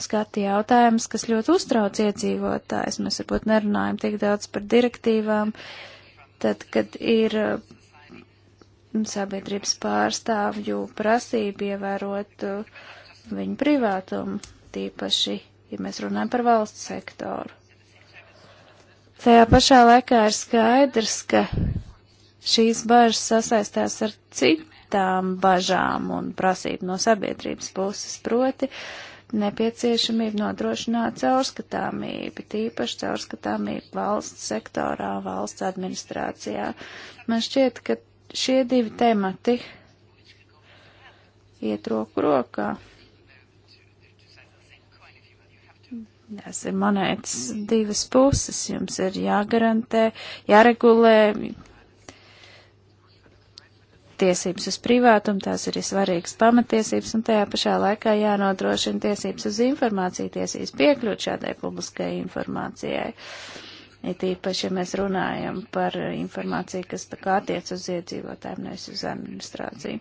skata jautājums, kas ļoti uztrauc iedzīvotājs. Mēs varbūt nerunājam tik daudz par direktīvām, tad, kad ir sabiedrības pārstāvju prasību ievērot uh, viņu privātumu, tīpaši, ja mēs runājam par valsts sektoru. Tajā pašā laikā ir skaidrs, ka šīs bažas sasaistās ar citām bažām un prasību no sabiedrības puses, proti nepieciešamību nodrošināt caurskatāmību, tīpaši caurskatāmību valsts sektorā, valsts administrācijā. Man šķiet, ka šie divi temati iet roku rokā. Tās ir monētas divas puses, jums ir jāgarantē, jāregulē tiesības uz privātumu, tās ir svarīgas pamatiesības, un tajā pašā laikā jānodrošina tiesības uz informāciju, tiesības piekļūt šādai publiskajai informācijai. Uh, It īpaši, ja mēs runājam par informāciju, kas tā kā attiec uz iedzīvotājiem, nevis uz administrāciju.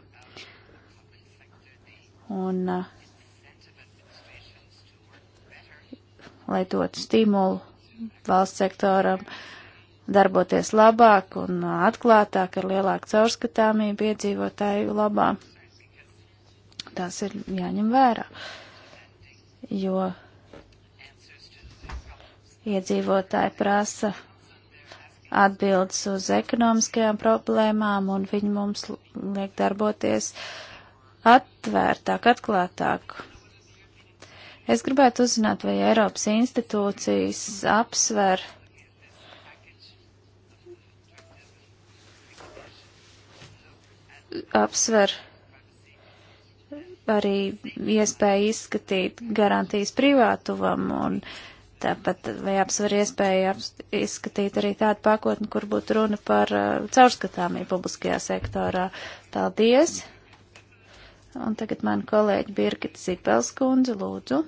Un, uh, lai dotu stimulu valsts sektoram darboties labāk un uh, atklātāk ar lielāku caurskatāmību iedzīvotāju labā. Tas ir jāņem vērā, jo Iedzīvotāji prasa atbildes uz ekonomiskajām problēmām, un viņi mums liek darboties atvērtāk, atklātāk. Es gribētu uzzināt, vai Eiropas institūcijas apsver apsver arī iespēju izskatīt garantijas privātuvam un uh, Tāpat vai apsver iespēju izskatīt arī tādu pakotni, kur būtu runa par uh, caurskatāmību publiskajā sektorā. Paldies! Un tagad man kolēģi Birgita Zipelskundze, lūdzu.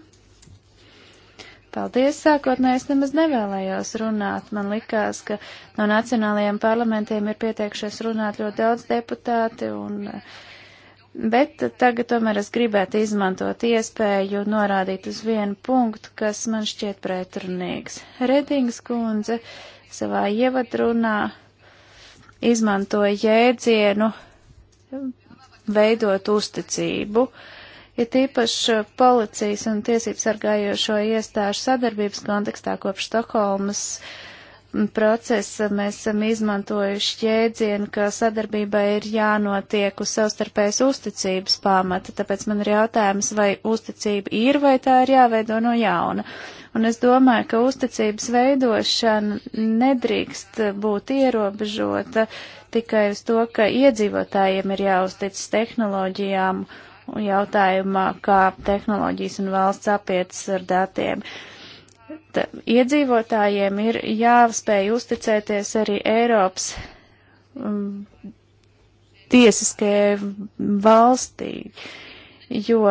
Paldies, sākotnēji es nemaz nevēlējos runāt. Man likās, ka no nacionālajiem parlamentiem ir pieteikšies runāt ļoti daudz deputāti un uh, Bet tagad tomēr es gribētu izmantot iespēju norādīt uz vienu punktu, kas man šķiet pretrunīgs. Redings kundze savā ievadrunā izmantoja jēdzienu veidot uzticību, ir ja tīpaši policijas un tiesības sargājošo iestāžu sadarbības kontekstā kopš Stokholmas uh, procesa mēs esam izmantojuši jēdzienu, ka sadarbībai ir jānotiek uz savstarpējas uzticības pamata, tāpēc man ir jautājums, vai uzticība ir vai tā ir jāveido no jauna. Un es domāju, ka uzticības veidošana nedrīkst būt ierobežota tikai uz to, ka iedzīvotājiem ir jāuztic tehnoloģijām jautājumā, kā tehnoloģijas un valsts apietas ar datiem. Uh, iedzīvotājiem ir jāspēj uzticēties arī Eiropas um, tiesiskajai valstī, jo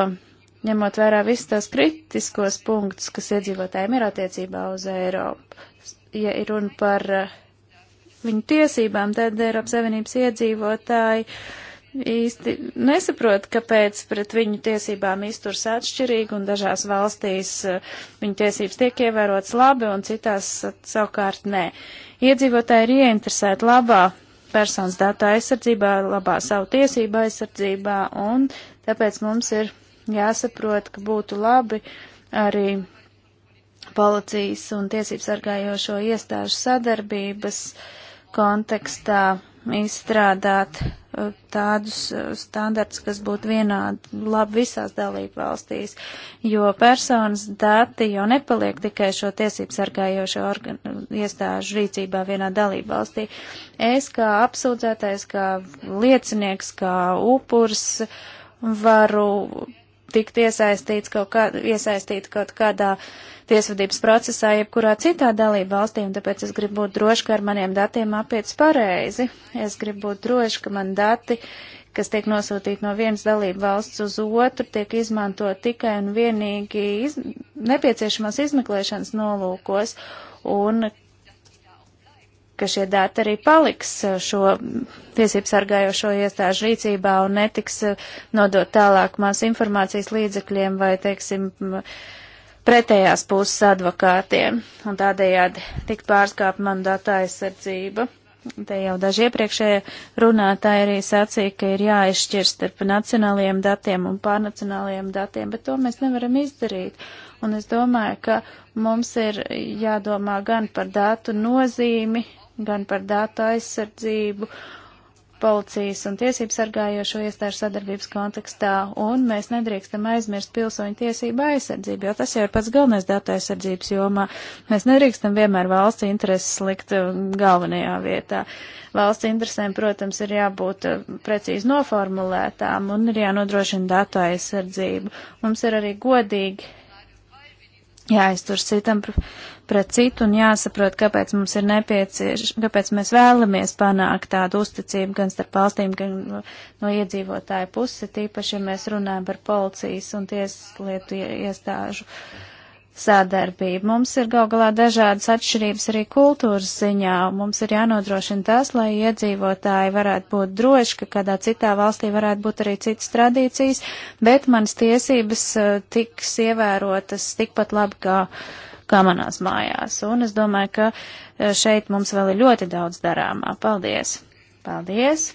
ņemot vērā visus tās kritiskos punktus, kas iedzīvotājiem ir attiecībā uz Eiropu. Ja ir runa par eh, viņu tiesībām, tad Eiropas Savienības iedzīvotāji uh, īsti nesaprot, kāpēc pret viņu tiesībām izturs atšķirīgi un dažās valstīs eh, viņu tiesības tiek ievērotas labi un citās savukārt nē. Iedzīvotāji ir ieinteresēti labā personas datu aizsardzībā, labā savu tiesību aizsardzībā un tāpēc mums ir jāsaprot, ka būtu labi arī policijas un tiesības sargājošo iestāžu sadarbības kontekstā izstrādāt tādus eh, standarts, kas būtu vienādi labi visās dalību valstīs, jo personas dati jau nepaliek tikai šo tiesību sargājošo iestāžu rīcībā vienā dalību valstī. Es kā apsūdzētais, kā liecinieks, kā upurs varu tikt iesaistīts kaut, kā, iesaistīt kaut kādā tiesvedības procesā jebkurā citā dalība valstī, un tāpēc es gribu būt droši, ka ar maniem datiem apiet pareizi. Es gribu būt droši, ka man dati, kas tiek nosūtīti no vienas dalība valsts uz otru, tiek izmantot tikai un vienīgi iz... nepieciešamās izmeklēšanas nolūkos, un ka šie dati arī paliks uh, šo tiesību sargājošo iestāžu rīcībā un netiks uh, nodot tālāk mās informācijas līdzekļiem vai, teiksim, uh, pretējās puses advokātiem, un tādējādi tik pārskāp mandāta aizsardzība. Te jau daži iepriekšējie runātāji arī sacīja, ka ir jāizšķir starp nacionālajiem datiem un pārnacionālajiem datiem, bet to mēs nevaram izdarīt. Un es domāju, ka mums ir jādomā gan par datu nozīmi, gan par datu aizsardzību, uh, policijas un tiesību sargājošo iestāžu sadarbības kontekstā, un mēs nedrīkstam aizmirst pilsoņu tiesību aizsardzību, jo tas jau ir pats galvenais datu aizsardzības jomā. Mēs nedrīkstam vienmēr valsts intereses likt uh, galvenajā vietā. Valsts interesēm, protams, ir jābūt uh, precīzi noformulētām un ir jānodrošina datu aizsardzību. Mums ir arī godīgi jāiztur citam pret citu un jāsaprot, kāpēc mums ir nepieciešams, kāpēc mēs vēlamies panākt tādu uzticību gan starp valstīm, gan no iedzīvotāju puses, tīpaši, ja mēs runājam par policijas un tieslietu iestāžu. Ja sadarbību. Mums ir gal galā dažādas atšķirības arī kultūras ziņā. Mums ir jānodrošina tas, lai iedzīvotāji varētu būt droši, ka kādā citā valstī varētu būt arī citas tradīcijas, bet manas tiesības eh, tiks ievērotas tikpat labi kā, kā manās mājās. Un es domāju, ka eh, šeit mums vēl ir ļoti daudz darāmā. Paldies! Paldies!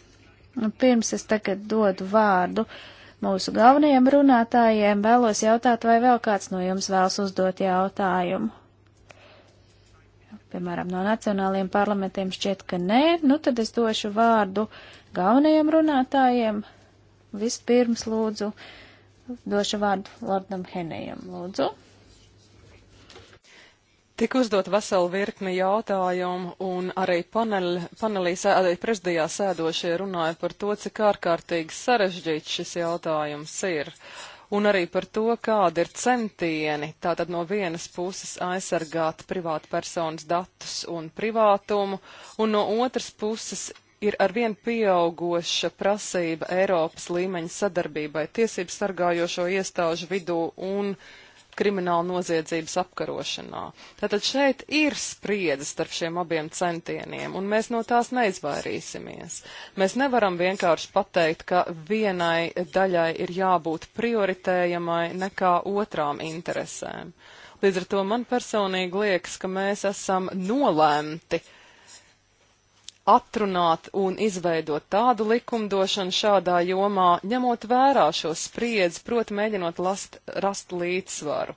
Pirms es tagad dodu vārdu uh, mūsu galvenajiem runātājiem, vēlos jautāt, vai vēl kāds no jums vēlas uzdot jautājumu. Piemēram, no nacionāliem parlamentiem šķiet, ka nē, nu tad es došu vārdu galvenajiem runātājiem. Vispirms lūdzu, došu vārdu Lordam Henejam, lūdzu. Tik uzdot veselu virkni jautājumu, un arī panel, panelī sēdēja prezidijā sēdošie runāja par to, cik ārkārtīgi sarežģīts šis jautājums ir. Un arī par to, kāda ir centieni, tātad no vienas puses aizsargāt privātpersonas datus un privātumu, un no otras puses ir arvien pieaugoša prasība Eiropas līmeņa sadarbībai tiesību sargājošo iestāžu vidū un uh, krimināla noziedzības apkarošanā. Tātad šeit ir spriedzes starp šiem abiem centieniem, un mēs no tās neizvairīsimies. Mēs nevaram vienkārši pateikt, ka vienai daļai ir jābūt prioritējamai nekā otrām interesēm. Līdz ar to man personīgi liekas, ka mēs esam nolēmti uh, atrunāt un izveidot tādu likumdošanu šādā jomā, ņemot vērā šo spriedzi, proti mēģinot last, rast līdzsvaru.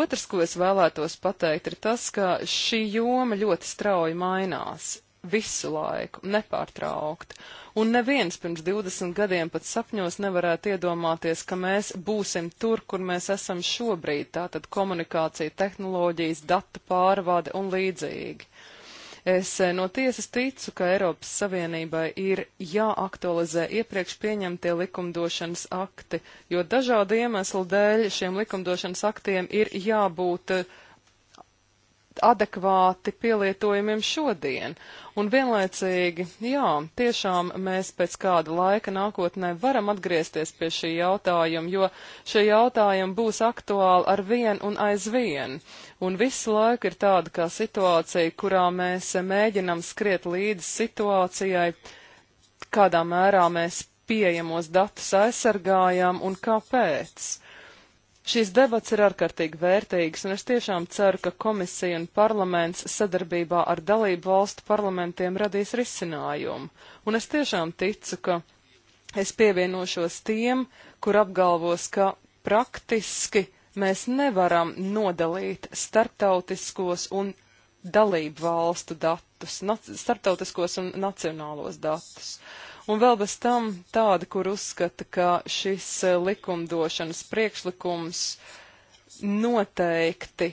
Otrs, ko es vēlētos pateikt, ir tas, ka šī joma ļoti strauji mainās visu laiku, nepārtraukt. Un neviens pirms 20 gadiem pat sapņos nevarētu iedomāties, ka mēs būsim tur, kur mēs esam šobrīd, tātad komunikācija, tehnoloģijas, datu pārvade un līdzīgi. Es eh, no tiesas ticu, ka Eiropas Savienībai ir jāaktualizē iepriekš pieņemtie likumdošanas akti, jo dažādu iemeslu dēļ šiem likumdošanas aktiem ir jābūt uh, adekvāti pielietojumiem šodien. Un vienlaicīgi, jā, tiešām mēs pēc kāda laika nākotnē varam atgriezties pie šī jautājuma, jo šie jautājumi būs aktuāli ar vien un aizvien. Un visu laiku ir tāda kā situācija, kurā mēs mēģinam skriet līdz situācijai, kādā mērā mēs pieejamos datus aizsargājam un kāpēc. Šīs debats ir ārkārtīgi vērtīgas, un es tiešām ceru, ka komisija un parlaments sadarbībā ar dalību valstu parlamentiem radīs risinājumu. Un es tiešām ticu, ka es pievienošos tiem, kur apgalvos, ka praktiski mēs nevaram nodalīt starptautiskos un dalību valstu datus, starptautiskos un nacionālos datus. Uh, Un vēl bez tam tādi, kur uzskata, ka šis eh, likumdošanas priekšlikums noteikti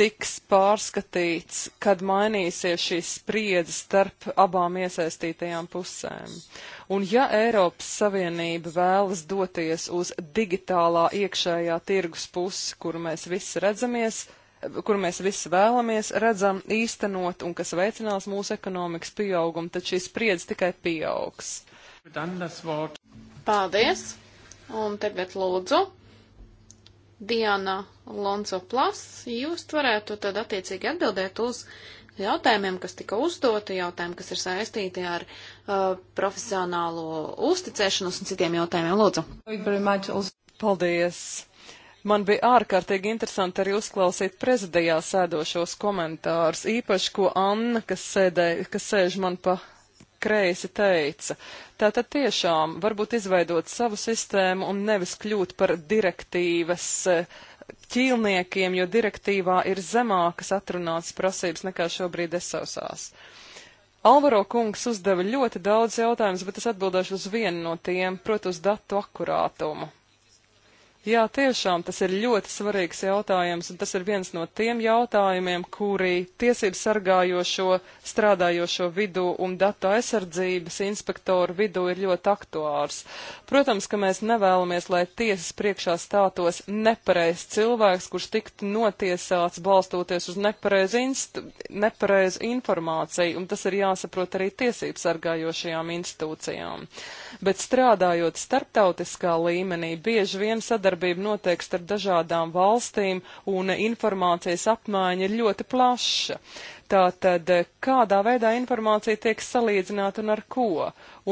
tiks pārskatīts, kad mainīsies šī spriedze starp abām iesaistītajām pusēm. Un ja Eiropas Savienība vēlas doties uz digitālā iekšējā tirgus pusi, kuru mēs visi redzamies, kuru mēs visi vēlamies, redzam īstenot un kas veicinās mūsu ekonomikas pieaugumu, tad šī spriedze tikai pieaugs. Paldies! Un tagad lūdzu, Diana Lonso Plas, jūs varētu tad attiecīgi atbildēt uz jautājumiem, kas tika uzdoti, jautājumi, kas ir saistīti ar uh, profesionālo uzticēšanos un citiem jautājumiem. Lūdzu! Paldies! Man bija ārkārtīgi interesanti arī uzklausīt prezidijā sēdošos komentārus, īpaši, ko Anna, kas, sēdē, kas sēž man pa kreisi, teica. Tātad tiešām varbūt izveidot savu sistēmu un nevis kļūt par direktīvas eh, ķīlniekiem, jo direktīvā ir zemākas atrunātas prasības nekā šobrīd esausās. Alvaro kungs uzdeva ļoti daudz jautājumus, bet es atbildēšu uz vienu no tiem, proti uz datu akurātumu. Jā, tiešām tas ir ļoti svarīgs jautājums, un tas ir viens no tiem jautājumiem, kuri tiesību sargājošo, strādājošo vidū un datu aizsardzības inspektoru vidū ir ļoti aktuārs. Protams, ka mēs nevēlamies, lai tiesas priekšā stātos nepareizs cilvēks, kurš tiktu notiesāts balstoties uz nepareizu, nepareizu informāciju, un tas ir jāsaprot arī tiesību sargājošajām institūcijām. Bet strādājot starptautiskā līmenī, bieži vien sadarbojas sadarbība notiek starp dažādām valstīm un informācijas apmaiņa ir ļoti plaša. Tātad, kādā veidā informācija tiek salīdzināta un ar ko?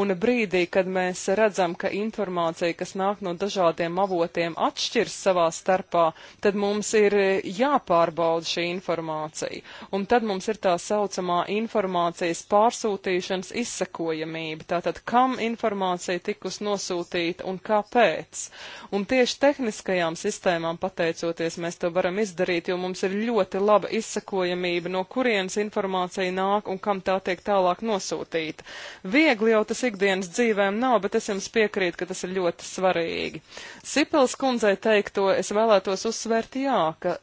Un brīdī, kad mēs redzam, ka informācija, kas nāk no dažādiem avotiem, atšķirs savā starpā, tad mums ir jāpārbauda šī informācija. Un tad mums ir tā saucamā informācijas pārsūtīšanas izsekojamība. Tātad, kam informācija tikus nosūtīta un kāpēc? Un tieši tehniskajām sistēmām pateicoties, mēs to varam izdarīt, jo mums ir ļoti laba izsekojamība, no kuriem kurienes informācija nāk un kam tā tiek tālāk nosūtīta. Viegli jau tas ikdienas dzīvēm nav, bet es jums piekrītu, ka tas ir ļoti svarīgi. Sipels kundzei teikto es vēlētos uzsvērt jā, ka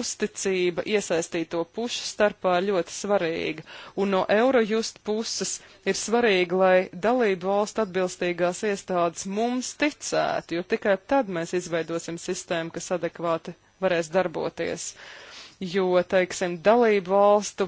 uzticība iesaistīto pušu starpā ļoti svarīga, un no Eurojust puses ir svarīgi, lai dalību valstu atbilstīgās iestādes mums ticētu, jo tikai tad mēs izveidosim sistēmu, kas adekvāti varēs darboties. Uh, jo, teiksim, dalību valstu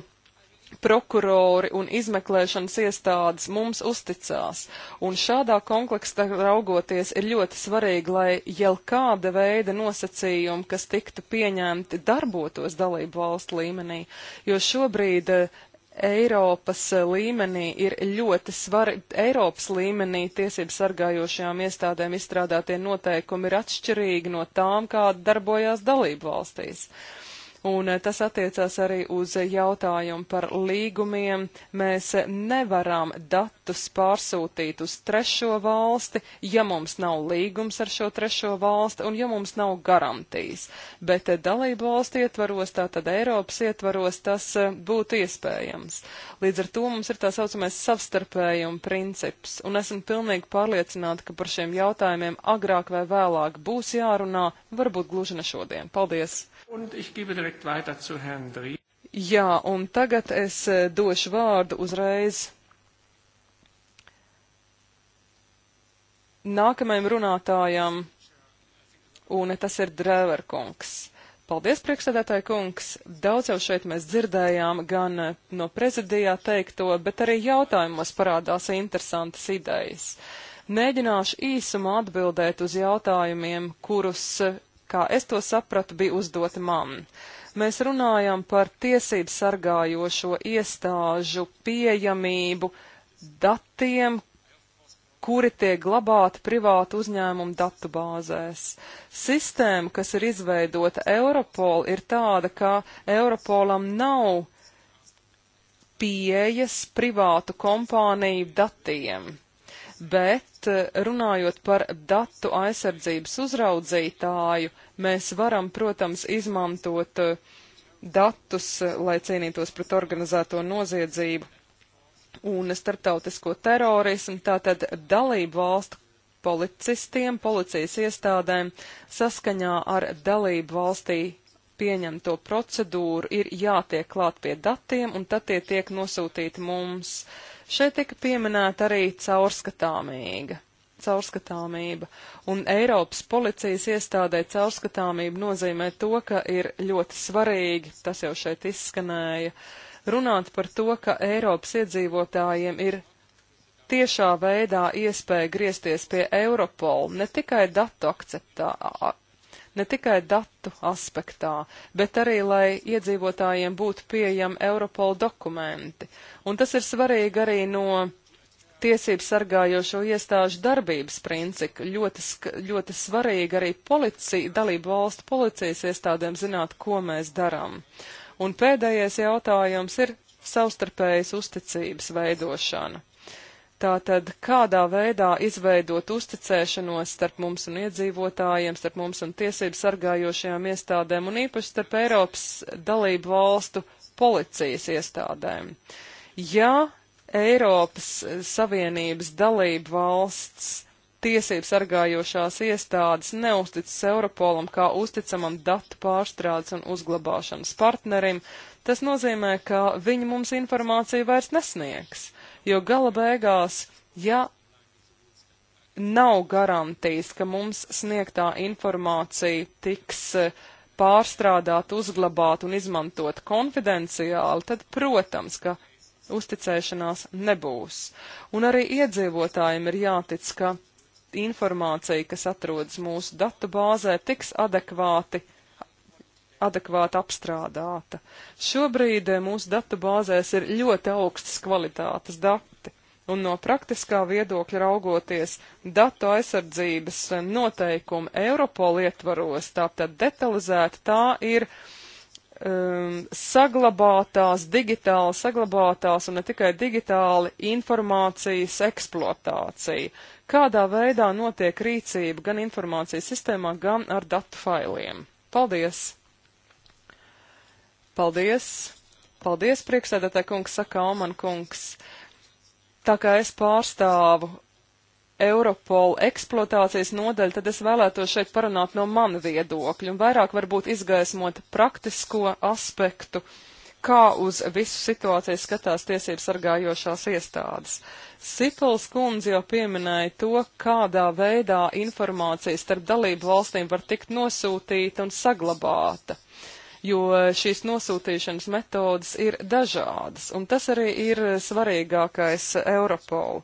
prokurori un izmeklēšanas iestādes mums uzticās. Un šādā kontekstā raugoties ir ļoti svarīgi, lai jau kāda veida nosacījumi, kas tiktu pieņemti, darbotos dalību valstu līmenī, jo šobrīd eh, Eiropas eh, līmenī ir ļoti svarīgi, Eiropas līmenī tiesību sargājošajām iestādēm izstrādātie noteikumi ir atšķirīgi no tām, kā darbojās dalību valstīs. Uh, Un eh, tas attiecās arī uz jautājumu par līgumiem. Mēs nevaram datu produktus pārsūtīt uz trešo valsti, ja mums nav līgums ar šo trešo valsti un ja mums nav garantijas. Bet eh, dalību valstu ietvaros, tātad Eiropas ietvaros, tas eh, būtu iespējams. Līdz ar to mums ir tā saucamais savstarpējuma princips, un esmu pilnīgi pārliecināta, ka par šiem jautājumiem agrāk vai vēlāk būs jārunā, varbūt gluži ne šodien. Paldies! Und ich gebe direkt weiter zu Herrn Drie. Jā, un tagad es eh, došu vārdu uzreiz Nākamajam runātājam, un tas ir Drēverkungs. Paldies, priekšsēdētāji kungs! Daudz jau šeit mēs dzirdējām gan eh, no prezidijā teikto, bet arī jautājumos parādās interesantas idejas. Mēģināšu īsumā atbildēt uz jautājumiem, kurus, kā es to sapratu, bija uzdoti man. Mēs runājam par tiesību sargājošo iestāžu pieejamību datiem, kuri tiek glabāti privātu uzņēmumu datubāzēs. Sistēma, kas ir izveidota Europol, ir tāda, ka Europolam nav pieejas privātu kompāniju datiem. Bet eh, runājot par datu aizsardzības uzraudzītāju, mēs varam, protams, izmantot eh, datus, eh, lai cīnītos pret organizēto noziedzību un starptautisko terorismu, tātad dalību valstu policistiem, policijas iestādēm saskaņā ar dalību valstī pieņemto procedūru ir jātiek klāt pie datiem, un tad tie tiek nosūtīti mums. Šeit tika pieminēta arī caurskatāmīga. Caurskatāmība. Un Eiropas policijas iestādē caurskatāmība nozīmē to, ka ir ļoti svarīgi, tas jau šeit izskanēja, uh, runāt par to, ka Eiropas iedzīvotājiem ir tiešā veidā iespēja griezties pie Europol ne tikai datu akceptā, ne tikai datu aspektā, bet arī, lai iedzīvotājiem būtu pieejami Europol dokumenti. Un tas ir svarīgi arī no tiesību sargājošo iestāžu darbības principu. Ļoti, ļoti svarīgi arī policija, dalību valstu policijas iestādēm zināt, ko mēs darām. Uh, Un pēdējais jautājums ir savstarpējas uzticības veidošana. Tātad, kādā veidā izveidot uzticēšanos starp mums un iedzīvotājiem, starp mums un tiesību sargājošajām iestādēm un īpaši starp Eiropas dalību valstu policijas iestādēm? Ja Eiropas Savienības dalību valsts tiesību sargājošās iestādes neusticas Europolam kā uzticamam datu pārstrādes un uzglabāšanas partnerim, tas nozīmē, ka viņi mums informāciju vairs nesniegs, jo gala beigās, ja nav garantijas, ka mums sniegtā informācija tiks eh, pārstrādāt, uzglabāt un izmantot konfidenciāli, tad, protams, ka uzticēšanās nebūs. Un arī iedzīvotājiem ir jātic, ka informācija, kas atrodas mūsu datubāzē, tiks adekvāti, adekvāti apstrādāta. Šobrīd eh, mūsu datubāzēs ir ļoti augstas kvalitātes dati, un no praktiskā viedokļa raugoties datu aizsardzības eh, noteikumi Europol ietvaros, tātad detalizēti tā ir um, saglabātās, digitāli saglabātās un ne tikai digitāli informācijas eksploatācija kādā veidā notiek rīcība gan informācijas sistēmā, gan ar datu failiem. Paldies! Paldies! Paldies, priekšsēdētāji kungs, saka Oman kungs. Tā kā es pārstāvu Europol eksploatācijas nodaļu, tad es vēlētos šeit parunāt no mana viedokļa un vairāk varbūt izgaismot praktisko aspektu kā uz visu situāciju skatās tiesības sargājošās iestādes. Sipels kundze jau pieminēja to, kādā veidā informācija starp dalību valstīm var tikt nosūtīta un saglabāta, jo šīs nosūtīšanas metodas ir dažādas, un tas arī ir svarīgākais Europolu.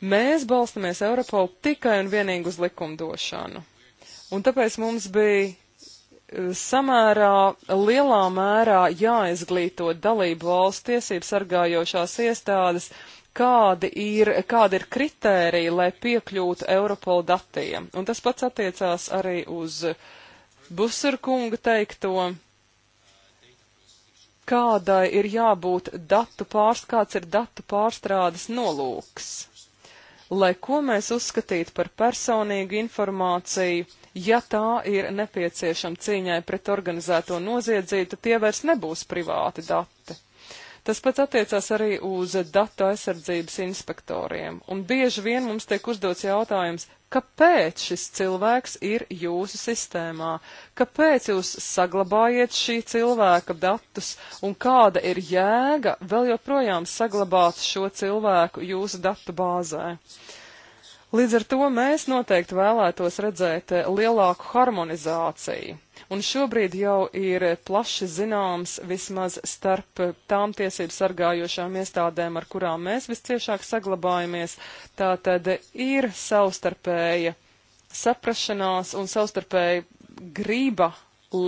Mēs balstamies Europolu tikai un vienīgi uz likumdošanu. Un tāpēc mums bija samērā lielā mērā jāizglīto dalību valsts tiesību sargājošās iestādes, kādi ir, kāda ir kritērija, lai piekļūtu Europol datiem. Un tas pats attiecās arī uz Busurkunga teikto, kādai ir jābūt datu pārst, kāds ir datu pārstrādes nolūks. Lai ko mēs uzskatītu par personīgu informāciju, ja tā ir nepieciešama cīņai pret organizēto noziedzību, tad tie vairs nebūs privāti dati. Tas pats attiecās arī uz datu aizsardzības inspektoriem, un bieži vien mums tiek uzdots jautājums, kāpēc šis cilvēks ir jūsu sistēmā, kāpēc jūs saglabājiet šī cilvēka datus, un kāda ir jēga vēl joprojām saglabāt šo cilvēku jūsu datu bāzē. Uh, Līdz ar to mēs noteikti vēlētos redzēt eh, lielāku harmonizāciju. Un šobrīd jau ir plaši zināms vismaz starp tām tiesību sargājošām iestādēm, ar kurām mēs visciešāk saglabājamies, tā tad ir savstarpēja saprašanās un savstarpēja grība,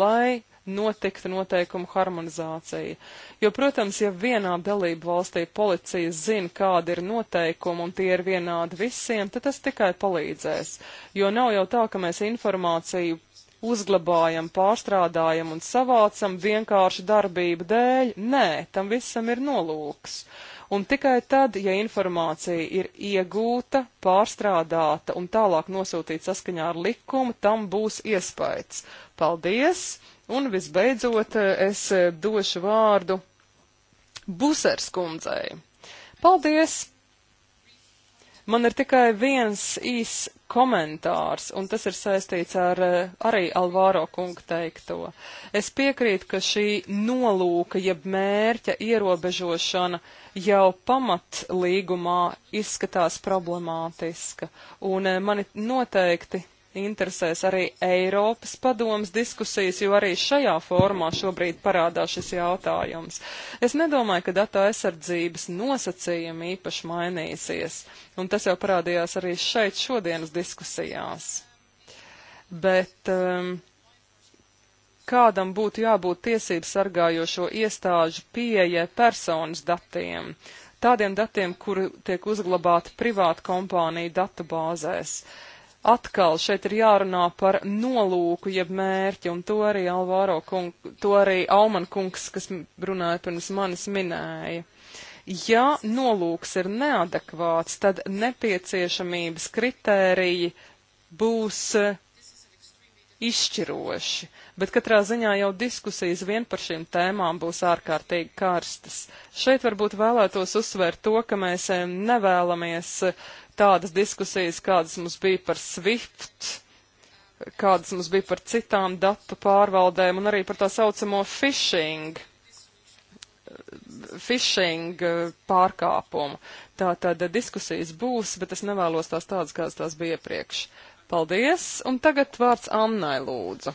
lai notiktu noteikumu harmonizācija. Jo, protams, ja vienā dalību valstī policija zina, kāda ir noteikuma un tie ir vienādi visiem, tad tas tikai palīdzēs. Jo nav jau tā, ka mēs informāciju uzglabājam, pārstrādājam un savācam vienkārši darbību dēļ. Nē, tam visam ir nolūks. Un tikai tad, ja informācija ir iegūta, pārstrādāta un tālāk nosūtīta saskaņā ar likumu, tam būs iespējas. Paldies! Un visbeidzot, es došu vārdu Busers kundzei. Paldies! Man ir tikai viens īs komentārs, un tas ir saistīts ar arī Alvāro kungu teikto. Es piekrītu, ka šī nolūka jeb mērķa ierobežošana jau pamatlīgumā izskatās problemātiska, un eh, mani noteikti interesēs arī Eiropas padomas diskusijas, jo arī šajā formā šobrīd parādās šis jautājums. Es nedomāju, ka datu aizsardzības nosacījumi īpaši mainīsies, un tas jau parādījās arī šeit šodienas diskusijās. Bet um, kādam būtu jābūt tiesību sargājošo iestāžu pieeja personas datiem? Tādiem datiem, kuri tiek uzglabāti privātu kompāniju datubāzēs. Uh, atkal šeit ir jārunā par nolūku, jeb mērķi, un to arī Alvāro kungs, to arī Auman kungs, kas runāja pirms manis minēja. Ja nolūks ir neadekvāts, tad nepieciešamības kritēriji būs eh, izšķiroši, bet katrā ziņā jau diskusijas vien par šīm tēmām būs ārkārtīgi karstas. Šeit varbūt vēlētos uzsvērt to, ka mēs eh, nevēlamies uh, tādas diskusijas, kādas mums bija par SWIFT, kādas mums bija par citām datu pārvaldēm un arī par tā saucamo phishing, phishing eh, pārkāpumu. Tātad eh, diskusijas būs, bet es nevēlos tās tādas, kādas tās bija iepriekš. Paldies, un tagad vārds Annai lūdzu.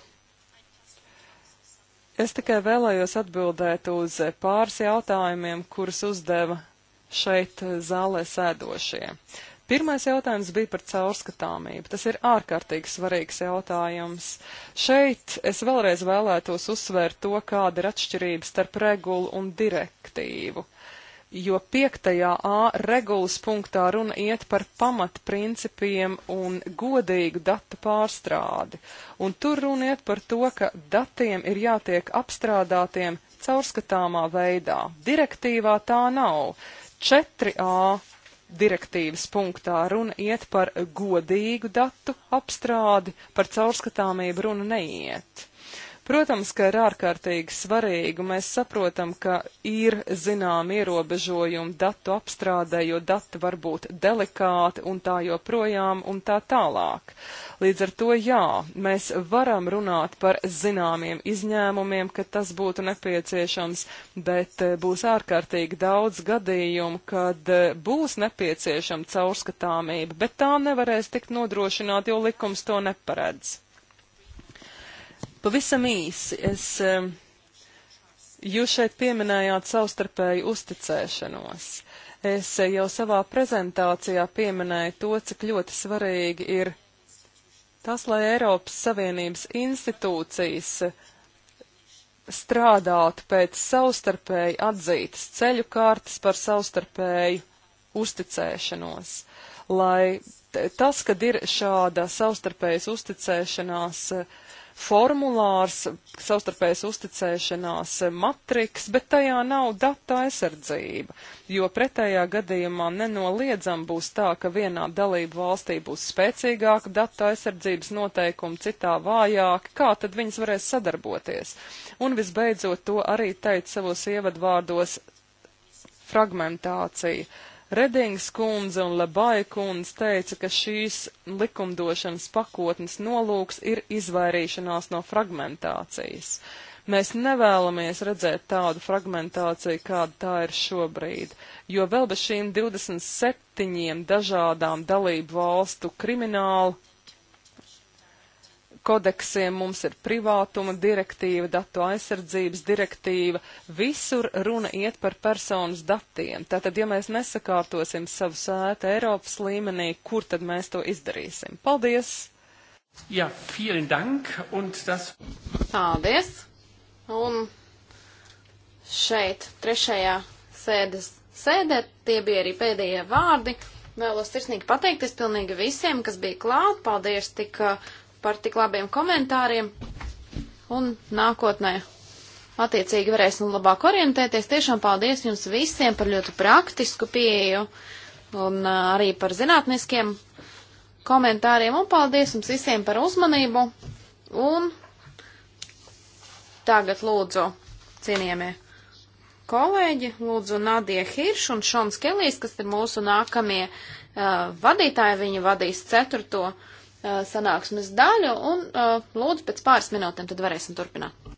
Es tikai vēlējos atbildēt uz eh, pāris jautājumiem, kurus uzdeva šeit zālē sēdošie. Uh, Pirmais jautājums bija par caurskatāmību. Tas ir ārkārtīgi svarīgs jautājums. Šeit es vēlreiz vēlētos uzsvērt to, kāda ir atšķirība starp regulu un direktīvu. Jo piektajā A regulas punktā runa iet par pamatprincipiem un godīgu datu pārstrādi. Un tur runa iet par to, ka datiem ir jātiek apstrādātiem caurskatāmā veidā. Direktīvā tā nav. 4A direktīvas punktā runa iet par godīgu datu apstrādi, par caurskatāmību runa neiet. Protams, ka ir ārkārtīgi svarīgi, mēs saprotam, ka ir zinām ierobežojumi datu apstrādē, jo dati var būt delikāti un tā joprojām un tā tālāk. Līdz ar to jā, mēs varam runāt par zināmiem izņēmumiem, ka tas būtu nepieciešams, bet eh, būs ārkārtīgi daudz gadījumu, kad eh, būs nepieciešama caurskatāmība, bet tā nevarēs tikt nodrošināta, jo likums to neparedz. Pavisam īsi, es, jūs šeit pieminējāt savstarpēju uzticēšanos. Es jau savā prezentācijā pieminēju to, cik ļoti svarīgi ir tas, lai Eiropas Savienības institūcijas strādātu pēc savstarpēji atzītas ceļu kārtas par savstarpēju uzticēšanos, lai tas, kad ir šāda savstarpējas uzticēšanās, uh, formulārs, savstarpējas uzticēšanās matriks, bet tajā nav data aizsardzība, jo pretējā gadījumā nenoliedzam būs tā, ka vienā dalību valstī būs spēcīgāka data aizsardzības noteikuma, citā vājāka, kā tad viņas varēs sadarboties. Un visbeidzot to arī teica savos ievadvārdos fragmentācija Redings kundze un Labai kundze teica, ka šīs likumdošanas pakotnes nolūks ir izvairīšanās no fragmentācijas. Mēs nevēlamies redzēt tādu fragmentāciju, kāda tā ir šobrīd, jo vēl bez šīm 27 dažādām dalību valstu kriminālu kodeksiem, mums ir privātuma direktīva, datu aizsardzības direktīva, visur runa iet par personas datiem. Tātad, ja mēs nesakārtosim savu sētu Eiropas līmenī, kur tad mēs to izdarīsim? Paldies! Jā, ja, vielen dank, un tas. Paldies! Un šeit, trešajā sēdes sēdē, tie bija arī pēdējie vārdi. Vēlos sirsnīgi pateikties pilnīgi visiem, kas bija klāt. Paldies tik par tik labiem komentāriem. Un nākotnē attiecīgi varēsim labāk orientēties. Tiešām paldies jums visiem par ļoti praktisku pieeju un arī par zinātniskiem komentāriem. Un paldies jums visiem par uzmanību. Un tagad lūdzu, cienījamie kolēģi, lūdzu Nadie Hirš un Šons Kelijs, kas ir mūsu nākamie uh, vadītāji, viņi vadīs ceturto sanāksmes daļu un uh, lūdzu pēc pāris minūtēm tad varēsim turpināt.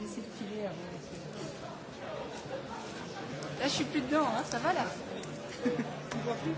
laisser filer avant. Là, je suis plus dedans, hein, ça va là Tu vois plus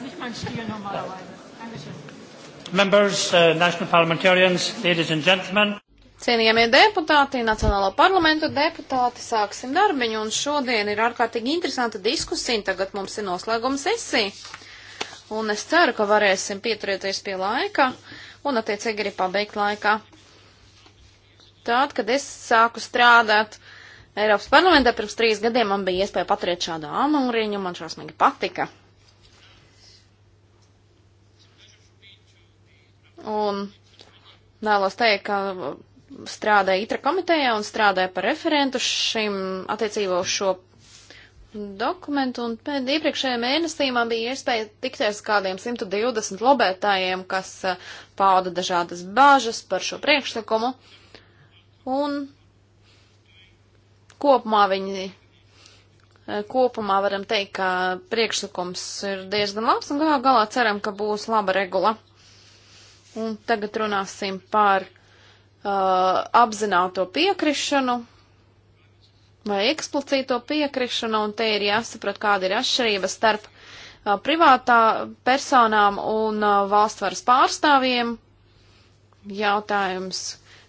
ist nicht mein Stil normalerweise. Dankeschön. Members, uh, national parliamentarians, ladies and gentlemen. Cienījamie deputāti, Nacionālo parlamentu deputāti, sāksim darbiņu, un šodien ir ārkārtīgi interesanta diskusija, tagad mums ir noslēguma sesija, un es ceru, ka varēsim pieturēties pie laika, un attiecīgi arī pabeigt laikā. Tātad, kad es sāku strādāt, uh, Eiropas parlamentā pirms trīs gadiem man bija iespēja paturēt šādu āmuriņu, man šausmīgi patika. Nālos teikt, ka strādāja ITRA komitejā un strādāja par referentu šim attiecībā uz šo dokumentu, un pēc iepriekšējā mēnesī man bija iespēja tikties kādiem 120 lobētājiem, kas eh, pauda dažādas bāžas par šo priekšlikumu, un kopumā viņi eh, kopumā varam teikt, ka priekšlikums ir diezgan labs un galā, galā ceram, ka būs laba regula. Un tagad runāsim par uh, apzināto piekrišanu vai eksplicīto piekrišanu, un te ir jāsaprot, kāda ir atšķirība starp uh, privātā personām un uh, valstvaras pārstāvjiem. Jautājums,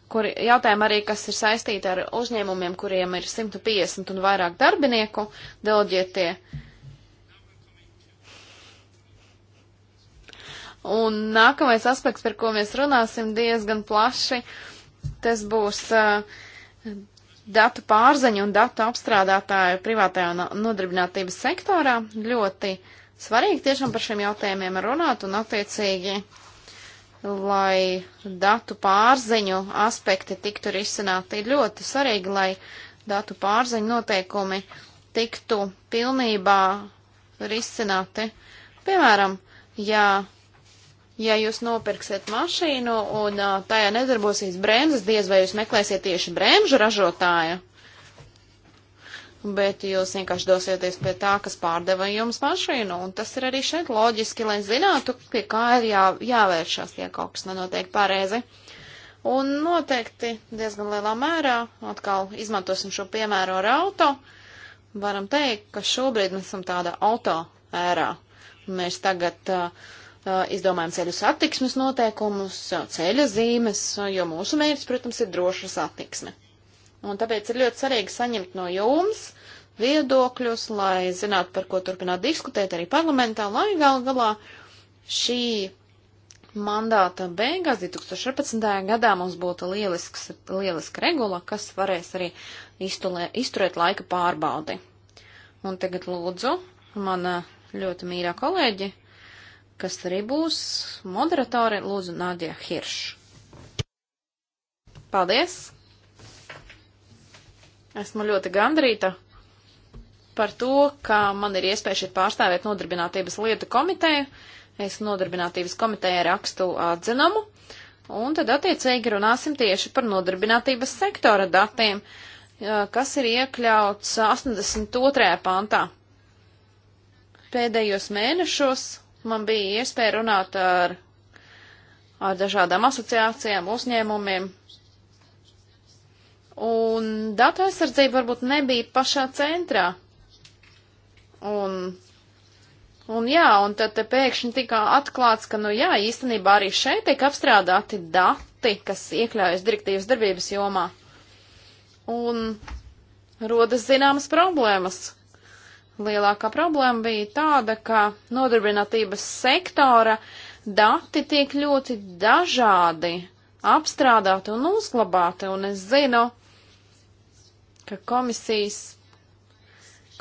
kur, jautājumi arī, kas ir saistīti ar uzņēmumiem, kuriem ir 150 un vairāk darbinieku, delģietie. Uh, Un nākamais aspekts, par ko mēs runāsim diezgan plaši, tas būs uh, datu pārziņa un datu apstrādātāju privātajā nodarbinātības sektorā. Ļoti svarīgi tiešām par šiem jautājumiem runāt un attiecīgi, lai datu pārziņu aspekti tiktu risināti. Ir ļoti svarīgi, lai datu pārziņu noteikumi tiktu pilnībā risināti. Piemēram, ja Ja jūs nopirksiet mašīnu un tajā nedarbosies bremzes, diez vai jūs meklēsiet tieši bremžu ražotāju, bet jūs vienkārši dosieties pie tā, kas pārdeva jums mašīnu, un tas ir arī šeit loģiski, lai zinātu, pie kā ir jā, jāvēršas, ja kaut kas nenotiek pareizi. Un noteikti diezgan lielā mērā, atkal izmantosim šo piemēru ar auto, varam teikt, ka šobrīd mēs esam tādā auto ērā. Mēs tagad uh, izdomājam ceļu satiksmes noteikumus, ceļa zīmes, jo mūsu mērķis, protams, ir droša satiksme. Un tāpēc ir ļoti svarīgi saņemt no jums viedokļus, lai zinātu, par ko turpināt diskutēt arī parlamentā, lai gal galā šī mandāta beigās, 2014. gadā, mums būtu lielisks, lieliska regula, kas varēs arī iztulē, izturēt laika pārbaudi. Un tagad lūdzu mana ļoti mīļā kolēģi kas arī būs moderatori, lūdzu, Nādija Hirš. Paldies! Esmu ļoti gandrīta par to, ka man ir iespēja šeit pārstāvēt nodarbinātības lietu komiteju. Es nodarbinātības komitejā rakstu atzinumu, un tad attiecīgi runāsim tieši par nodarbinātības sektora datiem, kas ir iekļauts 82. pantā. Pēdējos mēnešos Man bija iespēja runāt ar, ar dažādām asociācijām, uzņēmumiem. Un datu aizsardzība varbūt nebija pašā centrā. Un, un jā, un tad te pēkšņi tika atklāts, ka, nu jā, īstenībā arī šeit tiek apstrādāti dati, kas iekļaujas direktīvas darbības jomā. Un rodas zināmas problēmas Lielākā problēma bija tāda, ka nodarbinātības sektora dati tiek ļoti dažādi apstrādāti un uzglabāti, un es zinu, ka komisijas,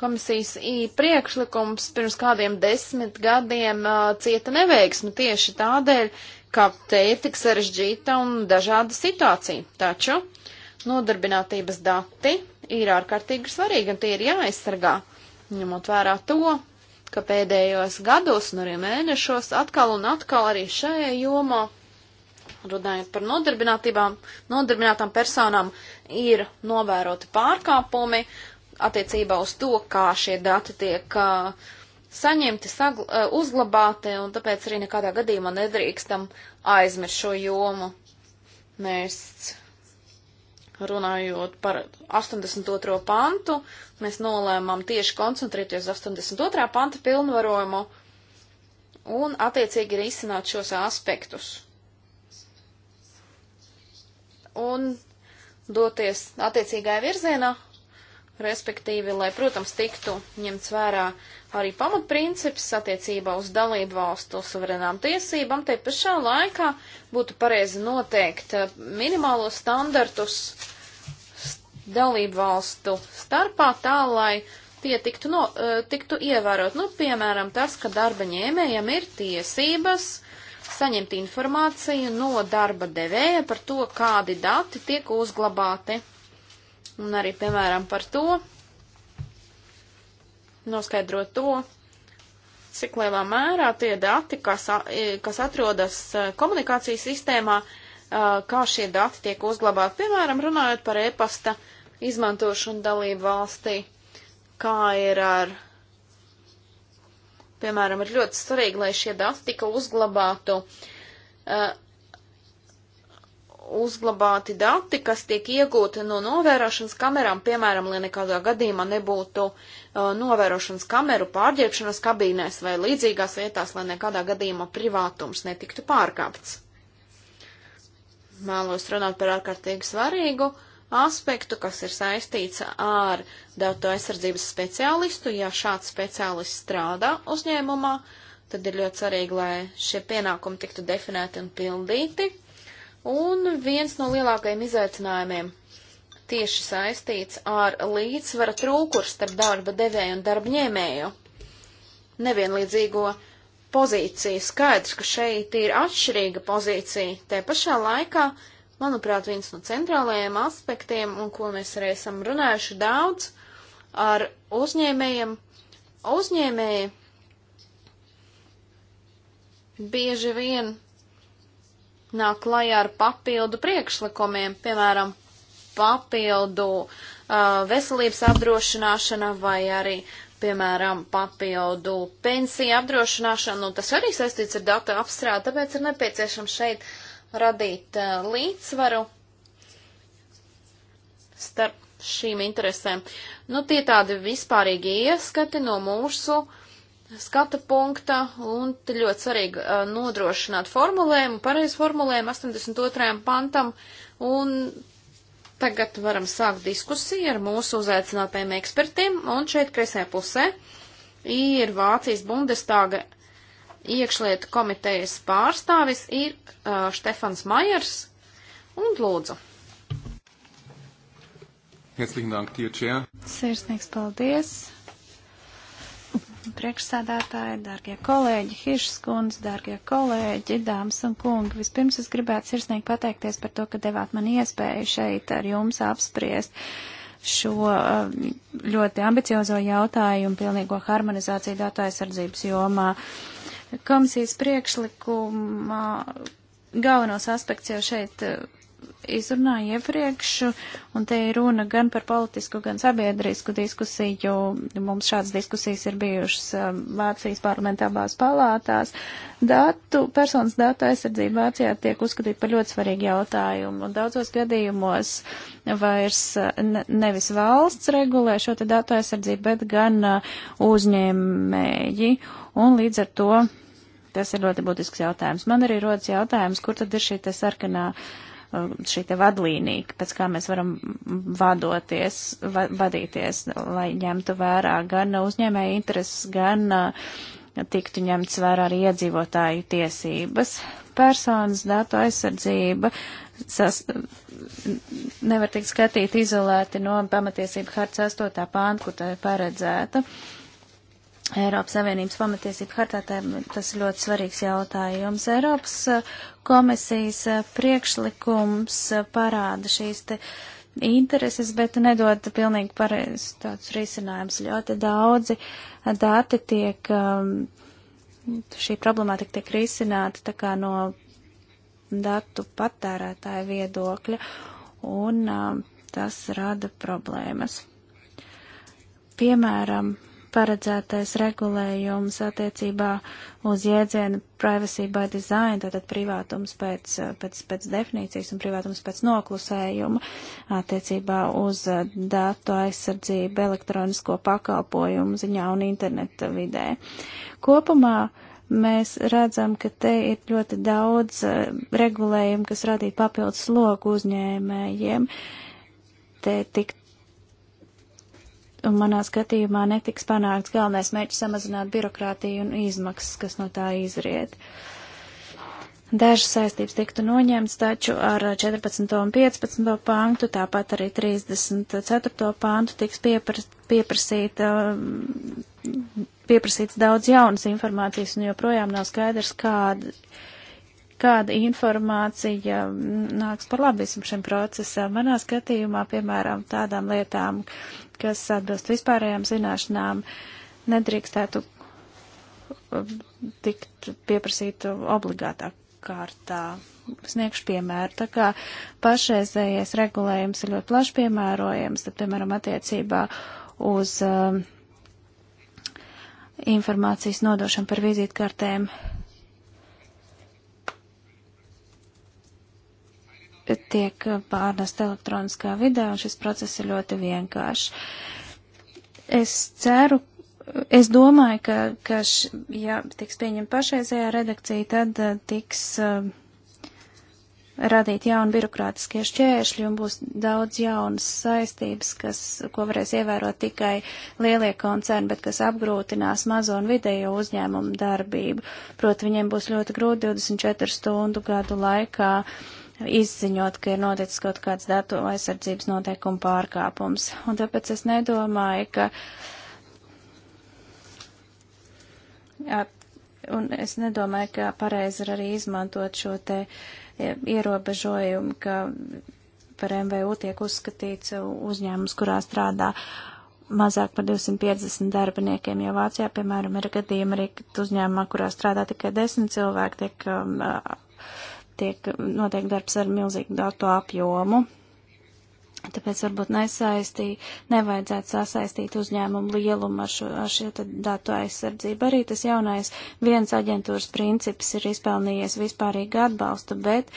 komisijas priekšlikums pirms kādiem desmit gadiem uh, cieta neveiksmi tieši tādēļ, ka te ir tik sarežģīta un dažāda situācija. Taču nodarbinātības dati ir ārkārtīgi svarīgi, un tie ir jāaizsargā ņemot vērā to, ka pēdējos gados un arī mēnešos atkal un atkal arī šajā jomā, runājot par nodarbinātībām, nodarbinātām personām, ir novēroti pārkāpumi attiecībā uz to, kā šie dati tiek uh, saņemti, sagl, uh, uzglabāti, un tāpēc arī nekādā gadījumā nedrīkstam aizmirst šo jomu. Mēs runājot par 82. pantu, mēs nolēmām tieši koncentrēties uz 82. panta pilnvarojumu un attiecīgi arī izsināt šos aspektus. Un doties attiecīgajā virzienā, respektīvi, lai, protams, tiktu ņemts vērā arī pamatprincips attiecībā uz dalību valstu suverenām tiesībām, te pašā laikā būtu pareizi noteikt minimālos standartus dalību valstu starpā tā, lai tie tiktu, no, e, tiktu ievērot. Nu, piemēram, tas, ka darba ņēmējam ir tiesības saņemt informāciju no darba devēja par to, kādi dati tiek uzglabāti. Un arī, piemēram, par to noskaidrot to, cik lielā mērā tie dati, kas, e, kas atrodas e, komunikācijas sistēmā, kā šie dati tiek uzglabāti. Piemēram, runājot par e-pasta uh, izmantošanu dalību valstī, kā ir ar, piemēram, ir ļoti svarīgi, lai šie dati tika uzglabātu, uh, uzglabāti dati, kas tiek iegūti no novērošanas kamerām, piemēram, lai nekādā gadījumā nebūtu uh, novērošanas kameru pārģērbšanas kabīnēs vai līdzīgās vietās, lai nekādā gadījumā privātums netiktu pārkāpts. Mēlos runāt par ārkārtīgi svarīgu uh, aspektu, kas ir saistīts ar datu aizsardzības speciālistu. Ja šāds speciālists strādā uzņēmumā, tad ir ļoti svarīgi, lai šie pienākumi tiktu definēti un pildīti. Un viens no lielākajiem izaicinājumiem tieši saistīts ar līdzsvara trūkuru starp darba devēju un darba ņēmēju. Nevienlīdzīgo pozīciju skaidrs, ka šeit ir atšķirīga pozīcija. Te pašā laikā uh, Manuprāt, viens no centrālajiem aspektiem, un ko mēs arī esam runājuši daudz ar uzņēmējiem, uzņēmēji bieži vien nāk klajā ar papildu priekšlikumiem, piemēram, papildu uh, veselības apdrošināšana vai arī, piemēram, papildu pensiju apdrošināšana, un nu, tas arī saistīts ar datu apstrādi, tāpēc ir nepieciešams šeit uh, radīt uh, līdzsvaru starp šīm interesēm. Nu, tie tādi vispārīgi ieskati no mūsu skata punkta, un te ļoti svarīgi uh, nodrošināt formulējumu, pareiz formulējumu 82. pantam, un tagad varam sākt diskusiju ar mūsu uzaicinātajiem ekspertiem, un šeit kreisajā pusē ir Vācijas Bundestāga iekšlietu komitejas pārstāvis ir uh, Štefans Majers. Un lūdzu. Sirsnīgs paldies. Priekšsādātāji, dārgie kolēģi, Hiršskunds, dārgie kolēģi, dāmas un kungi, vispirms es gribētu sirsnīgi pateikties par to, ka devāt man iespēju šeit ar jums apspriest šo ļoti ambiciozo jautājumu pilnīgo harmonizāciju datu aizsardzības jomā. Uh, Komisijas priekšlikumā galvenos aspekts jau šeit eh, izrunāju iepriekš, un te ir runa gan par politisku, gan sabiedrisku diskusiju, jo mums šādas diskusijas ir bijušas eh, Vācijas parlamentā abās palātās. Datu, personas datu aizsardzība Vācijā tiek uzskatīta par ļoti svarīgu jautājumu, un daudzos gadījumos vairs eh, nevis valsts regulē šo te datu aizsardzību, bet gan uzņēmēji, un līdz ar to Tas ir ļoti būtisks jautājums. Man arī rodas jautājums, kur tad ir šī te sarkanā, um, šī te vadlīnija, pēc kā mēs varam vadoties, va, vadīties, lai ņemtu vērā gan uzņēmēja intereses, gan uh, tiktu ņemts vērā arī iedzīvotāju tiesības. Personas datu aizsardzība sas, nevar tikt skatīt izolēti no pamatiesību hartas 8. pānta, kur tā ir paredzēta. Uh, Eiropas Savienības pamatiesību hartā tas ir ļoti svarīgs jautājums. Eiropas uh, komisijas uh, priekšlikums uh, parāda šīs te intereses, bet nedod pilnīgi pareizi tāds risinājums. Ļoti daudzi dati tiek, um, šī problemātika tiek risināta tā kā no datu patērētāja viedokļa, un um, tas rada problēmas. Piemēram, paredzētais regulējums attiecībā uz jēdzienu privacy by design, tātad privātums pēc, eh, pēc, pēc definīcijas un privātums pēc noklusējuma attiecībā uz eh, datu aizsardzību elektronisko pakalpojumu ziņā un interneta vidē. Kopumā mēs redzam, ka te ir ļoti daudz eh, regulējumu, kas radīja papildus slogu uzņēmējiem. Te tik un manā skatījumā netiks panākts galvenais mērķis samazināt birokrātiju un izmaksas, kas no tā izriet. Dažas saistības tiktu noņemts, taču ar 14. un 15. pāntu, tāpat arī 34. pāntu tiks piepras, pieprasīta, um, pieprasīts daudz jaunas informācijas, un joprojām nav skaidrs, kāda, kāda informācija um, nāks par labu visam šim procesam. Manā skatījumā, piemēram, tādām lietām, kas atbilst vispārējām zināšanām, nedrīkstētu um, tikt pieprasīt obligātā kārtā. Sniegšu piemēru. Tā kā pašreizējais regulējums ir ļoti plaši piemērojams, tad, piemēram, attiecībā uz um, informācijas nodošanu par vizītkartēm tiek eh, pārnest elektroniskā vidē, un šis process ir ļoti vienkāršs. Es ceru, es domāju, ka, ka š, ja tiks pieņemta pašreizējā redakcija, tad eh, tiks uh, radīt jaunu birokrātiskie šķēršļi un būs daudz jaunas saistības, kas, ko varēs ievērot tikai lielie koncerni, bet kas apgrūtinās mazo un vidējo uzņēmumu darbību. Proti, viņiem būs ļoti grūti 24 stundu gadu laikā uh, izziņot, ka ir noticis kaut kāds datu aizsardzības noteikuma pārkāpums. Un tāpēc es nedomāju, ka. At, un es nedomāju, ka pareizi ir arī izmantot šo te e, ierobežojumu, ka par MVU tiek uzskatīts uzņēmums, kurā strādā mazāk par 250 darbiniekiem, jo Vācijā, piemēram, ir gadījumi arī uzņēmumā, kurā strādā tikai 10 cilvēki, tiek um, tiek notiek darbs ar milzīgu datu apjomu. Tāpēc varbūt nesaistī, nevajadzētu sasaistīt uzņēmumu lielumu ar šo, ar šo datu aizsardzību. Arī tas jaunais viens aģentūras princips ir izpelnījies vispārīgu atbalstu, bet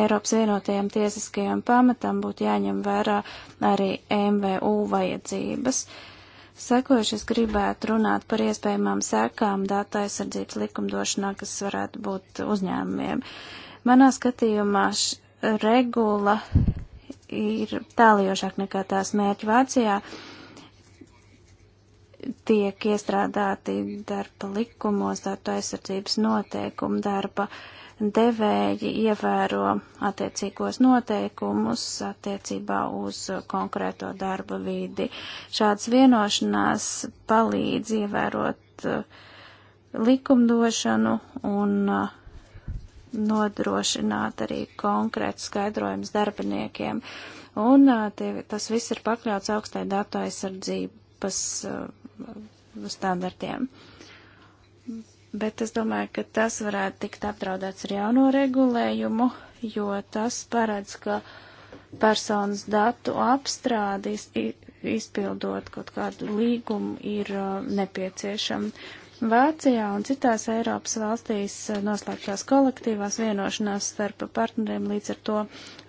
Eiropas vienotajam tiesiskajam pamatam būtu jāņem vērā arī MVU vajadzības. Sekojuši es gribētu runāt par iespējamām sekām datu aizsardzības likumdošanā, kas varētu būt uzņēmumiem. Uh, Manā skatījumā regula ir tālijošāk nekā tās mērķi Vācijā. Tiek iestrādāti darba likumos, darba aizsardzības noteikumi, darba devēji ievēro attiecīgos noteikumus attiecībā uz konkrēto darba vidi. Šāds vienošanās palīdz ievērot uh, likumdošanu un uh, nodrošināt arī konkrēts skaidrojums darbiniekiem. Un tie, tas viss ir pakļauts augstai datu aizsardzības standartiem. Bet es domāju, ka tas varētu tikt apdraudēts ar jauno regulējumu, jo tas paredz, ka personas datu apstrādīs, izpildot kaut kādu līgumu, ir nepieciešama Vācijā un citās Eiropas valstīs noslēgtās kolektīvās vienošanās starp partneriem līdz ar to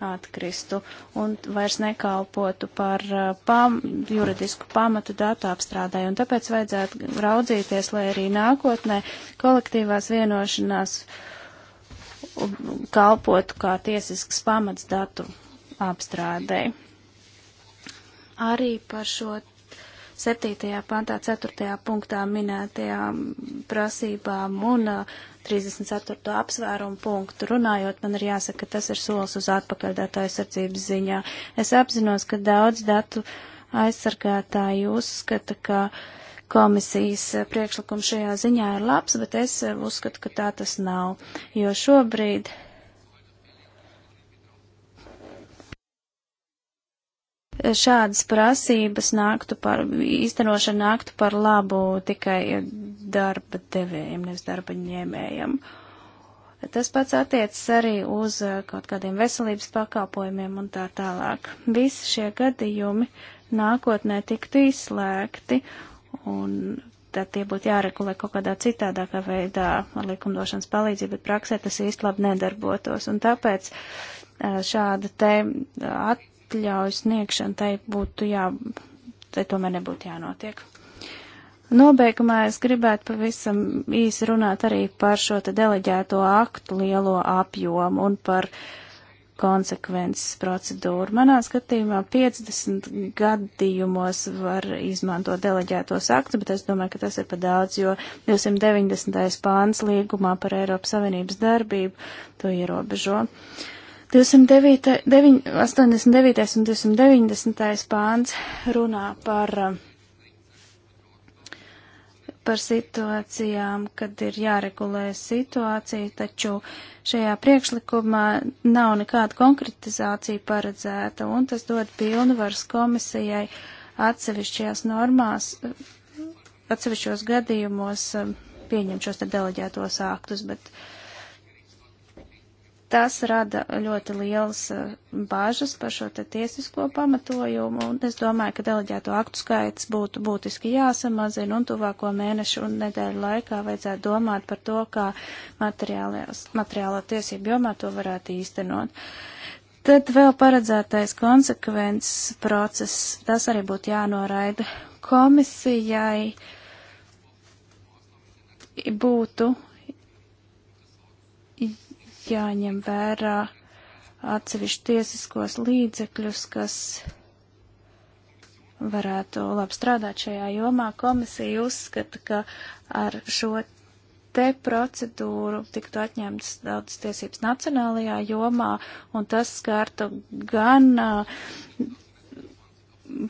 atkristu un vairs nekalpotu par uh, pam, juridisku pamatu datu apstrādai. Un tāpēc vajadzētu raudzīties, lai arī nākotnē kolektīvās vienošanās kalpotu kā tiesisks pamats datu apstrādai. Arī par šo 7. pantā 4. punktā minētajām prasībām un 34. Uh, apsvērumu punktu runājot, man ir jāsaka, ka tas ir solis uz atpakaļ datu aizsardzības ziņā. Es apzinos, ka daudz datu aizsargātāji uzskata, ka komisijas uh, priekšlikums šajā ziņā ir labs, bet es uh, uzskatu, ka tā tas nav, jo šobrīd šādas prasības nāktu par, īstenošana nāktu par labu tikai darba devējiem, nevis darba ņēmējiem. Tas pats attiecas arī uz uh, kaut kādiem veselības pakalpojumiem un tā tālāk. Visi šie gadījumi nākotnē tiktu izslēgti un tad tie būtu jārekulē kaut kādā citādākā veidā ar likumdošanas palīdzību, bet praksē tas īsti labi nedarbotos. Un tāpēc uh, šāda te at, atļauju sniegšana tai būtu jā, tai tomēr nebūtu jānotiek. Nobeigumā es gribētu pavisam īsi runāt arī par šo te deleģēto aktu lielo apjomu un par konsekvences procedūru. Manā skatījumā 50 gadījumos var izmantot deleģētos aktus, bet es domāju, ka tas ir pa daudz, jo 290. pāns līgumā par Eiropas Savienības darbību to ierobežo. Uh, 289. un 290. pāns runā par, par situācijām, kad ir jāregulē situācija, taču šajā priekšlikumā nav nekāda konkretizācija paredzēta, un tas dod pilnvaras komisijai atsevišķajās normās, atsevišķos gadījumos um, pieņemt šos te deleģētos aktus, bet uh, Tas rada ļoti liels eh, bāžas par šo te tiesisko pamatojumu, un es domāju, ka deleģēto aktu skaits būtu būtiski jāsamazina, un tuvāko mēnešu un nedēļu laikā vajadzētu domāt par to, kā materiālā tiesība jomā to varētu īstenot. Tad vēl paredzētais konsekvences process, tas arī būtu jānoraida komisijai būtu jāņem vērā atsevišķi tiesiskos līdzekļus, kas varētu labi strādāt šajā jomā. Komisija uzskata, ka ar šo te procedūru tiktu atņemtas daudzas tiesības nacionālajā jomā, un tas skārtu gan uh,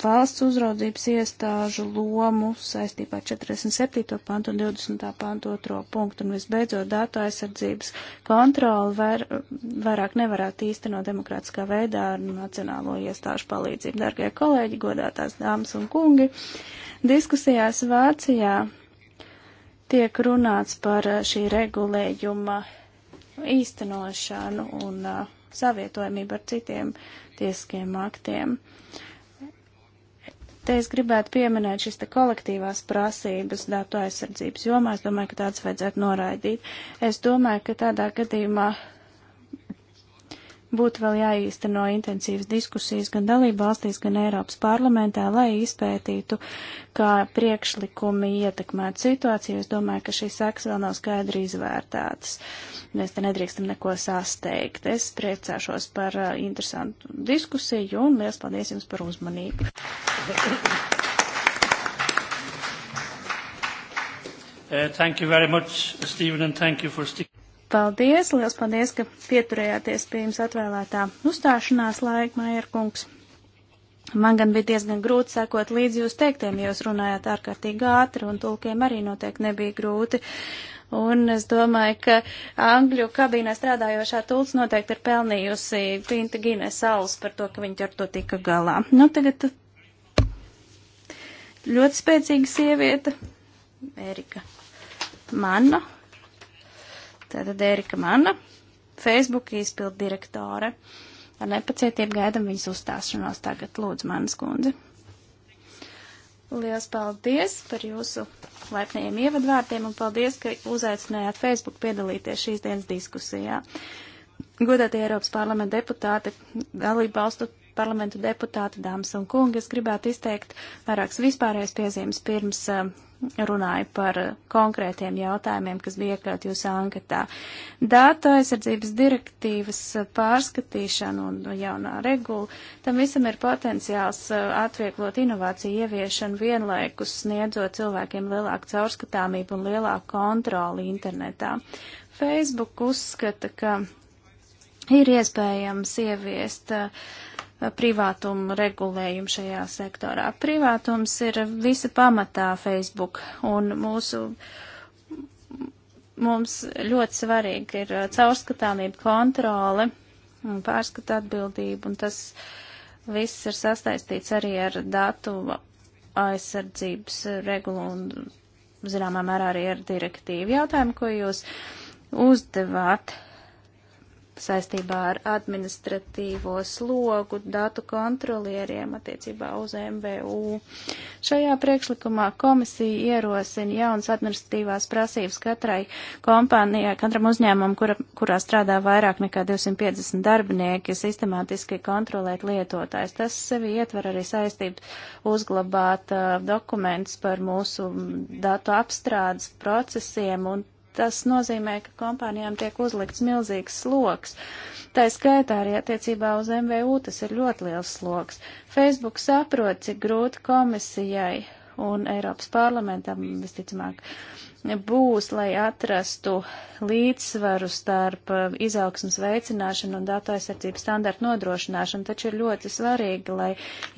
valsts uzraudzības iestāžu lomu saistībā ar 47. pantu un 20. pantu otro punktu. Un visbeidzot, datu aizsardzības kontroli var, vairāk nevarētu īstenot demokrātiskā veidā ar nacionālo iestāžu palīdzību. Dargie kolēģi, godātās dāmas un kungi, diskusijās Vācijā tiek runāts par eh, šī regulējuma īstenošanu un uh, savietojamību ar citiem tiesiskiem aktiem. Uh, Te es gribētu pieminēt šis te kolektīvās prasības datu aizsardzības jomā. Es domāju, ka tāds vajadzētu noraidīt. Es domāju, ka tādā gadījumā būtu vēl jāīsteno intensīvas diskusijas gan dalību valstīs, gan Eiropas parlamentā, lai izpētītu, kā priekšlikumi ietekmētu situāciju. Es domāju, ka šīs sekas vēl nav skaidri izvērtētas. Mēs te nedrīkstam neko sasteigt. Es priecāšos par uh, interesantu diskusiju un liels paldies jums par uzmanību. Uh, thank you very much, Stephen, and thank you for sticking. Paldies, liels paldies, ka pieturējāties pie jums atvēlētā uzstāšanās laika, Mairkungs. Man gan bija diezgan grūti sekot līdz jūs teiktiem, jo jūs runājāt ārkārtīgi ātri, un tulkiem arī noteikti nebija grūti. Un es domāju, ka Angļu kabīnē strādājošā tulks noteikti ir pelnījusi Tinta Gīnes saules par to, ka viņa ar to tika galā. Nu, tagad ļoti spēcīga sieviete, Erika Manna. Tātad Erika Mana, Facebook izpildu direktore. Ar nepacietību gaidam viņas uzstāšanos tagad. Lūdzu, manas kundze. Lielas paldies par jūsu laipniem ievadvārdiem un paldies, ka uzaicinājāt Facebook piedalīties šīs dienas diskusijā. Godātie Eiropas parlamenta deputāti, dalību valstu parlamentu deputāti, dāmas un kungi, es gribētu izteikt vairākas vispārējas piezīmes pirms eh, runāju par eh, konkrētiem jautājumiem, kas bija iekļaut jūsu anketā. Dāta aizsardzības direktīvas eh, pārskatīšana un jaunā regula, tam visam ir potenciāls atvieglot inovāciju ieviešanu vienlaikus sniedzot cilvēkiem lielāku caurskatāmību un lielāku kontroli internetā. Facebook uzskata, ka ir iespējams ieviest uh, privātumu regulējumu šajā sektorā. Privātums ir visa pamatā Facebook un mūsu. Mums ļoti svarīgi ir caurskatāmība, kontrole, pārskata atbildība, un tas viss ir sastaistīts arī ar datu aizsardzības regulu un, zināmā mērā, arī ar direktīvu. Jautājumu, ko jūs uzdevāt, saistībā ar administratīvo slogu datu kontrolieriem attiecībā uz MVU. Šajā priekšlikumā komisija ierosina jaunas administratīvās prasības katrai kompānijai, katram uzņēmumam, kura, kurā strādā vairāk nekā 250 darbinieki, sistemātiski kontrolēt lietotājs. Tas sevi ietver arī saistību uzglabāt uh, dokumentus par mūsu datu apstrādes procesiem un tas nozīmē, ka kompānijām tiek uzlikts milzīgs sloks. Tā skaitā arī attiecībā uz MVU tas ir ļoti liels sloks. Facebook saprot, cik grūti komisijai un Eiropas parlamentam visticamāk būs, lai atrastu līdzsvaru starp uh, izaugsmas veicināšanu un datu aizsardzības standartu nodrošināšanu, taču ir ļoti svarīgi, lai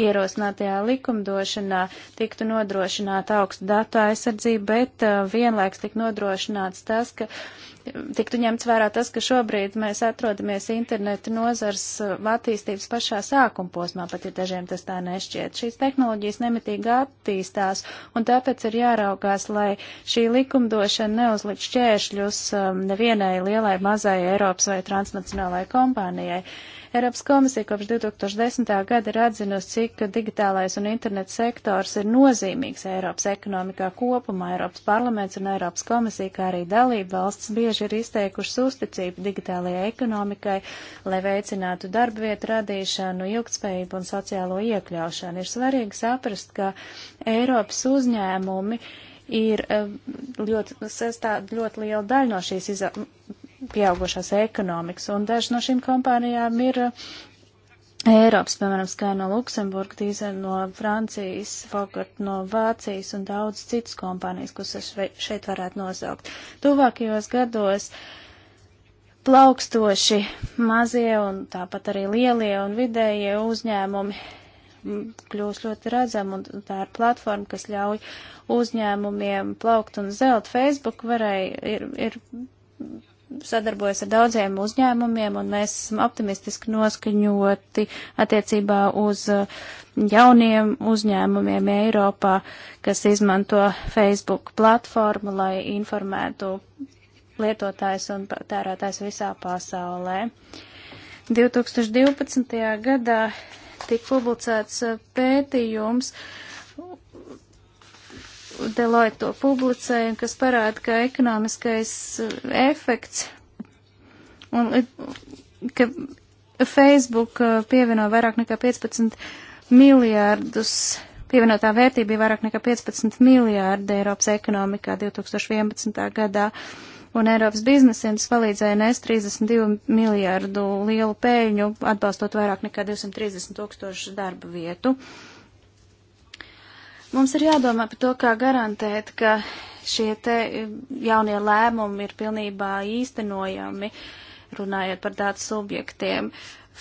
ierosinātajā likumdošanā tiktu nodrošināta augsta datu aizsardzība, bet uh, vienlaiks tik nodrošināts tas, ka tiktu ņemts vērā tas, ka šobrīd mēs atrodamies interneta nozars uh, attīstības pašā sākuma posmā, pat ja dažiem tas tā nešķiet. Šīs tehnoloģijas nemitīgi attīstās, un tāpēc ir jāraugās, lai šī likumdošana neuzlikt šķēršļus um, nevienai lielai, mazai Eiropas vai transnacionālai kompānijai. Uh, Eiropas komisija kopš 2010. gada ir atzinusi, cik digitālais un internets sektors ir nozīmīgs Eiropas ekonomikā kopumā. Eiropas parlaments un Eiropas komisija, kā arī dalība valsts, bieži ir izteikušas uzticību digitālajai ekonomikai, lai veicinātu darba vietu radīšanu, ilgtspējību un sociālo iekļaušanu. Ir svarīgi saprast, ka Eiropas uzņēmumi ir eh, ļoti, sastāv ļoti liela daļa no šīs pieaugušās ekonomikas, un daži no šīm kompānijām ir eh, Eiropas, piemēram, Sky no Luksemburga, Dīzer no Francijas, Fogart no Vācijas un daudz citas kompānijas, kuras šeit varētu nosaukt. Tuvākajos gados plaukstoši mazie un tāpat arī lielie un vidējie uzņēmumi kļūs ļoti redzama, un tā ir platforma, kas ļauj uzņēmumiem plaukt un zelt. Facebook varēja, ir, ir sadarbojas ar daudziem uzņēmumiem, un mēs esam optimistiski noskaņoti attiecībā uz uh, jauniem uzņēmumiem Eiropā, kas izmanto Facebook platformu, lai informētu lietotājs un tērētājs visā pasaulē. 2012. gadā tika publicēts uh, pētījums, uh, Deloitte to publicēja, un kas parāda, ka ekonomiskais uh, efekts un uh, ka Facebook uh, pievieno vairāk nekā 15 miljārdus, pievienotā vērtība bija vairāk nekā 15 miljārdi Eiropas ekonomikā 2011. gadā, un Eiropas biznesiem tas palīdzēja nest 32 miljārdu lielu pēļņu, atbalstot vairāk nekā 230 tūkstošu darba vietu. Uh, Mums ir jādomā par to, kā garantēt, ka šie te eh, jaunie lēmumi ir pilnībā īstenojami, runājot par tādu subjektiem.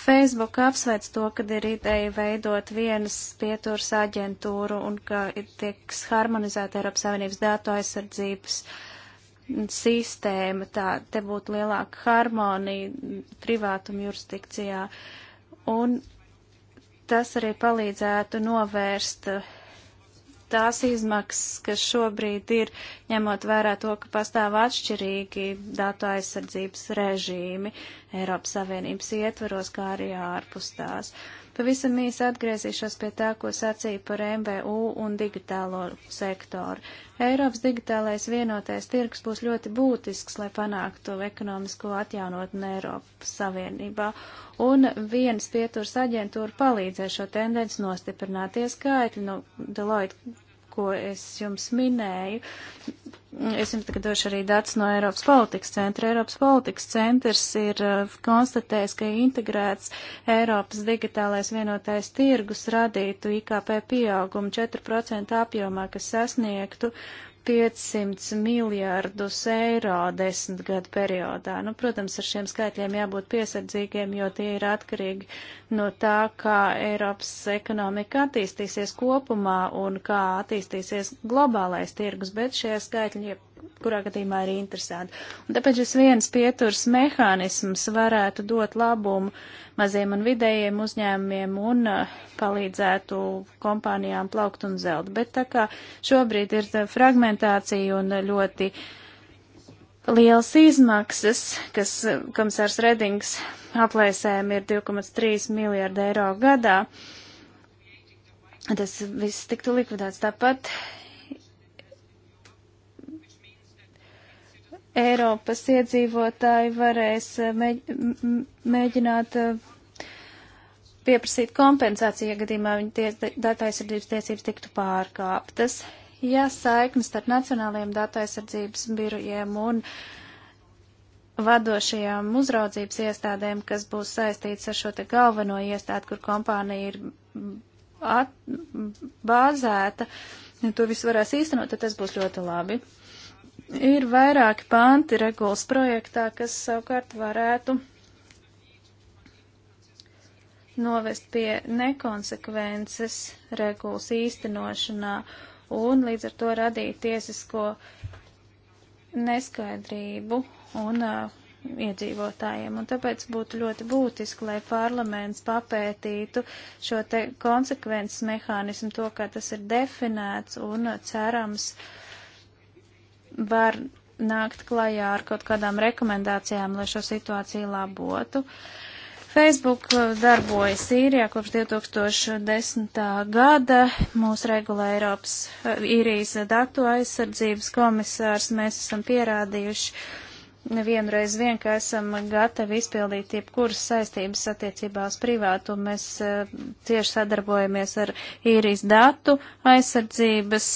Facebook apsveic to, kad ir ideja veidot vienas pieturas aģentūru un ka tiek harmonizēta Eiropas Savienības datu aizsardzības sistēma, tā te būtu lielāka harmonija privātuma jurisdikcijā. Un tas arī palīdzētu novērst uh, tās izmaksas, kas šobrīd ir, ņemot vērā to, ka pastāv atšķirīgi datu aizsardzības režīmi Eiropas Savienības ietvaros, kā arī ārpus tās. Pavisam īsi atgriezīšos pie tā, ko sacīja par MBU un digitālo sektoru. Eiropas digitālais vienotais tirgs būs ļoti būtisks, lai panāktu to ekonomisko atjaunotni Eiropas Savienībā, un viens pieturs aģentūra palīdzēs šo tendenci nostiprināt. Tie skaitļi no nu, Deloitte ko es jums minēju. Es jums tagad došu arī dats no Eiropas politikas centra. Eiropas politikas centrs ir uh, konstatējis, ka integrēts Eiropas digitālais vienotais tirgus radītu IKP pieaugumu 4% apjomā, kas sasniegtu uh, 500 miljārdus eiro desmit gadu periodā. Nu, protams, ar šiem skaitļiem jābūt piesardzīgiem, jo tie ir atkarīgi no tā, kā Eiropas ekonomika attīstīsies kopumā un kā attīstīsies globālais tirgus, bet šie skaitļi kurā gadījumā ir interesanti. Un tāpēc šis viens pieturs mehānisms varētu dot labumu maziem un vidējiem uzņēmumiem un eh, palīdzētu kompānijām plaukt un zelt. Bet tā kā šobrīd ir fragmentācija un ļoti liels izmaksas, kas komisārs Redings aplēsēm ir 2,3 miljārdi eiro gadā, tas viss tiktu likvidēts. Tāpat Eiropas iedzīvotāji varēs eh, mēģināt eh, pieprasīt kompensāciju, ja gadījumā viņa datu aizsardzības tiesības tiktu pārkāptas. Ja saiknes starp nacionālajiem datu aizsardzības birojiem un vadošajām uzraudzības iestādēm, kas būs saistīts ar šo te galveno iestādi, kur kompānija ir at, bāzēta, to visu varēs īstenot, tad tas būs ļoti labi. Ir vairāki panti regulas projektā, kas savukārt varētu novest pie nekonsekvences regulas īstenošanā un līdz ar to radīt tiesisko neskaidrību un uh, iedzīvotājiem. Un tāpēc būtu ļoti būtiski, lai parlaments papētītu šo te konsekvences mehānismu, to, kā tas ir definēts un uh, cerams. Uh, var nākt klajā ar kaut kādām rekomendācijām, lai šo situāciju labotu. Facebook uh, darbojas Sīrijā kopš 2010. gada. Mūs regulē Eiropas uh, īrijas datu aizsardzības komisārs. Mēs esam pierādījuši nevienreiz vien, ka esam gatavi izpildīt jebkuras saistības attiecībā uz privātu. Mēs uh, cieši sadarbojamies ar īrijas datu aizsardzības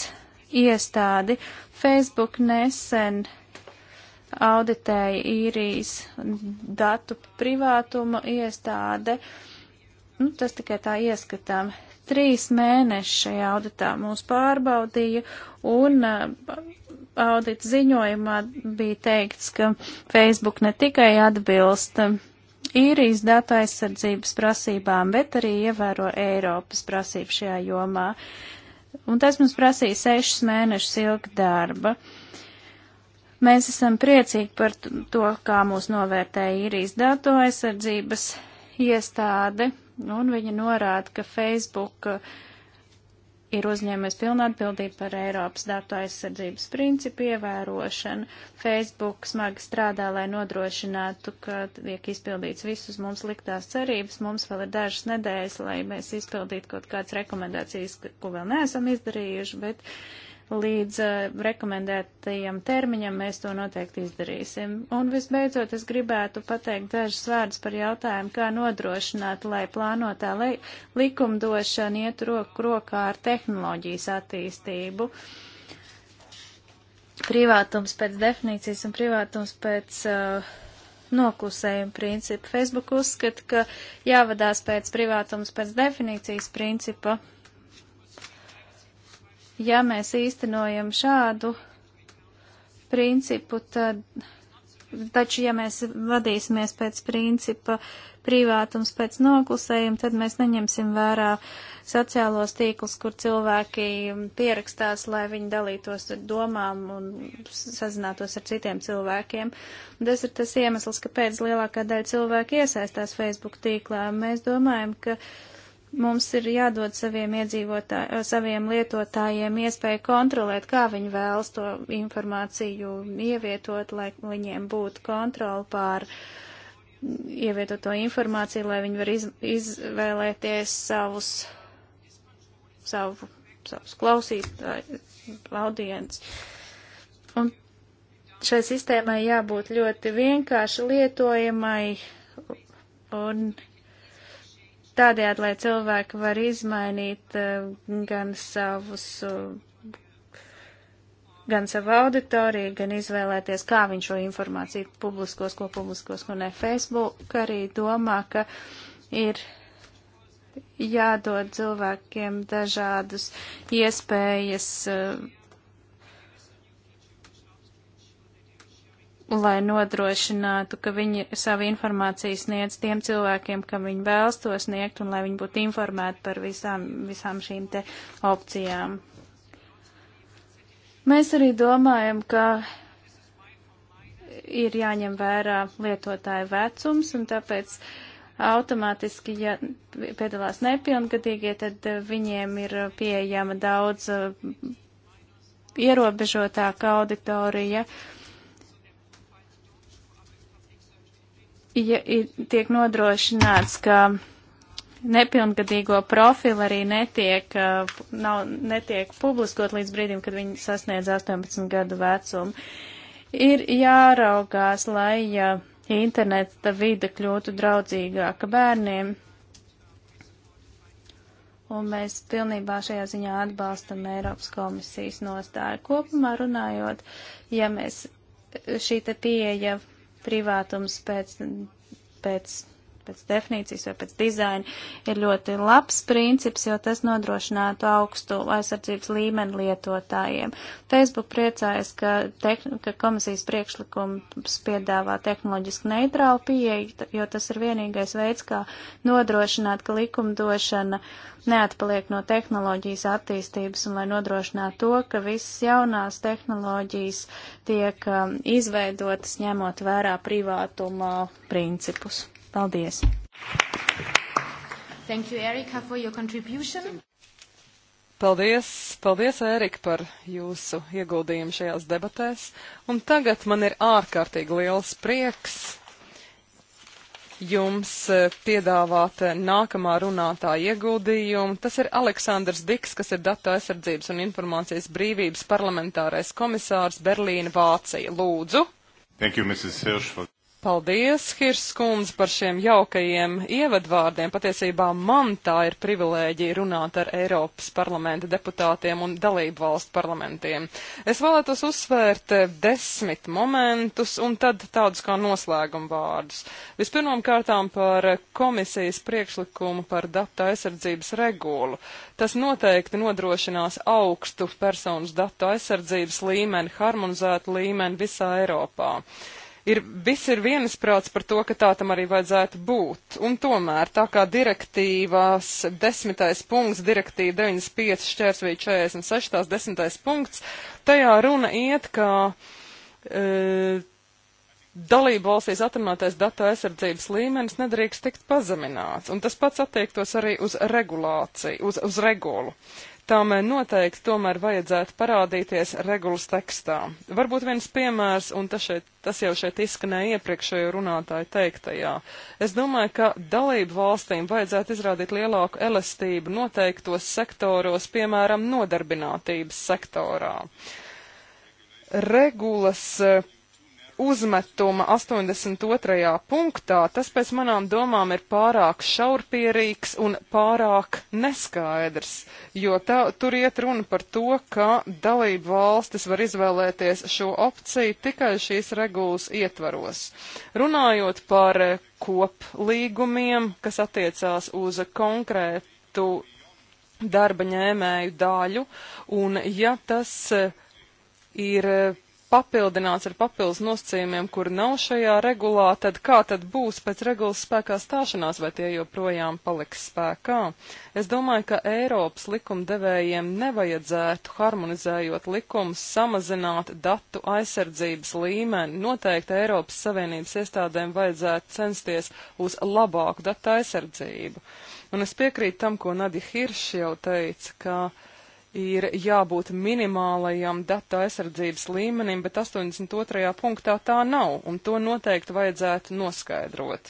iestādi Facebook nesen auditēja īrijas datu privātuma iestāde. Nu, tas tikai tā ieskatām. Trīs mēneši šajā auditā mūs pārbaudīja un uh, audita ziņojumā bija teikts, ka Facebook ne tikai atbilst um, īrijas datu aizsardzības prasībām, bet arī ievēro Eiropas prasību šajā jomā. Uh, Un tas mums prasīja sešus mēnešus ilga darba. Mēs esam priecīgi par to, kā mūs novērtēja īrijas datu aizsardzības iestāde, un viņa norāda, ka Facebook uh, ir uzņēmies pilnatbildību par Eiropas datu aizsardzības principu ievērošanu. Facebook smagi strādā, lai nodrošinātu, ka tiek izpildīts visus mums liktās cerības. Mums vēl ir dažas nedēļas, lai mēs izpildītu kaut kādas rekomendācijas, ko vēl neesam izdarījuši, bet uh, līdz uh, rekomendētajam termiņam mēs to noteikti izdarīsim. Un visbeidzot, es gribētu pateikt dažas vārdas par jautājumu, kā nodrošināt, lai plānotā lai likumdošana iet roku rokā ar tehnoloģijas attīstību. Privātums pēc definīcijas un privātums pēc uh, noklusējuma principu. Facebook uzskata, ka jāvadās pēc privātums pēc definīcijas principa ja mēs īstenojam šādu principu, tad, taču, ja mēs vadīsimies pēc principa privātums pēc noklusējuma, tad mēs neņemsim vērā sociālos tīklus, kur cilvēki pierakstās, lai viņi dalītos ar domām un sazinātos ar citiem cilvēkiem. Un tas ir tas iemesls, kāpēc lielākā daļa cilvēku iesaistās Facebook tīklā. Mēs domājam, ka uh, Mums ir jādod saviem iedzīvotājiem, eh, saviem lietotājiem iespēju kontrolēt, kā viņi vēlas to informāciju ievietot, lai viņiem būtu kontroli pār ievietot to informāciju, lai viņi var iz, izvēlēties savus, savu, savus klausītāju audiences. Un šai sistēmai jābūt ļoti vienkārši lietojamai un Tādējādi, lai cilvēki var izmainīt eh, gan savus eh, gan savu auditoriju, gan izvēlēties, kā viņš šo informāciju publiskos, ko publiskos, ko ne. Facebook arī domā, ka ir jādod cilvēkiem dažādas iespējas uh, lai nodrošinātu, ka viņi savu informāciju sniedz tiem cilvēkiem, kam viņi vēlas to sniegt, un lai viņi būtu informēti par visām, visām šīm te opcijām. Mēs arī domājam, ka ir jāņem vērā lietotāja vecums, un tāpēc automātiski, ja piedalās nepilngadīgie, tad viņiem ir pieejama daudz uh, ierobežotāka auditorija. Ja? ja tiek nodrošināts, ka nepilngadīgo profilu arī netiek, uh, nav, netiek publiskot līdz brīdim, kad viņi sasniedz 18 gadu vecumu. Ir jāraugās, lai ja uh, interneta vide kļūtu draudzīgāka bērniem. Un mēs pilnībā šajā ziņā atbalstam Eiropas komisijas nostāju. Kopumā runājot, ja mēs šī te pieeja privātums pēc, pēc pēc definīcijas vai pēc dizaina, ir ļoti labs princips, jo tas nodrošinātu augstu aizsardzības līmeni lietotājiem. Facebook priecājas, ka, ka komisijas priekšlikums piedāvā tehnoloģiski neitrālu pieeju, jo tas ir vienīgais veids, kā nodrošināt, ka likumdošana neatpaliek no tehnoloģijas attīstības un lai nodrošinātu to, ka visas jaunās tehnoloģijas tiek um, izveidotas ņemot vērā privātuma principus. Paldies! Thank you, Erika, for your contribution. Paldies, paldies, Ērika, par jūsu ieguldījumu šajās debatēs. Un tagad man ir ārkārtīgi liels prieks jums eh, piedāvāt eh, nākamā runātāja ieguldījumu. Tas ir Aleksandrs Diks, kas ir datu aizsardzības un informācijas brīvības parlamentārais komisārs Berlīna, Vācija. Lūdzu! Thank you, Mrs. Hirsch, for... Paldies, Hirskundze, par šiem jaukajiem ievadvārdiem. Patiesībā man tā ir privilēģija runāt ar Eiropas parlamenta deputātiem un dalību valstu parlamentiem. Es vēlētos uzsvērt eh, desmit momentus un tad tādus kā noslēguma vārdus. Vispirmām kārtām par komisijas priekšlikumu par datu aizsardzības regulu. Tas noteikti nodrošinās augstu personas datu aizsardzības līmeni, harmonizētu līmeni visā Eiropā. Uh, ir, viss ir vienisprāts par to, ka tā tam arī vajadzētu būt. Un tomēr, tā kā direktīvās desmitais punkts, direktīva 95 šķērsvīja 46, tās desmitais punkts, tajā runa iet, ka e, dalību valstīs atrunātais datu aizsardzības līmenis nedrīkst tikt pazemināts. Un tas pats attiektos arī uz regulāciju, uz, uz regulu. Tam noteikti tomēr vajadzētu parādīties regulas tekstā. Varbūt viens piemērs, un tas, šeit, tas jau šeit izskanēja iepriekšējo runātāju teiktajā. Es domāju, ka dalību valstīm vajadzētu izrādīt lielāku elastību noteiktos sektoros, piemēram, nodarbinātības sektorā. Regulas eh, uzmetuma 82. punktā, tas pēc manām domām ir pārāk šaurpierīgs un pārāk neskaidrs, jo tā, tur iet runa par to, ka dalību valstis var izvēlēties šo opciju tikai šīs regulas ietvaros. Runājot par koplīgumiem, kas attiecās uz konkrētu darba ņēmēju daļu, un ja tas ir papildināts ar papildus nosacījumiem, kur nav šajā regulā, tad kā tad būs pēc regulas spēkā stāšanās, vai tie joprojām paliks spēkā? Es domāju, ka Eiropas likumdevējiem nevajadzētu, harmonizējot likumus, samazināt datu aizsardzības līmeni. Noteikti Eiropas Savienības iestādēm vajadzētu censties uz labāku datu aizsardzību. Un es piekrītu tam, ko Nadja Hirš jau teica, ka ir jābūt minimālajam datu aizsardzības līmenim, bet 82. punktā tā nav, un to noteikti vajadzētu noskaidrot.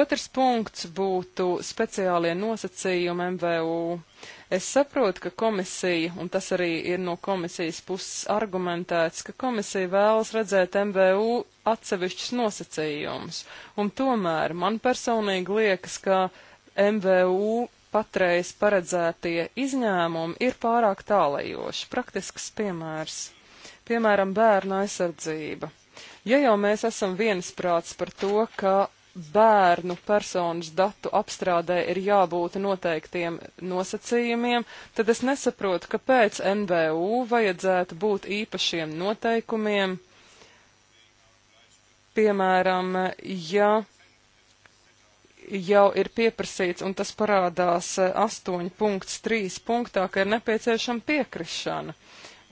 Otrs punkts būtu speciālie nosacījumi MVU. Es saprotu, ka komisija, un tas arī ir no komisijas puses argumentēts, ka komisija vēlas redzēt MVU atsevišķus nosacījumus, un tomēr man personīgi liekas, ka MVU patreiz paredzētie izņēmumi ir pārāk tālajoši. Praktisks piemērs. Piemēram, bērna aizsardzība. Ja jau mēs esam viensprāts par to, ka bērnu personas datu apstrādē ir jābūt noteiktiem nosacījumiem, tad es nesaprotu, kāpēc NBU vajadzētu būt īpašiem noteikumiem. Piemēram, ja jau ir pieprasīts, un tas parādās 8.3 eh, punktā, ka ir nepieciešama piekrišana.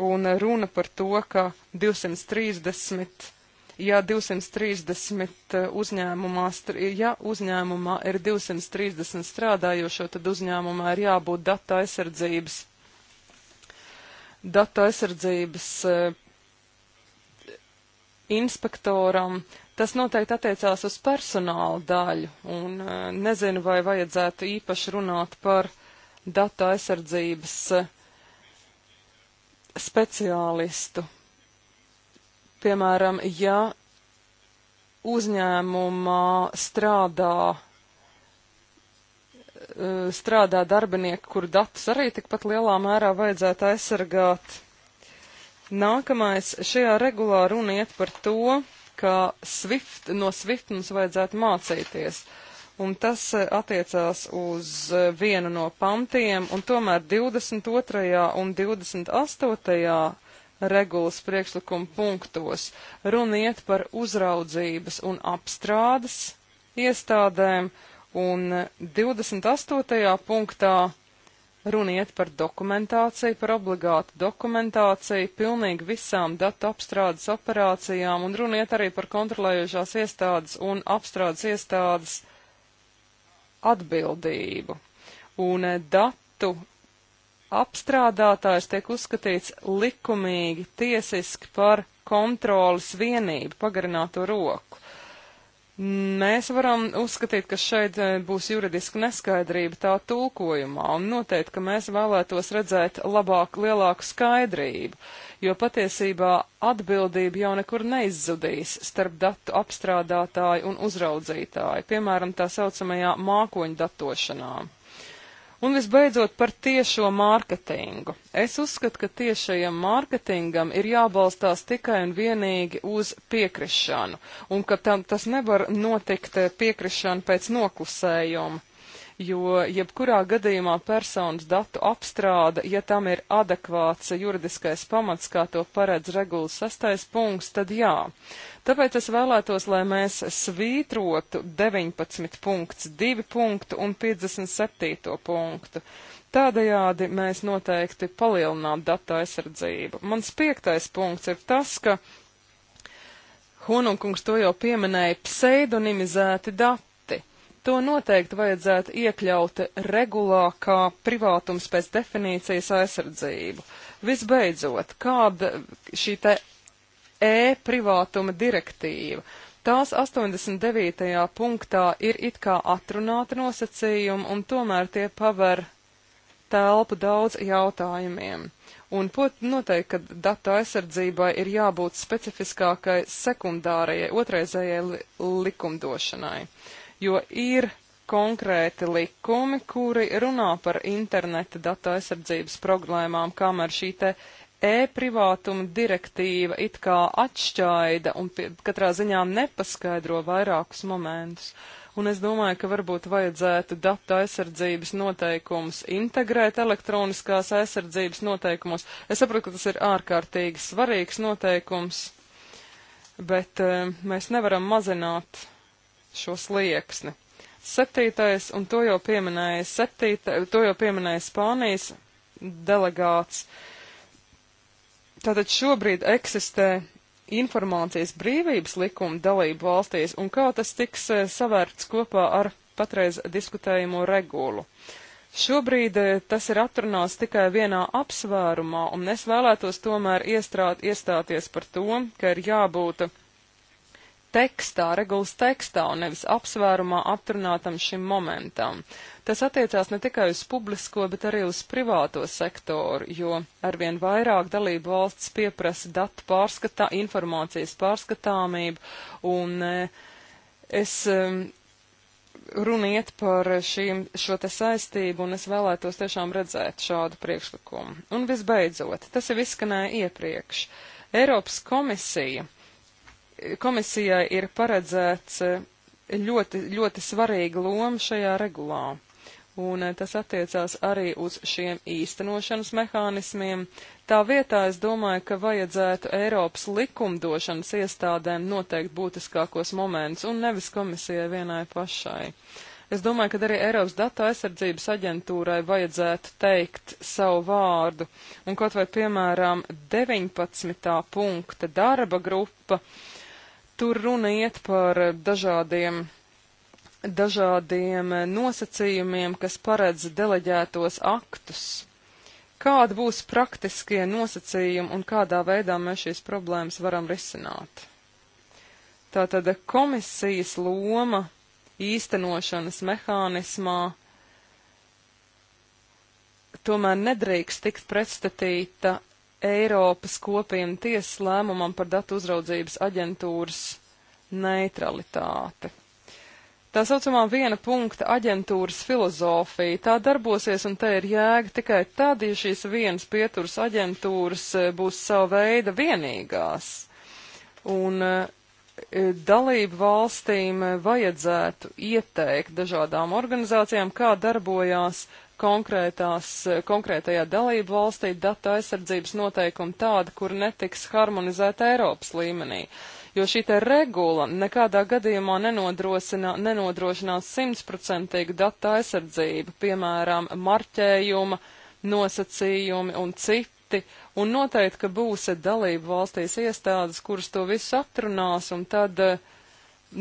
Un eh, runa par to, ka 230, ja 230 eh, uzņēmumā, ja uzņēmumā ir 230 strādājošo, tad uzņēmumā ir jābūt data aizsardzības data aizsardzības inspektoram. Tas noteikti attiecās uz personāla daļu, un e, nezinu, vai vajadzētu īpaši runāt par datu aizsardzības e, speciālistu. Piemēram, ja uzņēmumā strādā e, strādā darbinieki, kuru datus arī tikpat lielā mērā vajadzētu aizsargāt. Nākamais šajā regulā runa iet par to, ka Swift, no Swift mums vajadzētu mācīties. Un tas eh, attiecās uz eh, vienu no pantiem, un tomēr 22. un 28. regulas priekšlikuma punktos runa iet par uzraudzības un apstrādes iestādēm, un 28. Eh, punktā Runa iet par dokumentāciju, par obligātu dokumentāciju pilnīgi visām datu apstrādes operācijām, un runa iet arī par kontrolējošās iestādes un apstrādes iestādes atbildību. Un eh, datu apstrādātājs tiek uzskatīts likumīgi tiesiski par kontrolas vienību pagarināto roku. Mēs varam uzskatīt, ka šeit eh, būs juridiska neskaidrība tā tulkojumā, un noteikti, ka mēs vēlētos redzēt labāku, lielāku skaidrību, jo patiesībā atbildība jau nekur neizzudīs starp datu apstrādātāju un uzraudzītāju, piemēram, tā saucamajā mākoņu datošanā. Un visbeidzot par tiešo mārketingu. Es uzskatu, ka tiešajam mārketingam ir jābalstās tikai un vienīgi uz piekrišanu, un ka tam tas nevar notikt eh, piekrišana pēc noklusējuma jo jebkurā gadījumā personas datu apstrāde, ja tam ir adekvāts juridiskais pamats, kā to paredz regulas sastais punkts, tad jā. Tāpēc es vēlētos, lai mēs svītrotu 19 punkts, 2 punktu un 57 punktu. Tādējādi mēs noteikti palielinātu datu aizsardzību. Mans piektais punkts ir tas, ka Honunkungs to jau pieminēja pseidonimizēti dati. To noteikti vajadzētu iekļaut regulā kā privātums pēc definīcijas aizsardzību. Visbeidzot, kāda šī te e-privātuma direktīva. Tās 89. punktā ir it kā atrunāti nosacījumi, un tomēr tie paver telpu daudz jautājumiem. Un pot, noteikti, ka datu aizsardzībai ir jābūt specifiskākai sekundārajai, otraizējai li likumdošanai. Uh, jo ir konkrēti likumi, kuri runā par interneta datu aizsardzības problēmām, kamēr šī te e-privātuma direktīva it kā atšķaida un pie, katrā ziņā nepaskaidro vairākus momentus. Un es domāju, ka varbūt vajadzētu datu aizsardzības noteikumus integrēt elektroniskās aizsardzības noteikumos. Es saprotu, ka tas ir ārkārtīgi svarīgs noteikums, bet e, mēs nevaram mazināt šo slieksni. Septītais, un to jau pieminēja, septīta, to jau pieminēja Spānijas delegāts. Tātad šobrīd eksistē informācijas brīvības likuma dalību valstīs, un kā tas tiks eh, savērts kopā ar patreiz diskutējamo regulu. Šobrīd eh, tas ir atrunāts tikai vienā apsvērumā, un es vēlētos tomēr iestrāt, iestāties par to, ka ir jābūt tekstā, regulas tekstā un nevis apsvērumā apturinātam šim momentam. Tas attiecās ne tikai uz publisko, bet arī uz privāto sektoru, jo arvien vairāk dalību valsts pieprasa datu pārskatā, informācijas pārskatāmību, un e, es e, runiet par šīm, šo te saistību, un es vēlētos tiešām redzēt šādu priekšlikumu. Un visbeidzot, tas jau izskanēja iepriekš. Eiropas komisija uh, komisijai ir paredzēts eh, ļoti, ļoti svarīga loma šajā regulā. Un eh, tas attiecās arī uz šiem īstenošanas mehānismiem. Tā vietā es domāju, ka vajadzētu Eiropas likumdošanas iestādēm noteikt būtiskākos momentus un nevis komisijai vienai pašai. Es domāju, ka arī Eiropas datu aizsardzības aģentūrai vajadzētu teikt savu vārdu. Un kaut vai piemēram 19. punkta darba grupa. Uh, Tur runa iet par dažādiem, dažādiem nosacījumiem, kas paredz deleģētos aktus. Kādi būs praktiskie nosacījumi un kādā veidā mēs šīs problēmas varam risināt? Tātad komisijas loma īstenošanas mehānismā tomēr nedrīkst tikt pretstatīta Eiropas kopienu tiesas lēmumam par datu uzraudzības aģentūras neutralitāti. Tā saucamā viena punkta aģentūras filozofija, tā darbosies un te ir jēga tikai tad, ja šīs vienas pieturas aģentūras e, būs sava veida vienīgās. Un e, e, dalību valstīm vajadzētu ieteikt dažādām organizācijām, kā darbojās uh, konkrētajā dalību valstī data aizsardzības noteikumi tādi, kur netiks harmonizēta Eiropas līmenī. Jo šī te regula nekādā gadījumā nenodrošinās simtprocentīgu data aizsardzību, piemēram, marķējuma nosacījumi un citi, un noteikti, ka būs dalību valstīs iestādes, kuras to visu atrunās, un tad uh,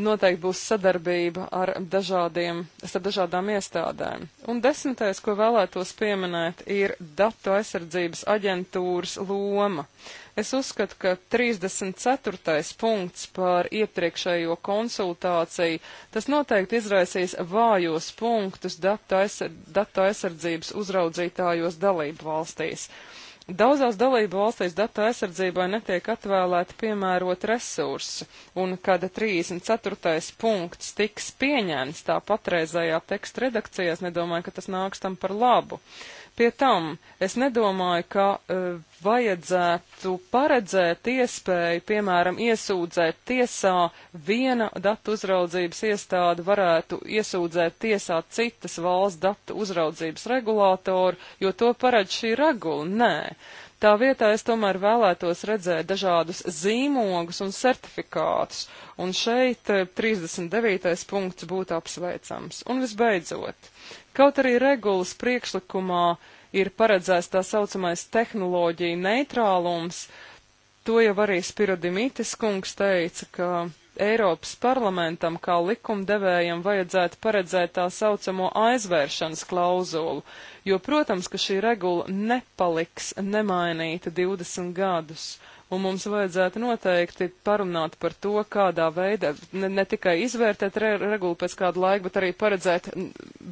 noteikti būs sadarbība ar dažādiem, starp dažādām iestādēm. Un desmitais, ko vēlētos pieminēt, ir datu aizsardzības aģentūras loma. Es uzskatu, ka 34. punkts par iepriekšējo konsultāciju, tas noteikti izraisīs vājos punktus datu, aizsardz, datu aizsardzības uzraudzītājos dalību valstīs. Uh, Daudzās dalību valstīs datu aizsardzībai netiek atvēlēti piemērot resursi, un kad 34. punkts tiks pieņemts tā patreizējā teksta redakcijās, nedomāju, ka tas nāks tam par labu. Uh, Pie tam es nedomāju, ka uh, vajadzētu paredzēt iespēju, piemēram, iesūdzēt tiesā viena datu uzraudzības iestāde varētu iesūdzēt tiesā citas valsts datu uzraudzības regulātoru, jo to paredz šī regula. Nē. Tā vietā es tomēr vēlētos redzēt dažādus zīmogus un certifikātus, un šeit 39. E, punkts būtu apsveicams. Un visbeidzot, Kaut arī regulas priekšlikumā ir paredzēts tā saucamais tehnoloģija neitrālums, to jau arī Spirodimītis kungs teica, ka Eiropas parlamentam kā likumdevējam vajadzētu paredzēt tā saucamo aizvēršanas klauzulu, jo, protams, ka šī regula nepaliks nemainīta 20 gadus un mums vajadzētu noteikti parunāt par to, kādā veidā ne, ne tikai izvērtēt re regulu pēc kādu laiku, bet arī paredzēt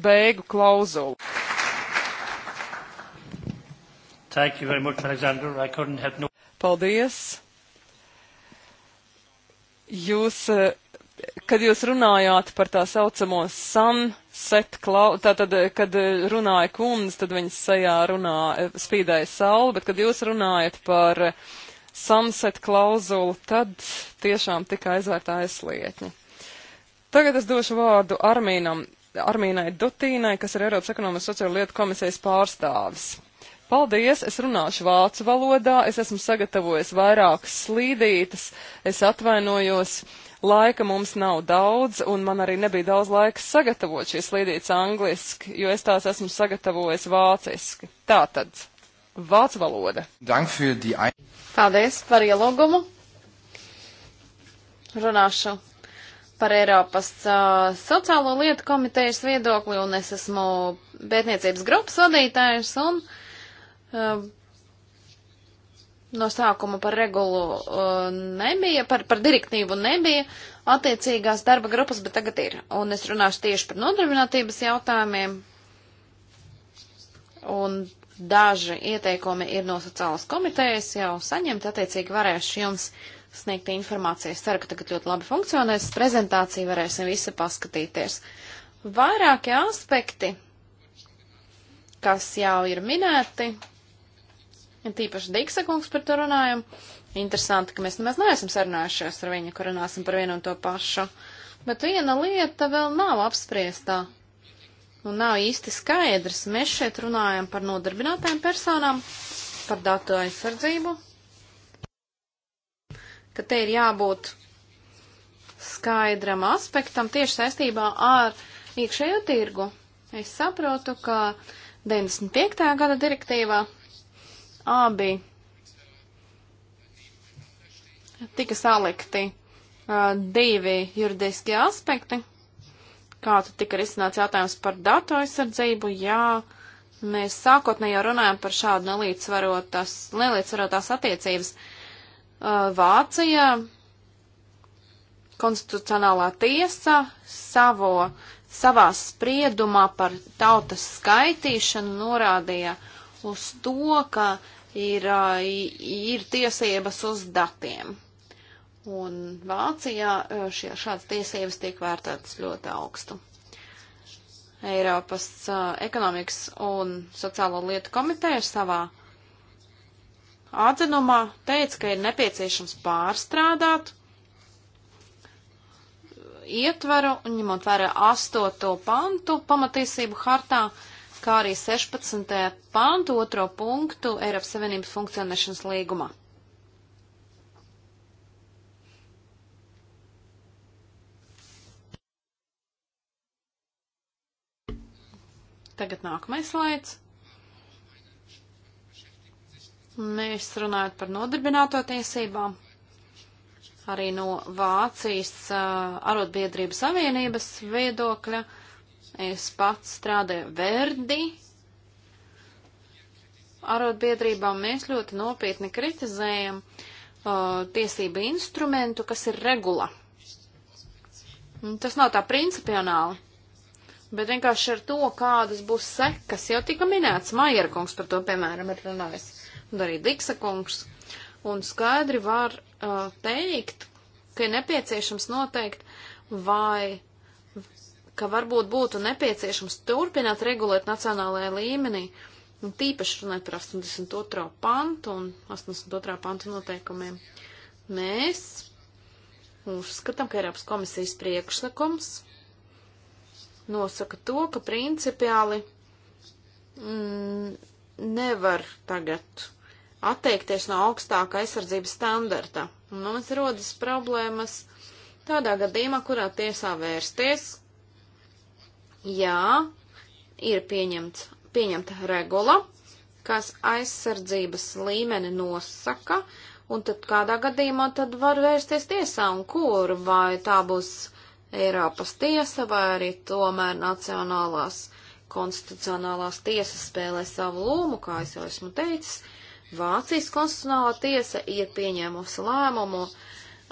beigu klauzulu. Much, no... Paldies! Jūs, eh, kad jūs runājāt par tā saucamo sunset cloud, tātad, eh, kad eh, runāja kundze, tad viņas sejā runā, spīdēja sauli, bet kad jūs runājat par uh, sunset klauzulu, tad tiešām tika aizvērta aizslietņa. Tagad es došu vārdu Armīnam, Armīnai Dutīnai, kas ir Eiropas ekonomikas sociālo lietu komisijas pārstāvis. Paldies, es runāšu vācu valodā, es esmu sagatavojis vairākas slīdītas, es atvainojos, laika mums nav daudz, un man arī nebija daudz laika sagatavot šīs slīdītas angliski, jo es tās esmu sagatavojis vāciski. Tātad, vācu valoda. Paldies par ielūgumu. Runāšu par Eiropas uh, sociālo lietu komitejas viedokli, un es esmu pētniecības grupas vadītājs, un uh, no sākuma par regulu uh, nebija, par, par direktīvu nebija attiecīgās darba grupas, bet tagad ir. Un es runāšu tieši par nodarbinātības jautājumiem. Un Daži ieteikumi ir no sociālas komitejas jau saņemti, attiecīgi varēšu jums sniegt informāciju. Es ceru, ka tagad ļoti labi funkcionēs, prezentāciju varēsim visi paskatīties. Vairākie aspekti, kas jau ir minēti, ir tīpaši Diksa kungs par to runājam. Interesanti, ka mēs nemaz neesam sarunājušies ar viņu, kur runāsim par vienu un to pašu. Bet viena lieta vēl nav apspriestā nu, nav īsti skaidrs. Mēs šeit runājam par nodarbinātām personām, par datu aizsardzību, ka te ir jābūt skaidram aspektam tieši saistībā ar iekšējo tirgu. Es saprotu, ka 95. gada direktīvā abi tika salikti uh, divi juridiskie aspekti kā tad tika risināts jautājums par datu aizsardzību. Jā, mēs sākotnēji jau runājam par šādu nelīdzsvarotās, nelīdzsvarotās attiecības. Uh, Vācija konstitucionālā tiesa savo, savā spriedumā par tautas skaitīšanu norādīja uz to, ka ir, uh, ir tiesības uz datiem. Un Vācijā e, šie, šādas tiesības tiek vērtētas ļoti augstu. Eiropas uh, ekonomikas un sociālo lietu komiteja savā atzinumā teica, ka ir nepieciešams pārstrādāt ietveru, ņemot vērā 8. pantu pamatīsību hartā, kā arī 16. pantu otro punktu Eiropas Savienības funkcionēšanas līgumā. Tagad nākamais slaids. Mēs runājam par nodarbināto tiesībām. Arī no Vācijas uh, arotbiedrības savienības viedokļa es pats strādāju Verdi. Arotbiedrībām mēs ļoti nopietni kritizējam uh, tiesību instrumentu, kas ir regula. Tas nav tā principionāli. Bet vienkārši ar to, kādas būs sekas, jau tika minēts, Maija kungs par to, piemēram, ir runājis, un arī Diksa kungs. Un skaidri var uh, teikt, ka ir nepieciešams noteikt, vai ka varbūt būtu nepieciešams turpināt regulēt nacionālajā līmenī, un tīpaši runāt par 82. pantu un 82. pantu noteikumiem. Mēs uzskatām, ka Eiropas komisijas priekšlikums nosaka to, ka principiāli mm, nevar tagad atteikties no augstāka aizsardzības standarta. Un mums rodas problēmas tādā gadījumā, kurā tiesā vērsties. Jā, ir pieņemts, pieņemta regula, kas aizsardzības līmeni nosaka, un tad kādā gadījumā tad var vērsties tiesā un kur, vai tā būs Eiropas tiesa vai arī tomēr nacionālās konstitucionālās tiesas spēlē savu lomu, kā es jau esmu teicis. Vācijas konstitucionālā tiesa ir pieņēmusi lēmumu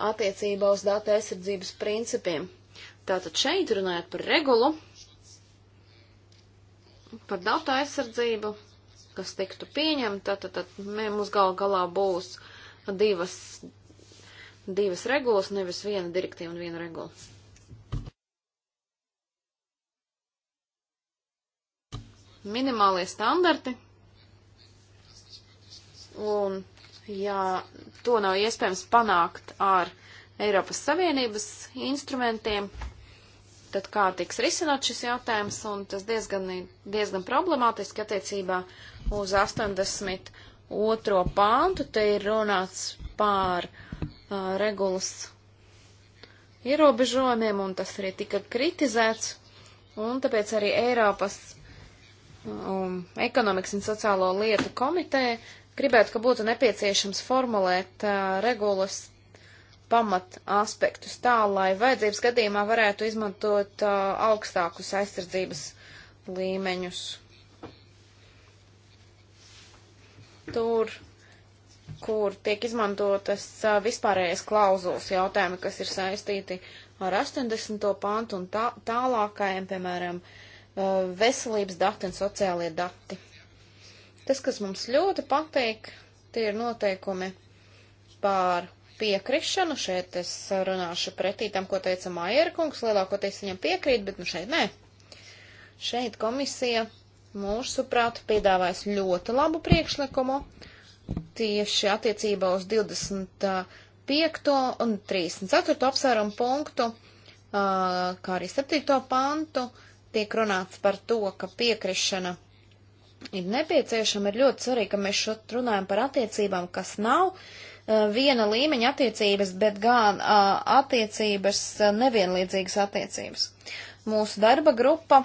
attiecībā uz datu aizsardzības principiem. Tātad šeit runājot par regulu, par datu aizsardzību, kas tiktu pieņemta, tad, tad, tad mums gal galā būs divas, divas regulas, nevis viena direktīva un viena regula. minimālie standarti. Un, ja to nav iespējams panākt ar Eiropas Savienības instrumentiem, tad kā tiks risināt šis jautājums, un tas diezgan, diezgan problemātiski attiecībā uz 82. pāntu. Te ir runāts pār uh, regulas ierobežojumiem, un tas arī tika kritizēts, un tāpēc arī Eiropas um, ekonomikas un sociālo lietu komiteja gribētu, ka būtu nepieciešams formulēt uh, regulas pamat aspektus tā, lai vajadzības gadījumā varētu izmantot uh, augstākus aizsardzības līmeņus. Tur, kur tiek izmantotas uh, vispārējais klauzulas jautājumi, kas ir saistīti ar 80. pantu un tā, tālākajiem, piemēram, uh, Uh, veselības dati un sociālie dati. Tas, kas mums ļoti patīk, tie ir noteikumi pār piekrišanu. Šeit es runāšu pretī tam, ko teica Maierkungs. Lielākoties viņam piekrīt, bet nu šeit nē. Šeit komisija mūsuprāt piedāvājas ļoti labu priekšlikumu tieši attiecībā uz 25. un 34. apsvērumu punktu, uh, kā arī 7. pantu tiek runāts par to, ka piekrišana ir nepieciešama, ir ļoti svarīgi, ka mēs šeit runājam par attiecībām, kas nav uh, viena līmeņa attiecības, bet gan uh, attiecības, uh, nevienlīdzīgas attiecības. Mūsu darba grupa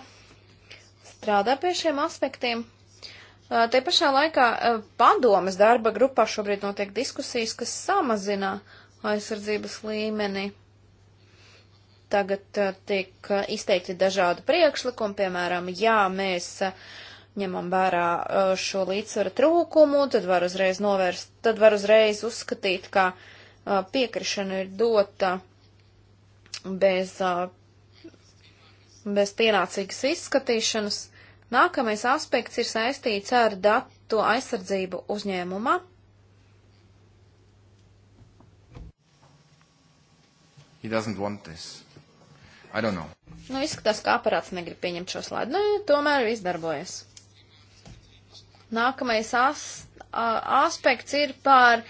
strādā pie šiem aspektiem. Uh, te pašā laikā uh, padomas darba grupā šobrīd notiek diskusijas, kas samazina aizsardzības līmeni Tagad uh, tiek uh, izteikti dažādi priekšlikumi, piemēram, jā, mēs uh, ņemam vērā šo līdzsvara trūkumu, tad var uzreiz novērst, tad var uzreiz uzskatīt, ka piekrišana ir dota bez, bez pienācīgas izskatīšanas. Nākamais aspekts ir saistīts ar datu aizsardzību uzņēmumā. He doesn't want this. I don't know. Nu, izskatās, ka aparāts negrib pieņemt šo slaidu. Nē, nu, tomēr viss darbojas. Nākamais as, a, aspekts ir par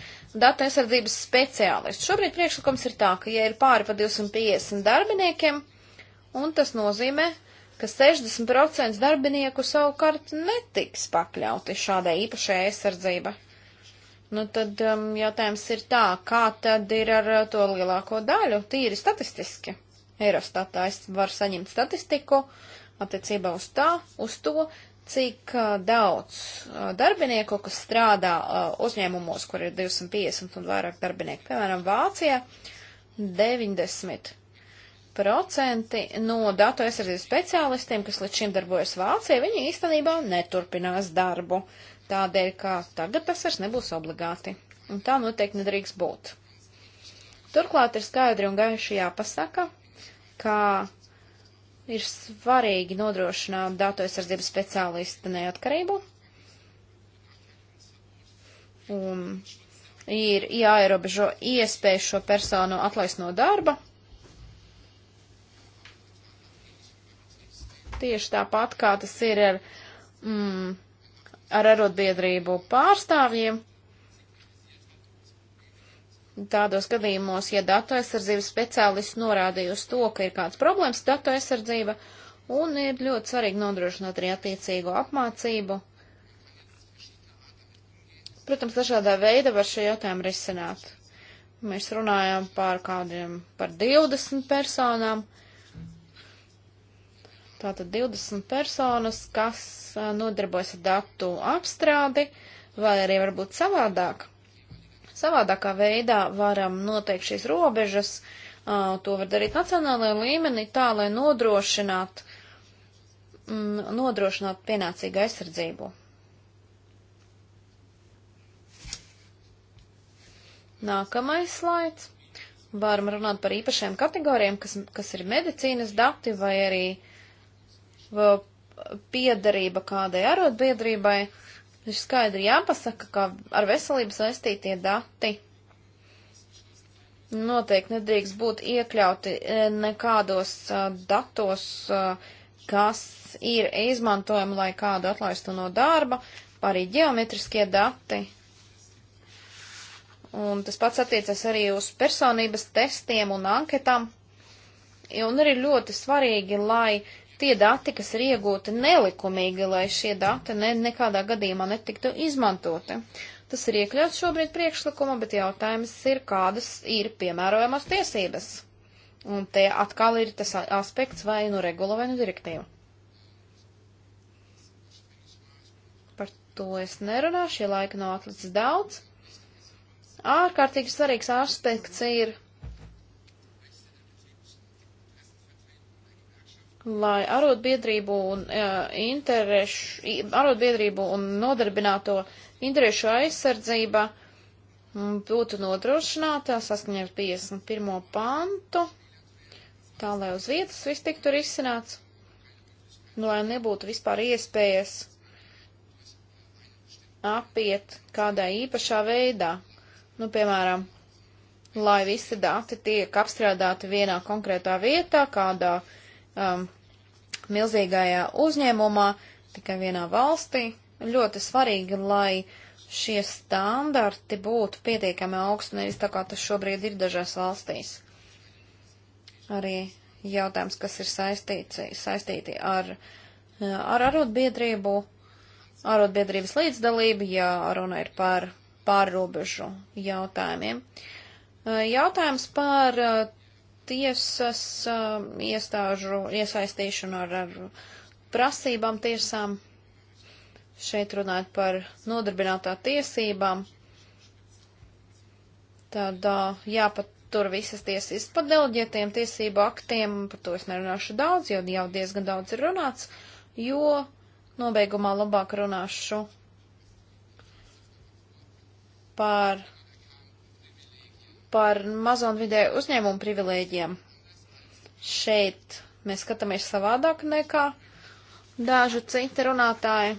datu aizsardzības speciālistu. Šobrīd priekšlikums ir tā, ka, ja ir pāri pa 250 darbiniekiem, un tas nozīmē, ka 60% darbinieku savukārt netiks pakļauti šādai īpašai aizsardzībai. Nu, tad um, jautājums ir tā, kā tad ir ar uh, to lielāko daļu, tīri statistiski? Eirostatā es varu saņemt statistiku attiecībā uz tā, uz to, cik uh, daudz uh, darbinieku, kas strādā uh, uzņēmumos, kur ir 250 un vairāk darbinieku. Piemēram, Vācijā 90% no datu aizsardzības speciālistiem, kas līdz šim darbojas Vācijā, viņi īstenībā neturpinās darbu. Tādēļ, ka tagad tas vairs nebūs obligāti. Un tā noteikti nedrīkst būt. Turklāt ir skaidri un gaiši jāpasaka, kā ir svarīgi nodrošināt datu aizsardzības speciālistu neatkarību. Un ir jāierobežo iespēju šo personu atlaist no darba. Tieši tāpat, kā tas ir ar, mm, ar arotbiedrību pārstāvjiem Tādos gadījumos, ja datu aizsardzības speciālists norādīja uz to, ka ir kāds problēmas datu aizsardzība, un ir ļoti svarīgi nodrošināt arī attiecīgo apmācību. Protams, dažādā veida var šo jautājumu risināt. Mēs runājam par kādiem, par 20 personām. Tātad 20 personas, kas eh, nodarbojas ar datu apstrādi, vai arī varbūt savādāk savādākā veidā varam noteikt šīs robežas. To var darīt nacionālajā līmenī tā, lai nodrošinātu mm, nodrošināt pienācīgu aizsardzību. Nākamais slaids. Varam runāt par īpašiem kategorijiem, kas, kas ir medicīnas dati vai arī piedarība kādai arotbiedrībai. Uh, Nu, ir skaidri jāpasaka, ka ar veselību saistītie dati noteikti nedrīkst būt iekļauti e, nekādos e, datos, e, kas ir izmantojami, lai kādu atlaistu no darba, arī ģeometriskie dati. Un tas pats attiecas arī uz personības testiem un anketām. Un arī ļoti svarīgi, lai uh, tie dati, kas ir iegūti nelikumīgi, lai šie dati ne, nekādā gadījumā netiktu izmantoti. Tas ir iekļauts šobrīd priekšlikumā, bet jautājums ir, kādas ir piemērojamās tiesības. Un te atkal ir tas aspekts vai nu regula vai nu direktīva. Par to es nerunāšu, ja laika nav atlicis daudz. Ārkārtīgi svarīgs aspekts ir lai arotbiedrību un uh, interešu, arotbiedrību un nodarbināto interešu aizsardzība mm, būtu nodrošināta saskaņā ar 51. pantu, tā lai uz vietas viss tiktu risināts, nu, lai nebūtu vispār iespējas apiet kādā īpašā veidā, nu, piemēram, lai visi dati tiek apstrādāti vienā konkrētā vietā, kādā uh, um, milzīgajā uzņēmumā, tikai vienā valstī. Ļoti svarīgi, lai šie standarti būtu pietiekami augsti, nevis tā kā tas šobrīd ir dažās valstīs. Arī jautājums, kas ir saistīts, saistīti ar, ar arotbiedrību, arotbiedrības līdzdalību, ja runa ir par pārrobežu jautājumiem. Jautājums par tiesas uh, iestāžu iesaistīšanu ar, ar prasībām tiesām. Šeit runājot par nodarbinātā tiesībām, tad uh, jāpatur visas tiesas par delģētiem tiesību aktiem, par to es nerunāšu daudz, jo jau diezgan daudz ir runāts, jo nobeigumā labāk runāšu par par mazo un vidēju uzņēmumu privilēģiem. Šeit mēs skatāmies savādāk nekā daži citi runātāji.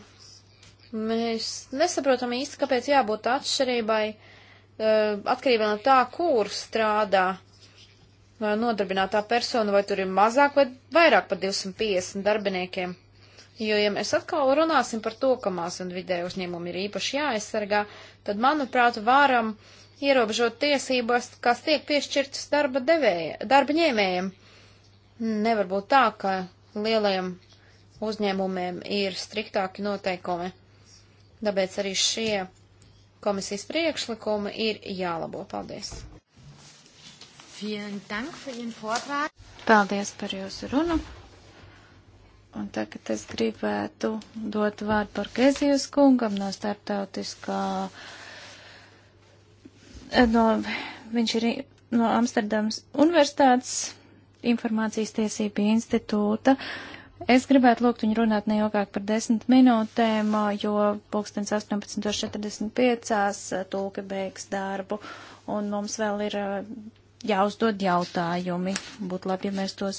Mēs nesaprotam īsti, kāpēc jābūt atšķirībai eh, atkarībā no tā, kur strādā vai nodarbinātā persona, vai tur ir mazāk vai vairāk par 250 darbiniekiem. Jo, ja mēs atkal runāsim par to, ka maz un vidēji uzņēmumi ir īpaši jāaizsargā, tad, manuprāt, varam uh, ierobežot tiesības, kas tiek piešķirtas darba, devēja, darba ņēmējiem. Nevar būt tā, ka lielajiem uzņēmumiem ir striktāki noteikumi. Tāpēc arī šie komisijas priekšlikumi ir jālabo. Paldies! Paldies par jūsu runu. Un tagad es gribētu dot vārdu par Gezijas kungam no starptautiskā uh, no, viņš ir no Amsterdams Universitātes informācijas tiesība institūta. Es gribētu lūgt viņu runāt ne ilgāk par desmit minūtēm, jo pulkstens 18.45 tulka beigs darbu, un mums vēl ir eh, jāuzdod jautājumi. Būtu labi, ja mēs tos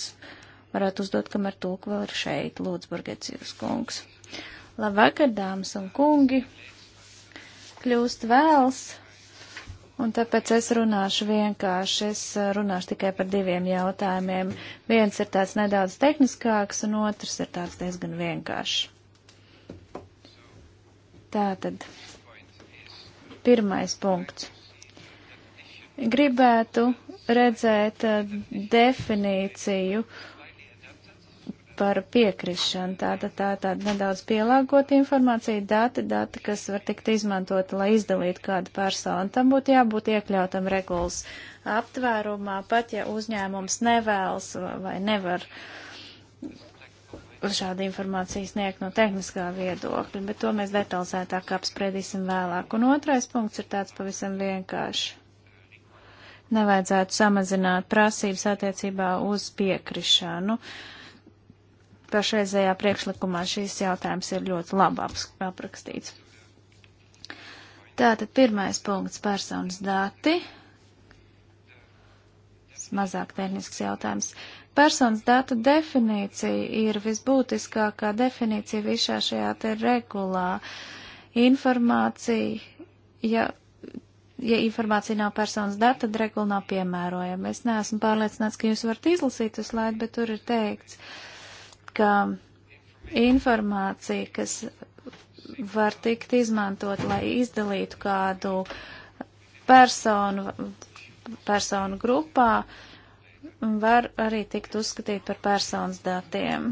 varētu uzdot, kamēr tulka vēl ir šeit. Lūdzu, Burgetsīvs kungs. Labvakar, dāmas un kungi! Kļūst vēls! Un tāpēc es runāšu vienkārši, es eh, runāšu tikai par diviem jautājumiem. Viens ir tāds nedaudz tehniskāks, un otrs ir tāds diezgan vienkāršs. Tātad, pirmais punkts. Gribētu redzēt eh, definīciju uh, par piekrišanu. Tātad tā ir tā, tāda nedaudz pielāgota informācija, dati, dati, kas var tikt izmantota, lai izdalītu kādu personu. Tam būtu jābūt iekļautam regulas aptvērumā, pat ja uzņēmums nevēlas vai nevar šādu informāciju sniegt no tehniskā viedokļa, bet to mēs detalizētāk apspriedīsim vēlāk. Un otrais punkts ir tāds pavisam vienkārši. Nevajadzētu samazināt prasības attiecībā uz piekrišanu. Uh, pašreizējā priekšlikumā šīs jautājums ir ļoti labi aprakstīts. Tātad pirmais punkts - personas dati. Mazāk tehnisks jautājums. Personas datu definīcija ir visbūtiskākā definīcija visā šajā te regulā. Informācija, ja ja informācija nav personas data, tad regula nav piemērojama. Es neesmu pārliecināts, ka jūs varat izlasīt uz slaidu, bet tur ir teikts, ka informācija, kas var tikt izmantot, lai izdalītu kādu personu, personu grupā, var arī tikt uzskatīt par personas datiem.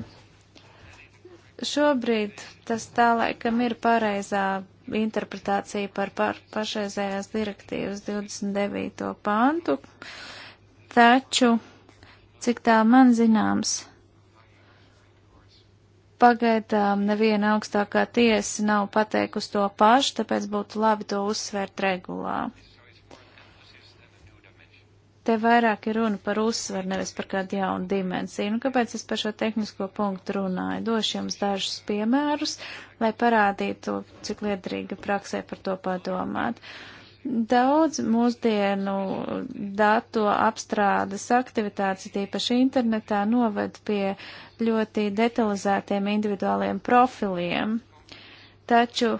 Šobrīd tas tā laikam ir pareizā interpretācija par, par pašreizējās direktīvas 29. pantu, taču, cik tā man zināms, Pagaidām neviena augstākā tiesa nav pateikusi to pašu, tāpēc būtu labi to uzsvērt regulā. Te vairāk ir runa par uzsveru, nevis par kādu jaunu dimensiju. Nu, kāpēc es par šo tehnisko punktu runāju? Došu jums dažus piemērus, lai parādītu, cik liederīga praksē par to padomāt. Uh, Daudz mūsdienu datu apstrādes aktivitātes, tīpaši internetā, noved pie ļoti detalizētiem individuāliem profiliem, taču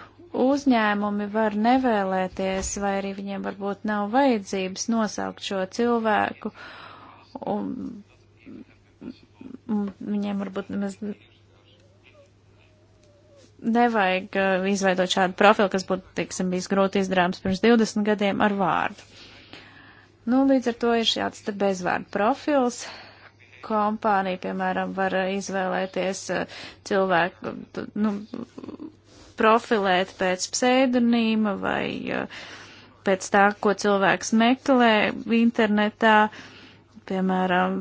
uzņēmumi var nevēlēties, vai arī viņiem varbūt nav vajadzības nosaukt šo cilvēku, un, un viņiem varbūt nemaz nevajag uh, izveidot šādu profilu, kas būtu, teiksim, bijis grūti izdarāms pirms 20 gadiem ar vārdu. Nu, līdz ar to ir šāds te bezvārdu profils. Kompānija, piemēram, var uh, izvēlēties uh, cilvēku, nu, profilēt pēc pseidonīma vai uh, pēc tā, ko cilvēks meklē internetā, piemēram,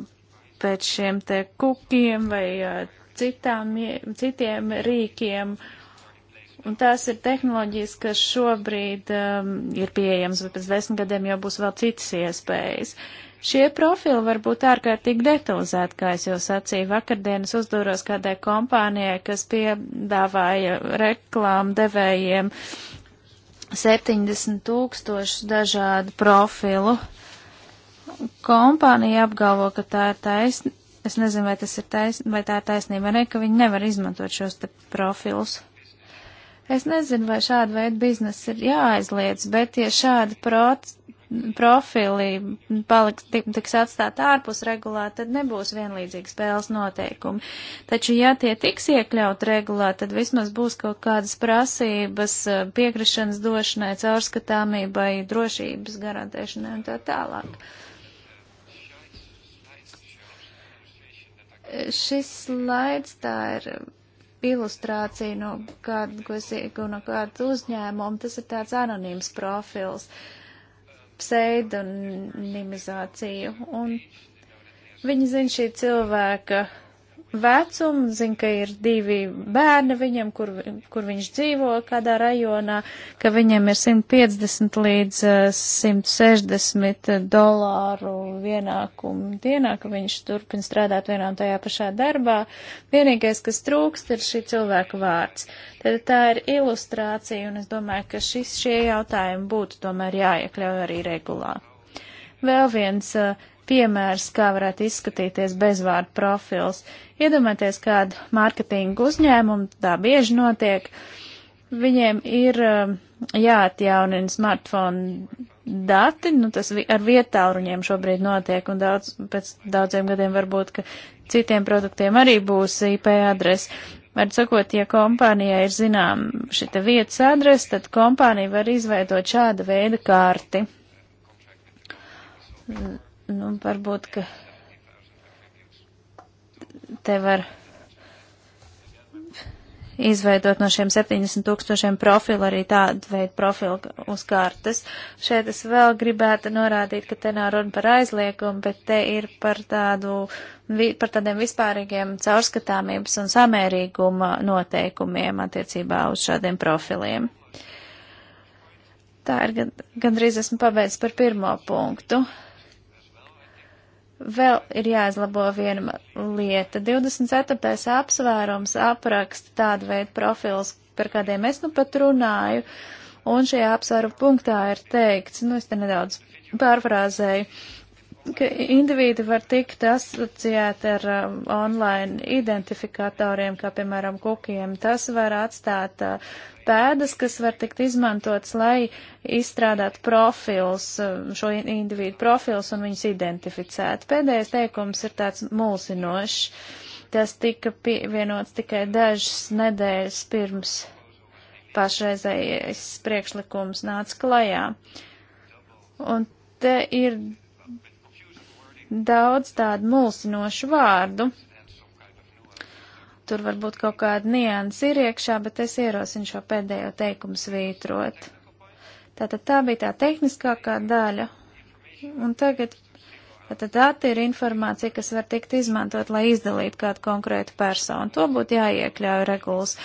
pēc šiem te kukiem vai uh, citām, citiem rīkiem. Un tās ir tehnoloģijas, kas šobrīd um, ir pieejamas, bet pēc desmit gadiem jau būs vēl citas iespējas. Šie profili var būt ārkārtīgi detalizēti, kā es jau sacīju. Vakardienas uzdūros kādai kompānijai, kas piedāvāja reklāmu devējiem 70 tūkstošu dažādu profilu. Kompānija apgalvo, ka tā ir taisnība Es nezinu, vai, tas ir tais, vai tā ir taisnība, ne, ka viņi nevar izmantot šos te profilus. Es nezinu, vai šāda veida biznesa ir jāaizliedz, bet ja šādi proc, profili paliks, tiks atstāt ārpus regulā, tad nebūs vienlīdzīgi spēles noteikumi. Taču, ja tie tiks iekļaut regulā, tad vismaz būs kaut kādas prasības eh, piekrišanas došanai, caurskatāmībai, drošības garantēšanai un tā tālāk. Šis slaids tā ir ilustrācija no kāda, ko es iegūnu no kāda uzņēmuma. Tas ir tāds anonīms profils, pseidonimizācija. Un viņi zina šī cilvēka vecumu, zina, ka ir divi bērni viņam, kur, kur viņš dzīvo, kādā rajonā, ka viņam ir 150 līdz 160 eh, dolāru ienākumu dienā, ka viņš turpin strādāt vienā un tajā pašā darbā. Vienīgais, kas trūkst, ir šī cilvēka vārds. Tad tā ir ilustrācija, un es domāju, ka šis, šie jautājumi būtu tomēr jāiekļauj arī regulā. Vēl viens uh, piemērs, kā varētu izskatīties bezvārdu profils. Iedomājieties kādu mārketingu uzņēmumu, tā bieži notiek. Viņiem ir um, jāatjaunina smartphone dati, nu tas ar vietāluņiem šobrīd notiek, un daudz, pēc daudziem gadiem varbūt, ka citiem produktiem arī būs IP adrese. Var sakot, ja kompānijai ir zinām šita vietas adrese, tad kompānija var izveidot šāda veida kārti Nu, varbūt, ka te var izveidot no šiem 70 tūkstošiem profilu arī tādu veidu profilu uz kartes. Šeit es vēl gribētu norādīt, ka te nav runa par aizliegumu, bet te ir par tādu, par tādiem vispārīgiem caurskatāmības un samērīguma noteikumiem attiecībā uz šādiem profiliem. Tā ir gandrīz esmu pabeidz par pirmo punktu. Vēl ir jāizlabo viena lieta. 24. apsvērums apraksta tādu veidu profils, par kādiem es nu pat runāju, un šajā apsvēru punktā ir teikts, nu es te nedaudz pārfrāzēju, ka indivīdi var tikt asociēti ar um, online identifikatoriem, kā piemēram kukiem. Tas var atstāt uh, pēdas, kas var tikt izmantots, lai izstrādāt profils, um, šo individu profils un viņus identificēt. Pēdējais teikums ir tāds mulsinošs. Tas tika pievienots tikai dažas nedēļas pirms pašreizējais priekšlikums nāca klajā. Un te ir daudz tādu mulsinošu vārdu. Tur varbūt kaut kāda nianses ir iekšā, bet es ierosinu šo pēdējo teikumu svītrot. Tātad tā bija tā tehniskākā daļa. Un tagad tātad tā ir informācija, kas var tikt izmantot, lai izdalītu kādu konkrētu personu. To būtu jāiekļauj regulas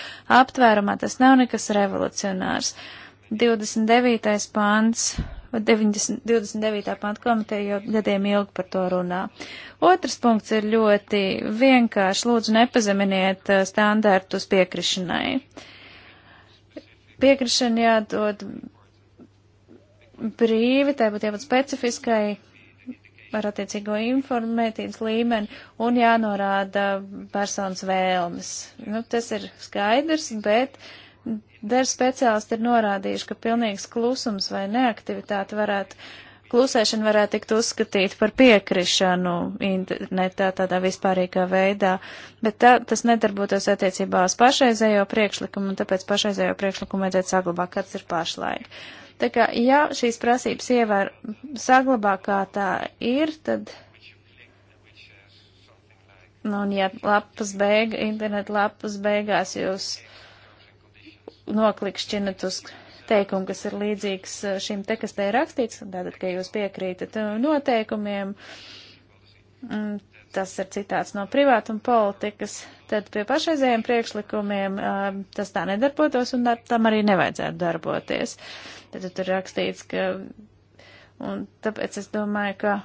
aptvērumā, tas nav nekas revolucionārs. 29. pāns 90, 29. pānta komiteja jau gadiem ilgi par to runā. Otrs punkts ir ļoti vienkārši. Lūdzu, nepazeminiet eh, standārtus piekrišanai. Piekrišana jādod brīvi, tāpat jābūt specifiskai ar attiecīgo informētības līmeni un jānorāda personas vēlmes. Nu, tas ir skaidrs, bet. Uh, Daži speciālisti ir norādījuši, ka pilnīgs klusums vai neaktivitāte varētu, klusēšana varētu tikt uzskatīt par piekrišanu internetā tādā vispārīgā veidā, bet tā, tas nedarbotos attiecībā uz pašreizējo priekšlikumu, un tāpēc pašreizējo priekšlikumu vajadzētu saglabāt, kāds ir pašlaik. Tā kā, ja šīs prasības ievēr saglabā, kā tā ir, tad. Nu, un ja lapas beiga, internet lapas beigās jūs. Uh, noklikšķinat uz teikumu, kas ir līdzīgs uh, šim te, kas te ir rakstīts, tātad, ka jūs piekrītat uh, noteikumiem, mm, tas ir citāts no privātuma politikas, tad pie pašreizējiem priekšlikumiem uh, tas tā nedarbotos un tam arī nevajadzētu darboties. Tad tur ir rakstīts, ka, un tāpēc es domāju, ka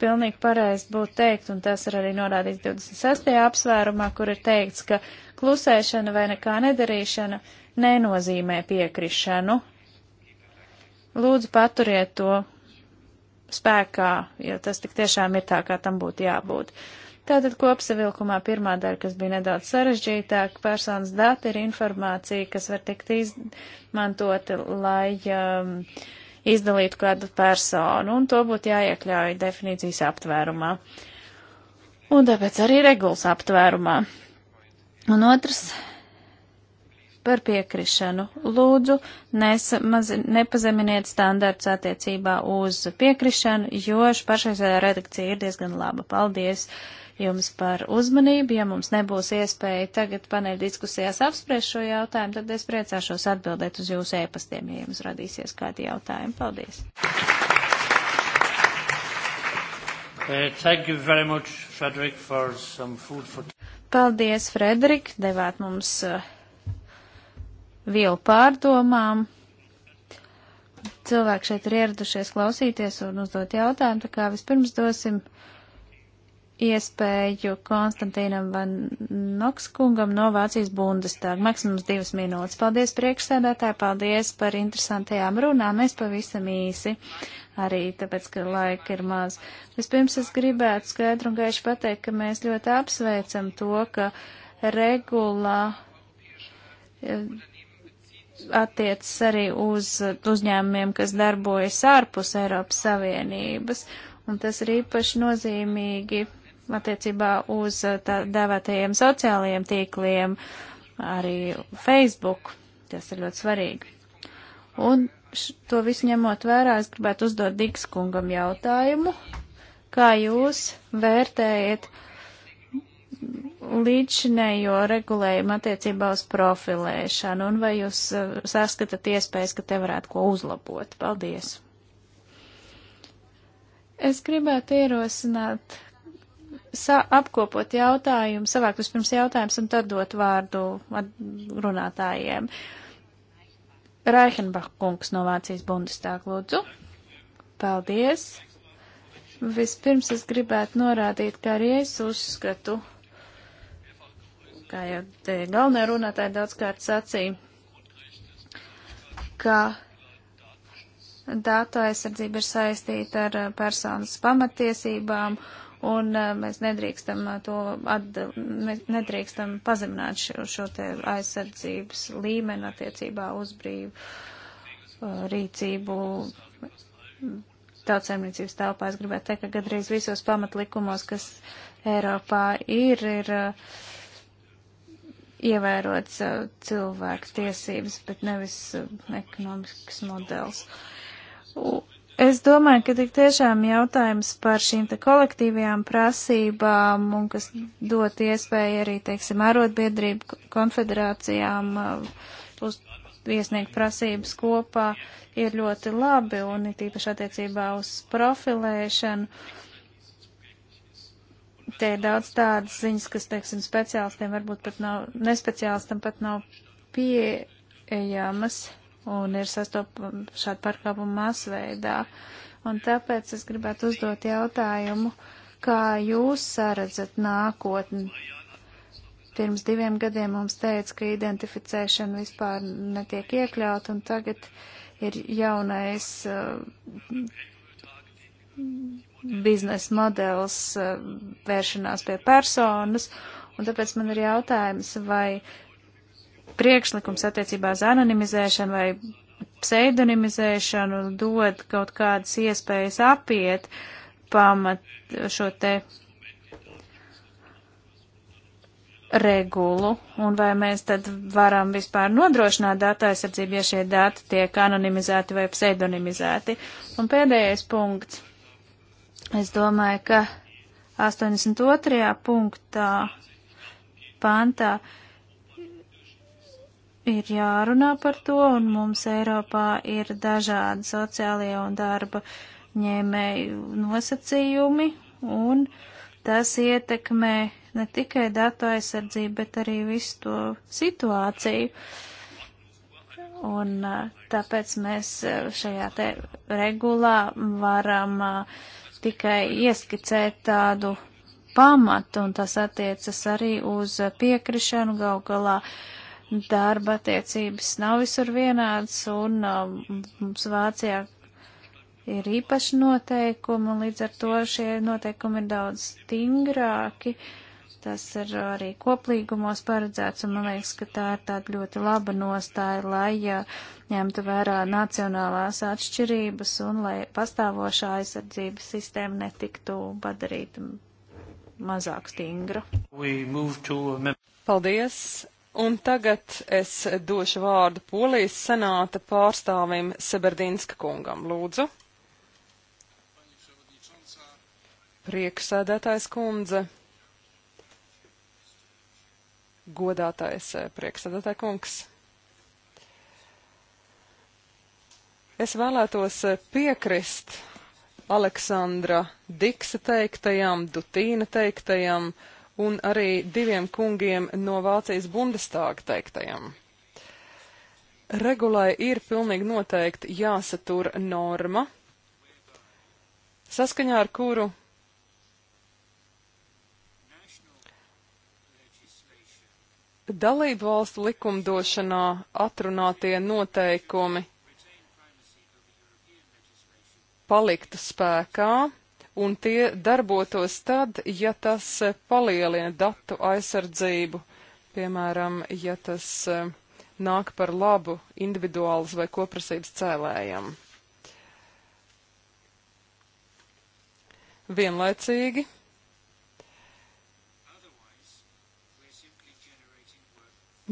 pilnīgi pareizi būtu teikt, un tas ir arī norādīts 26. apsvērumā, kur ir teikts, ka Klusēšana vai nekā nedarīšana nenozīmē piekrišanu. Lūdzu, paturiet to spēkā, jo tas tik tiešām ir tā, kā tam būtu jābūt. Tātad kopsavilkumā pirmā daļa, kas bija nedaudz sarežģītāka, personas dati ir informācija, kas var tikt izmantota, lai um, izdalītu kādu personu, un to būtu jāiekļauj definīcijas aptvērumā. Un tāpēc arī regulas aptvērumā. Un otrs par piekrišanu. Lūdzu, nesmaz, nepazeminiet standarts attiecībā uz piekrišanu, jo pašreizējā redakcija ir diezgan laba. Paldies jums par uzmanību. Ja mums nebūs iespēja tagad paneļa diskusijās apspriest šo jautājumu, tad es priecāšos atbildēt uz jūsu ēpastiem, ja jums radīsies kādi jautājumi. Paldies! Uh, thank you very much, Frederick, for some food for Paldies, Frederik, devāt mums eh, vielu pārdomām. Cilvēki šeit ir ieradušies klausīties un uzdot jautājumu, tā kā vispirms dosim iespēju Konstantīnam Van Nokskungam no Vācijas Bundestāga. Maksimums divas minūtes. Paldies priekšsēdētāji, paldies par interesantajām runām. Es pavisam īsi arī tāpēc, ka laika ir maz. Vispirms es gribētu skaidru un gaišu pateikt, ka mēs ļoti apsveicam to, ka regula e, attiecas arī uz uzņēmumiem, kas darbojas ārpus Eiropas Savienības, un tas ir īpaši nozīmīgi attiecībā uz e, tā dēvētajiem sociālajiem tīkliem, arī Facebook. Tas ir ļoti svarīgi. Un to visu ņemot vērā, es gribētu uzdot Digskungam jautājumu. Kā jūs vērtējat līdzinējo regulējumu attiecībā uz profilēšanu, un vai jūs eh, saskatāt iespējas, ka te varētu ko uzlabot? Paldies! Es gribētu ierosināt sa apkopot jautājumu, savākt vispirms jautājumus un tad dot vārdu runātājiem. Uh, Raihenbach kungs no Vācijas Bundestāga lūdzu. Paldies! Vispirms es gribētu norādīt, ka arī es uzskatu, kā jau te galvenā runātāja daudzkārt sacīja, ka datu aizsardzība ir saistīta ar personas pamatiesībām un eh, mēs nedrīkstam eh, to atda, mēs nedrīkstam pazemināt šo, šo te aizsardzības līmeni attiecībā uz brīvu eh, rīcību tautsēmniecības telpā. Es gribētu teikt, ka gadrīz visos pamatlikumos, kas Eiropā ir, ir ievērots cilvēku tiesības, bet nevis ekonomikas modelis. Es domāju, ka tik tiešām jautājums par šīm te kolektīvajām prasībām un kas dot iespēju arī, teiksim, arotbiedrību konfederācijām uh, uz iesniegt prasības kopā ir ļoti labi un ir tīpaši attiecībā uz profilēšanu. Te ir daudz tādas ziņas, kas, teiksim, speciālistiem varbūt pat nav, nespeciālistam pat nav pieejamas un ir sastopama šāda pārkāpuma masveidā. Un tāpēc es gribētu uzdot jautājumu, kā jūs saredzat nākotni? Pirms diviem gadiem mums teica, ka identificēšana vispār netiek iekļaut, un tagad ir jaunais uh, biznesa modelis uh, vēršanās pie personas, un tāpēc man ir jautājums, vai priekšlikums attiecībā uz anonimizēšanu vai pseidonimizēšanu dod kaut kādas iespējas apiet pamat šo te regulu, un vai mēs tad varam vispār nodrošināt datu aizsardzību, ja šie dati tiek anonimizēti vai pseidonimizēti. Un pēdējais punkts. Es domāju, ka 82. punktā pantā ir jārunā par to, un mums Eiropā ir dažādi sociālie un darba ņēmēju nosacījumi, un tas ietekmē ne tikai datu aizsardzību, bet arī visu to situāciju. Un tāpēc mēs šajā te regulā varam tikai ieskicēt tādu pamatu, un tas attiecas arī uz piekrišanu gal galā. Uh, darba attiecības nav visur vienādas, un um, mums Vācijā ir īpaši noteikumi, un līdz ar to šie noteikumi ir daudz stingrāki. Tas ir arī koplīgumos paredzēts, un man liekas, ka tā ir tāda ļoti laba nostāja, lai ja ņemtu vērā nacionālās atšķirības un lai pastāvošā aizsardzības sistēma netiktu padarīta mazāk stingra. Paldies! Un tagad es došu vārdu Polijas senāta pārstāvim Seberdīnska kungam. Lūdzu. Prieksēdētājs kundze. Godātais eh, prieksēdētāj kungs. Es vēlētos eh, piekrist Aleksandra Diksa teiktajam, Dutīna teiktajam un arī diviem kungiem no Vācijas Bundestāga teiktajam. Regulai ir pilnīgi noteikti jāsatur norma, saskaņā ar kuru dalību valstu likumdošanā atrunātie noteikumi paliktu spēkā, un tie darbotos tad, ja tas palielina datu aizsardzību, piemēram, ja tas e, nāk par labu individuāls vai koprasības cēlējam. Vienlaicīgi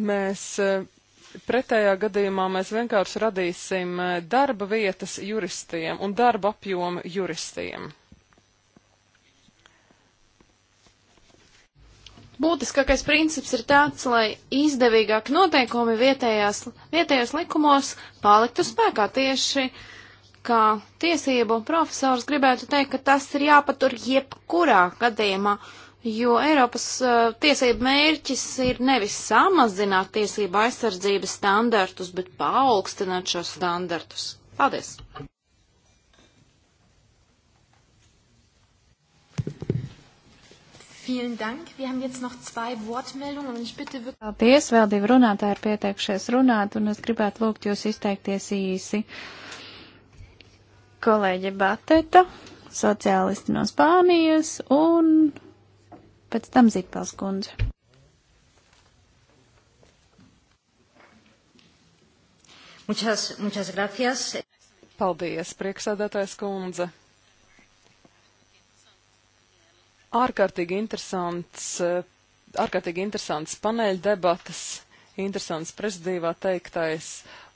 mēs e, pretējā gadījumā mēs vienkārši radīsim e, darba vietas juristiem un darba apjomu juristiem. Būtiskākais princips ir tāds, lai izdevīgāki noteikumi vietējās, vietējos likumos paliktu spēkā tieši, kā tiesību profesors gribētu teikt, ka tas ir jāpatur jebkurā gadījumā, jo Eiropas uh, tiesību mērķis ir nevis samazināt tiesību aizsardzības standartus, bet paaugstināt šos standartus. Paldies! Paldies, vēl divi runātāji ir pieteikšies runāt, un es gribētu lūgt jūs izteikties īsi. Kolēģe Bateta, sociālisti no Spānijas, un pēc tam Zipels kundze. Muchas, muchas gracias. Paldies, prieksēdētājs kundze. Ārkārtīgi interesants, eh, ārkārtīgi interesants paneļdebatas, interesants prezidīvā teiktais,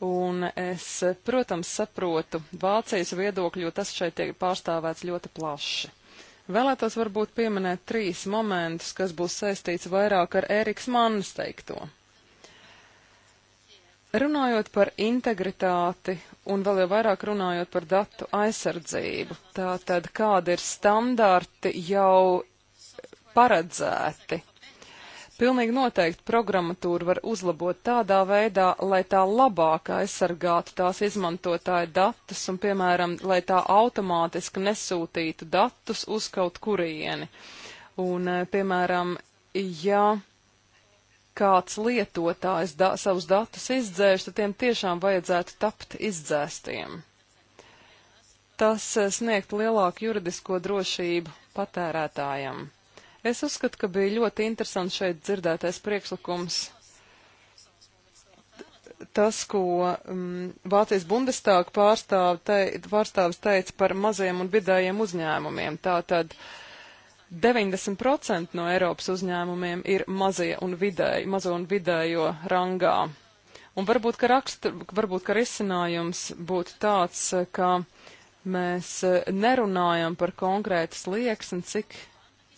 un es, eh, protams, saprotu Vācijas viedokļu, jo tas šeit tiek pārstāvēts ļoti plaši. Vēlētos varbūt pieminēt trīs momentus, kas būs saistīts vairāk ar Eriks Mannas teikto. Runājot par integritāti un vēl jau vairāk runājot par datu aizsardzību, tātad kādi ir standarti jau paredzēti? Pilnīgi noteikti programmatūru var uzlabot tādā veidā, lai tā labāk aizsargātu tās izmantotāja datus un, piemēram, lai tā automātiski nesūtītu datus uz kaut kurieni. Un, eh, piemēram, ja kāds lietotājs da savus datus izdzēš, tad tiem tiešām vajadzētu tapt izdzēstiem. Tas eh, sniegt lielāku juridisko drošību patērētājam. Es uzskatu, ka bija ļoti interesanti šeit dzirdētais priekšlikums. Tas, ko um, Vācijas Bundestāga pārstāv te, pārstāvis teica par maziem un vidējiem uzņēmumiem. Tātad uh, 90% no Eiropas uzņēmumiem ir mazie un vidēji, mazo un vidējo rangā. Un varbūt, ka, raksta, varbūt, ka risinājums būtu tāds, ka mēs nerunājam par konkrētas liekas un cik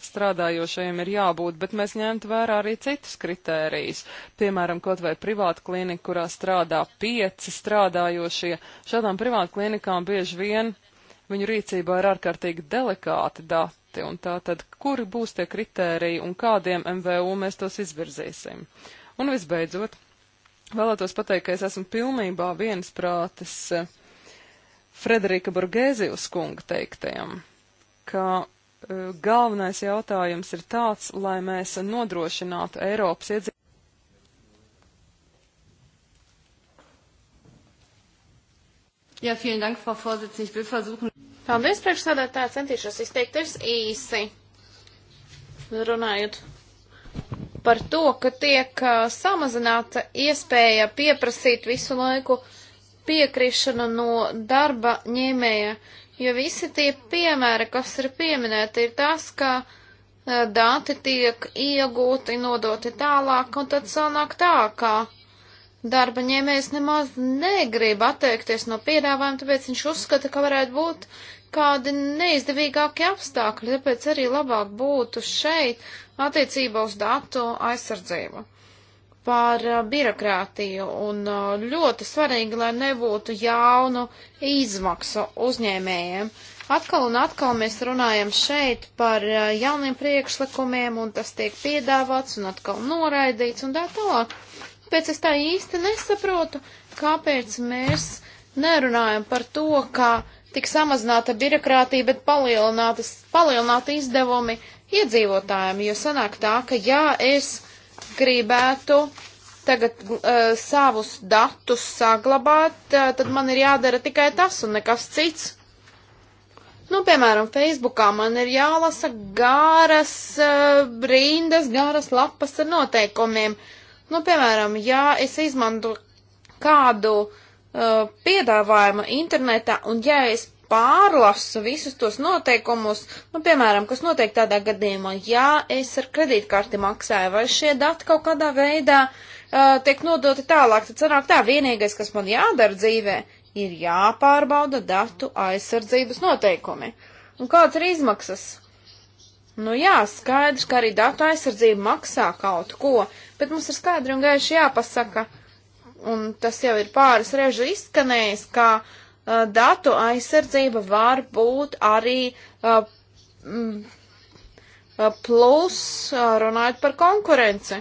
strādājošajiem ir jābūt, bet mēs ņemtu vērā arī citus kritērijus. Piemēram, kaut vai privāta klinika, kurā strādā pieci strādājošie. Šādām privāta klinikām bieži vien viņu rīcībā ir ārkārtīgi delikāti dati, un tā tad, kuri būs tie kritēriji un kādiem MVU mēs tos izvirzīsim. Un visbeidzot, vēlētos pateikt, ka es esmu pilnībā viensprātis eh, Frederika Borgēzijas kunga teiktajam, ka eh, galvenais jautājums ir tāds, lai mēs nodrošinātu Eiropas iedzīvotājiem. Jā, ja, vielen dank, Frau Vorsitzende. Ich will versuchen. Paldies, priekšsādātā, centīšos izteikties īsi. Runājot par to, ka tiek uh, samazināta iespēja pieprasīt visu laiku piekrišanu no darba ņēmēja, jo visi tie piemēri, kas ir pieminēti, ir tas, ka uh, dati tiek iegūti, nodoti tālāk, un tad sanāk tā, ka darba ņēmējs nemaz negrib atteikties no piedāvājuma, tāpēc viņš uzskata, ka varētu būt kādi neizdevīgākie apstākļi, tāpēc arī labāk būtu šeit attiecībā uz datu aizsardzību par uh, birokrātiju un uh, ļoti svarīgi, lai nebūtu jaunu izmaksu uzņēmējiem. Atkal un atkal mēs runājam šeit par uh, jauniem priekšlikumiem un tas tiek piedāvāts un atkal noraidīts un tā tālāk. Tāpēc es tā īsti nesaprotu, kāpēc mēs nerunājam par to, kā tik samazināta birokrātija, bet palielināta izdevumi iedzīvotājiem, jo sanāk tā, ka jā, es gribētu tagad uh, savus datus saglabāt, uh, tad man ir jādara tikai tas un nekas cits. Nu, piemēram, Facebookā man ir jālasa garas uh, rindas, garas lapas ar noteikumiem. Uh, Nu, piemēram, ja es izmantu kādu uh, piedāvājumu internetā un ja es pārlasu visus tos noteikumus, nu, piemēram, kas notiek tādā gadījumā, ja es ar kredītkarti maksāju, vai šie dati kaut kādā veidā uh, tiek nodoti tālāk, tad sanāk tā, vienīgais, kas man jādara dzīvē, ir jāpārbauda datu aizsardzības noteikumi. Un kāds ir izmaksas? Nu jā, skaidrs, ka arī datu aizsardzība maksā kaut ko, bet mums ir skaidri un gaiši jāpasaka, un tas jau ir pāris režu izskanējis, ka uh, datu aizsardzība var būt arī uh, m, uh, plus, uh, runājot par konkurenci.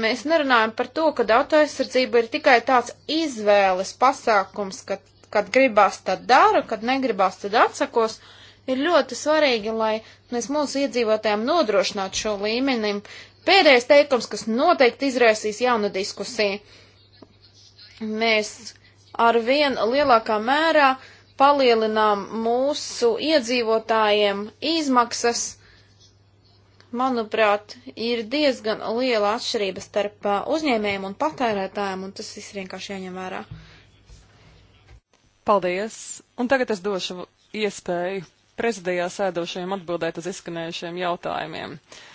Mēs nerunājam par to, ka datu aizsardzība ir tikai tāds izvēles pasākums, kad, kad gribās, tad daru, kad negribās, tad atsakos. Ir ļoti svarīgi, lai mēs mūsu iedzīvotājiem nodrošinātu šo līmenim, uh, Pēdējais teikums, kas noteikti izraisīs jaunu diskusiju. Mēs ar vien lielākā mērā palielinām mūsu iedzīvotājiem izmaksas. Manuprāt, ir diezgan liela atšķirība starp uh, uzņēmējiem un patērētājiem, un tas viss vienkārši jāņem vērā. Paldies! Un tagad es došu iespēju prezidijā sēdošajiem atbildēt uz izskanējušiem jautājumiem. Uh,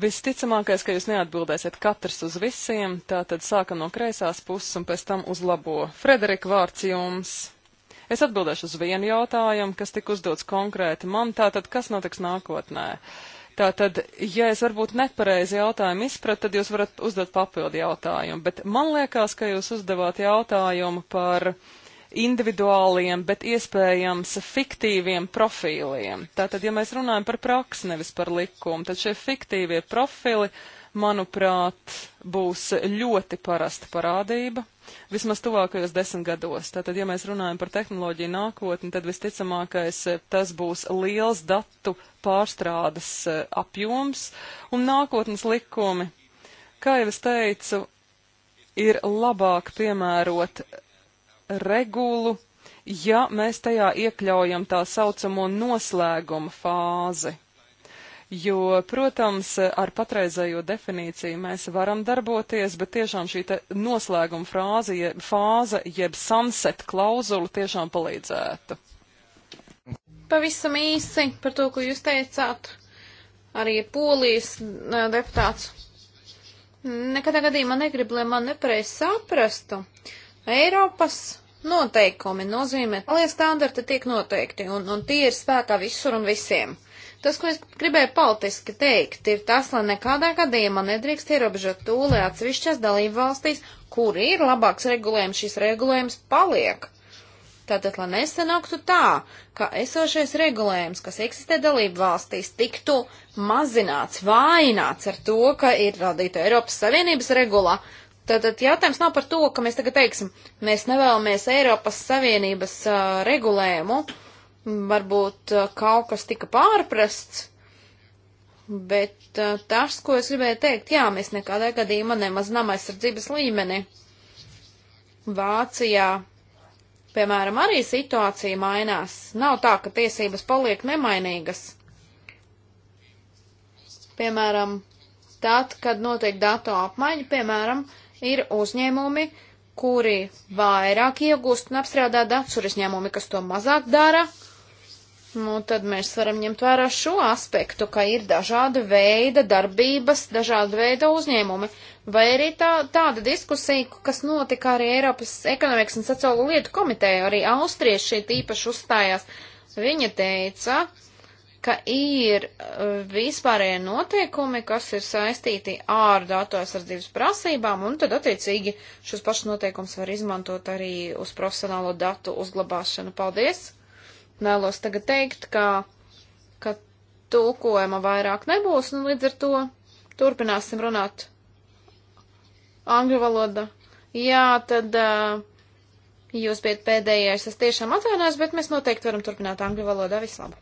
Visticamākais, ka jūs neatbildēsiet katrs uz visiem, tātad sākam no kreisās puses un pēc tam uz labo. Frederika, vārds jums. Es atbildēšu uz vienu jautājumu, kas tika uzdots konkrēti man, tātad kas notiks nākotnē. Tātad, ja es varbūt nepareizi jautājumu izpratu, tad jūs varat uzdot papildu jautājumu, bet man liekas, ka jūs uzdevāt jautājumu par uh, individuāliem, bet iespējams fiktīviem profīliem. Tātad, ja mēs runājam par praksi, nevis par likumu, tad šie fiktīvie profili, manuprāt, būs ļoti parasta parādība, vismaz tuvākajos desmit gados. Tātad, ja mēs runājam par tehnoloģiju nākotni, tad visticamākais eh, tas būs liels datu pārstrādes eh, apjoms un nākotnes likumi. Kā jau es teicu, ir labāk piemērot regulu, ja mēs tajā iekļaujam tā saucamo noslēguma fāzi. Jo, protams, ar patreizējo definīciju mēs varam darboties, bet tiešām šī noslēguma frāze, jeb, fāze, jeb sunset klauzula tiešām palīdzētu. Pavisam īsi par to, ko jūs teicāt, arī polijas deputāts. Nekadā gadījumā negribu, lai man nepareiz saprastu. Eiropas noteikumi nozīmē, lai standarti tiek noteikti, un, un tie ir spēkā visur un visiem. Tas, ko es gribēju politiski teikt, ir tas, lai nekādā gadījumā nedrīkst ierobežot to, lai atsevišķās dalību valstīs, kur ir labāks regulējums, šis regulējums paliek. Tātad, lai nesanāktu tā, ka esošais regulējums, kas eksistē dalību valstīs, tiktu mazināts, vājināts ar to, ka ir radīta Eiropas Savienības regulā, uh, Tātad jautājums nav par to, ka mēs tagad teiksim, mēs nevēlamies Eiropas Savienības uh, regulējumu, varbūt uh, kaut kas tika pārprasts, bet uh, tas, ko es gribēju teikt, jā, mēs nekādā gadījumā nemazinām aizsardzības līmeni. Vācijā, piemēram, arī situācija mainās. Nav tā, ka tiesības paliek nemainīgas. Piemēram, tad, kad notiek datu apmaiņa, piemēram, uh, ir uzņēmumi, kuri vairāk iegūst un apstrādā datus, ir uzņēmumi, kas to mazāk dara. Nu, tad mēs varam ņemt vērā šo aspektu, ka ir dažāda veida darbības, dažāda veida uzņēmumi. Vai arī tā, tāda diskusija, kas notika arī Eiropas ekonomikas un sociālo lietu komiteja, arī austrieši šeit īpaši uzstājās. Viņa teica, ka ir e, vispārējie noteikumi, kas ir saistīti ar datu aizsardzības prasībām, un tad attiecīgi šos pašus noteikumus var izmantot arī uz profesionālo datu uzglabāšanu. Paldies! Vēlos tagad teikt, ka, ka tulkojuma vairāk nebūs, un līdz ar to turpināsim runāt angļu valoda. Jā, tad. Uh, Jūs bijat pēdējais, es tiešām atvainojos, bet mēs noteikti varam turpināt angļu valodā vislabāk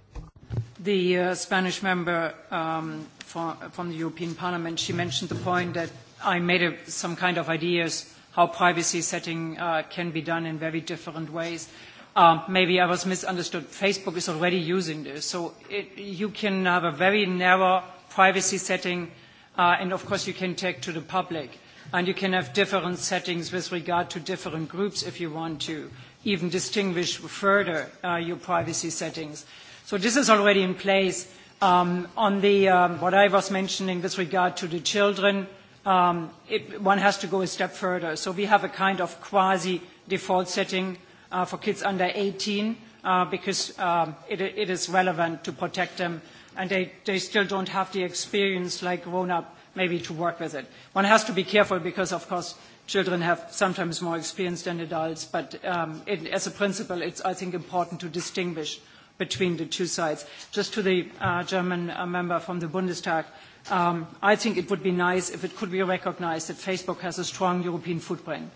the uh, Spanish member um, from, from the European Parliament, she mentioned the point that I made a, some kind of ideas how privacy setting uh, can be done in very different ways. Um, maybe I was misunderstood. Facebook is already using this. So it, you can have a very narrow privacy setting, uh, and of course you can take to the public. And you can have different settings with regard to different groups if you want to, even distinguish further uh, your privacy settings. So this is already in place. Um, on the, um, what I was mentioning with regard to the children, um, it, one has to go a step further. So we have a kind of quasi-default setting uh, for kids under 18 uh, because um, it, it is relevant to protect them and they, they still don't have the experience like grown-up maybe to work with it. One has to be careful because, of course, children have sometimes more experience than adults, but um, it, as a principle, it's, I think, important to distinguish between the two sides. Just to the uh, German uh, member from the Bundestag, um, I think it would be nice if it could be recognized that Facebook has a strong European footprint.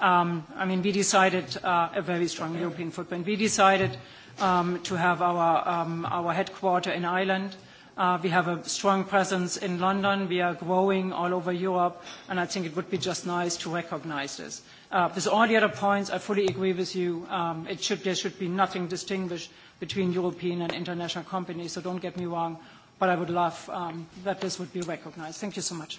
Um, I mean, we decided uh, a very strong European footprint. We decided um, to have our, um, our headquarter in Ireland. Uh, we have a strong presence in London. We are growing all over Europe, and I think it would be just nice to recognize this. Uh, with all the other points, I fully agree with you. Um, it should, there should be nothing distinguished between European and international companies, so don't get me wrong, but I would love um, that this would be recognized. Thank you so much.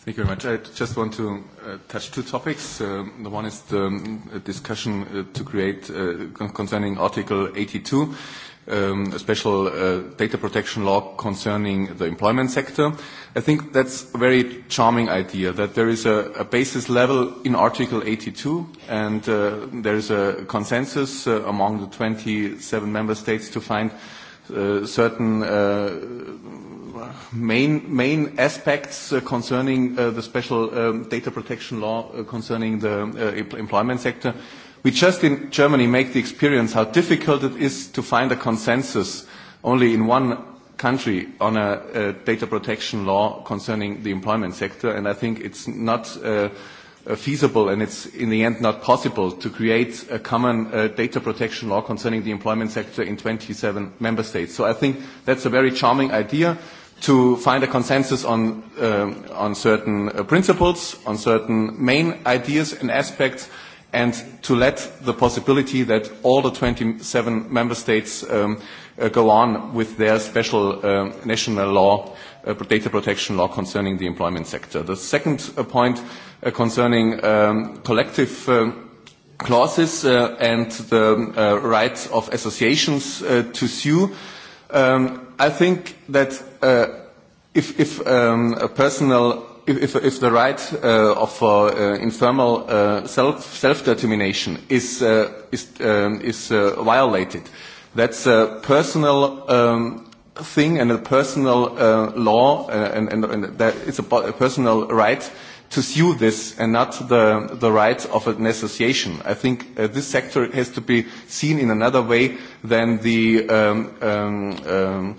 Thank you very much. I just want to uh, touch two topics. Um, the one is the um, discussion uh, to create uh, concerning Article 82 um, a special uh, data protection law concerning the employment sector. I think that's a very charming idea that there is a, a basis level in Article 82 and uh, there is a consensus uh, among the 27 member states to find uh, certain uh, main, main aspects uh, concerning uh, the special um, data protection law uh, concerning the uh, employment sector We just in Germany make the experience how difficult it is to find a consensus only in one country on a, a data protection law concerning the employment sector, and I think it's not uh, feasible and it's in the end not possible to create a common uh, data protection law concerning the employment sector in 27 member states. So I think that's a very charming idea to find a consensus on, um, on certain uh, principles, on certain main ideas and aspects, and to let the possibility that all the 27 member states um, uh, go on with their special um, national law, uh, data protection law concerning the employment sector. The second uh, point uh, concerning um, collective um, clauses uh, and the uh, rights of associations uh, to sue. Um, I think that uh, if, if um, a personal if, if the right uh, of uh, uh informal uh, self self determination is uh, is um, is uh, violated, that's a personal um, thing and a personal uh, law, uh, and, and, and that it's a personal right to sue this and not the the right of an association. I think uh, this sector has to be seen in another way than the. Um, um, um,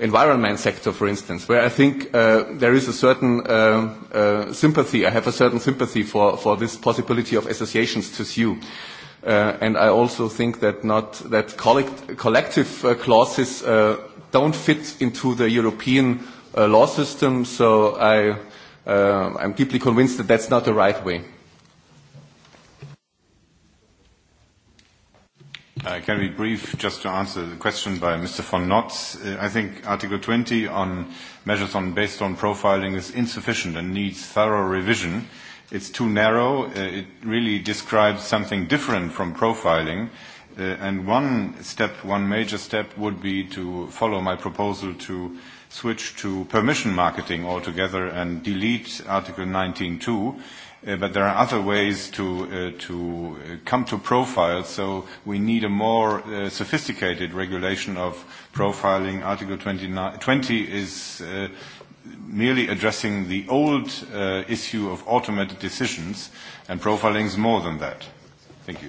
environment sector, for instance, where I think uh, there is a certain uh, uh, sympathy, I have a certain sympathy for, for this possibility of associations to sue. Uh, and I also think that not that collect, collective uh, clauses uh, don't fit into the European uh, law system. So I, uh, I'm deeply convinced that that's not the right way. I uh, can be brief just to answer the question by Mr. von Notz. Uh, I think Article 20 on measures on based on profiling is insufficient and needs thorough revision. It's too narrow. Uh, it really describes something different from profiling. Uh, and one step, one major step would be to follow my proposal to switch to permission marketing altogether and delete Article 19.2 Uh, but there are other ways to, uh, to uh, come to profiles, so we need a more uh, sophisticated regulation of profiling. Article 29, 20 is uh, merely addressing the old uh, issue of automated decisions, and profiling is more than that. Thank you.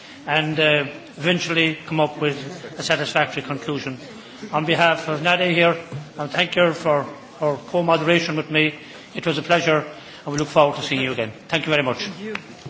and uh, eventually come up with a satisfactory conclusion. On behalf of Nadia here, and thank you for her co-moderation with me. It was a pleasure, and we look forward to seeing you again. Thank you very much. Thank you.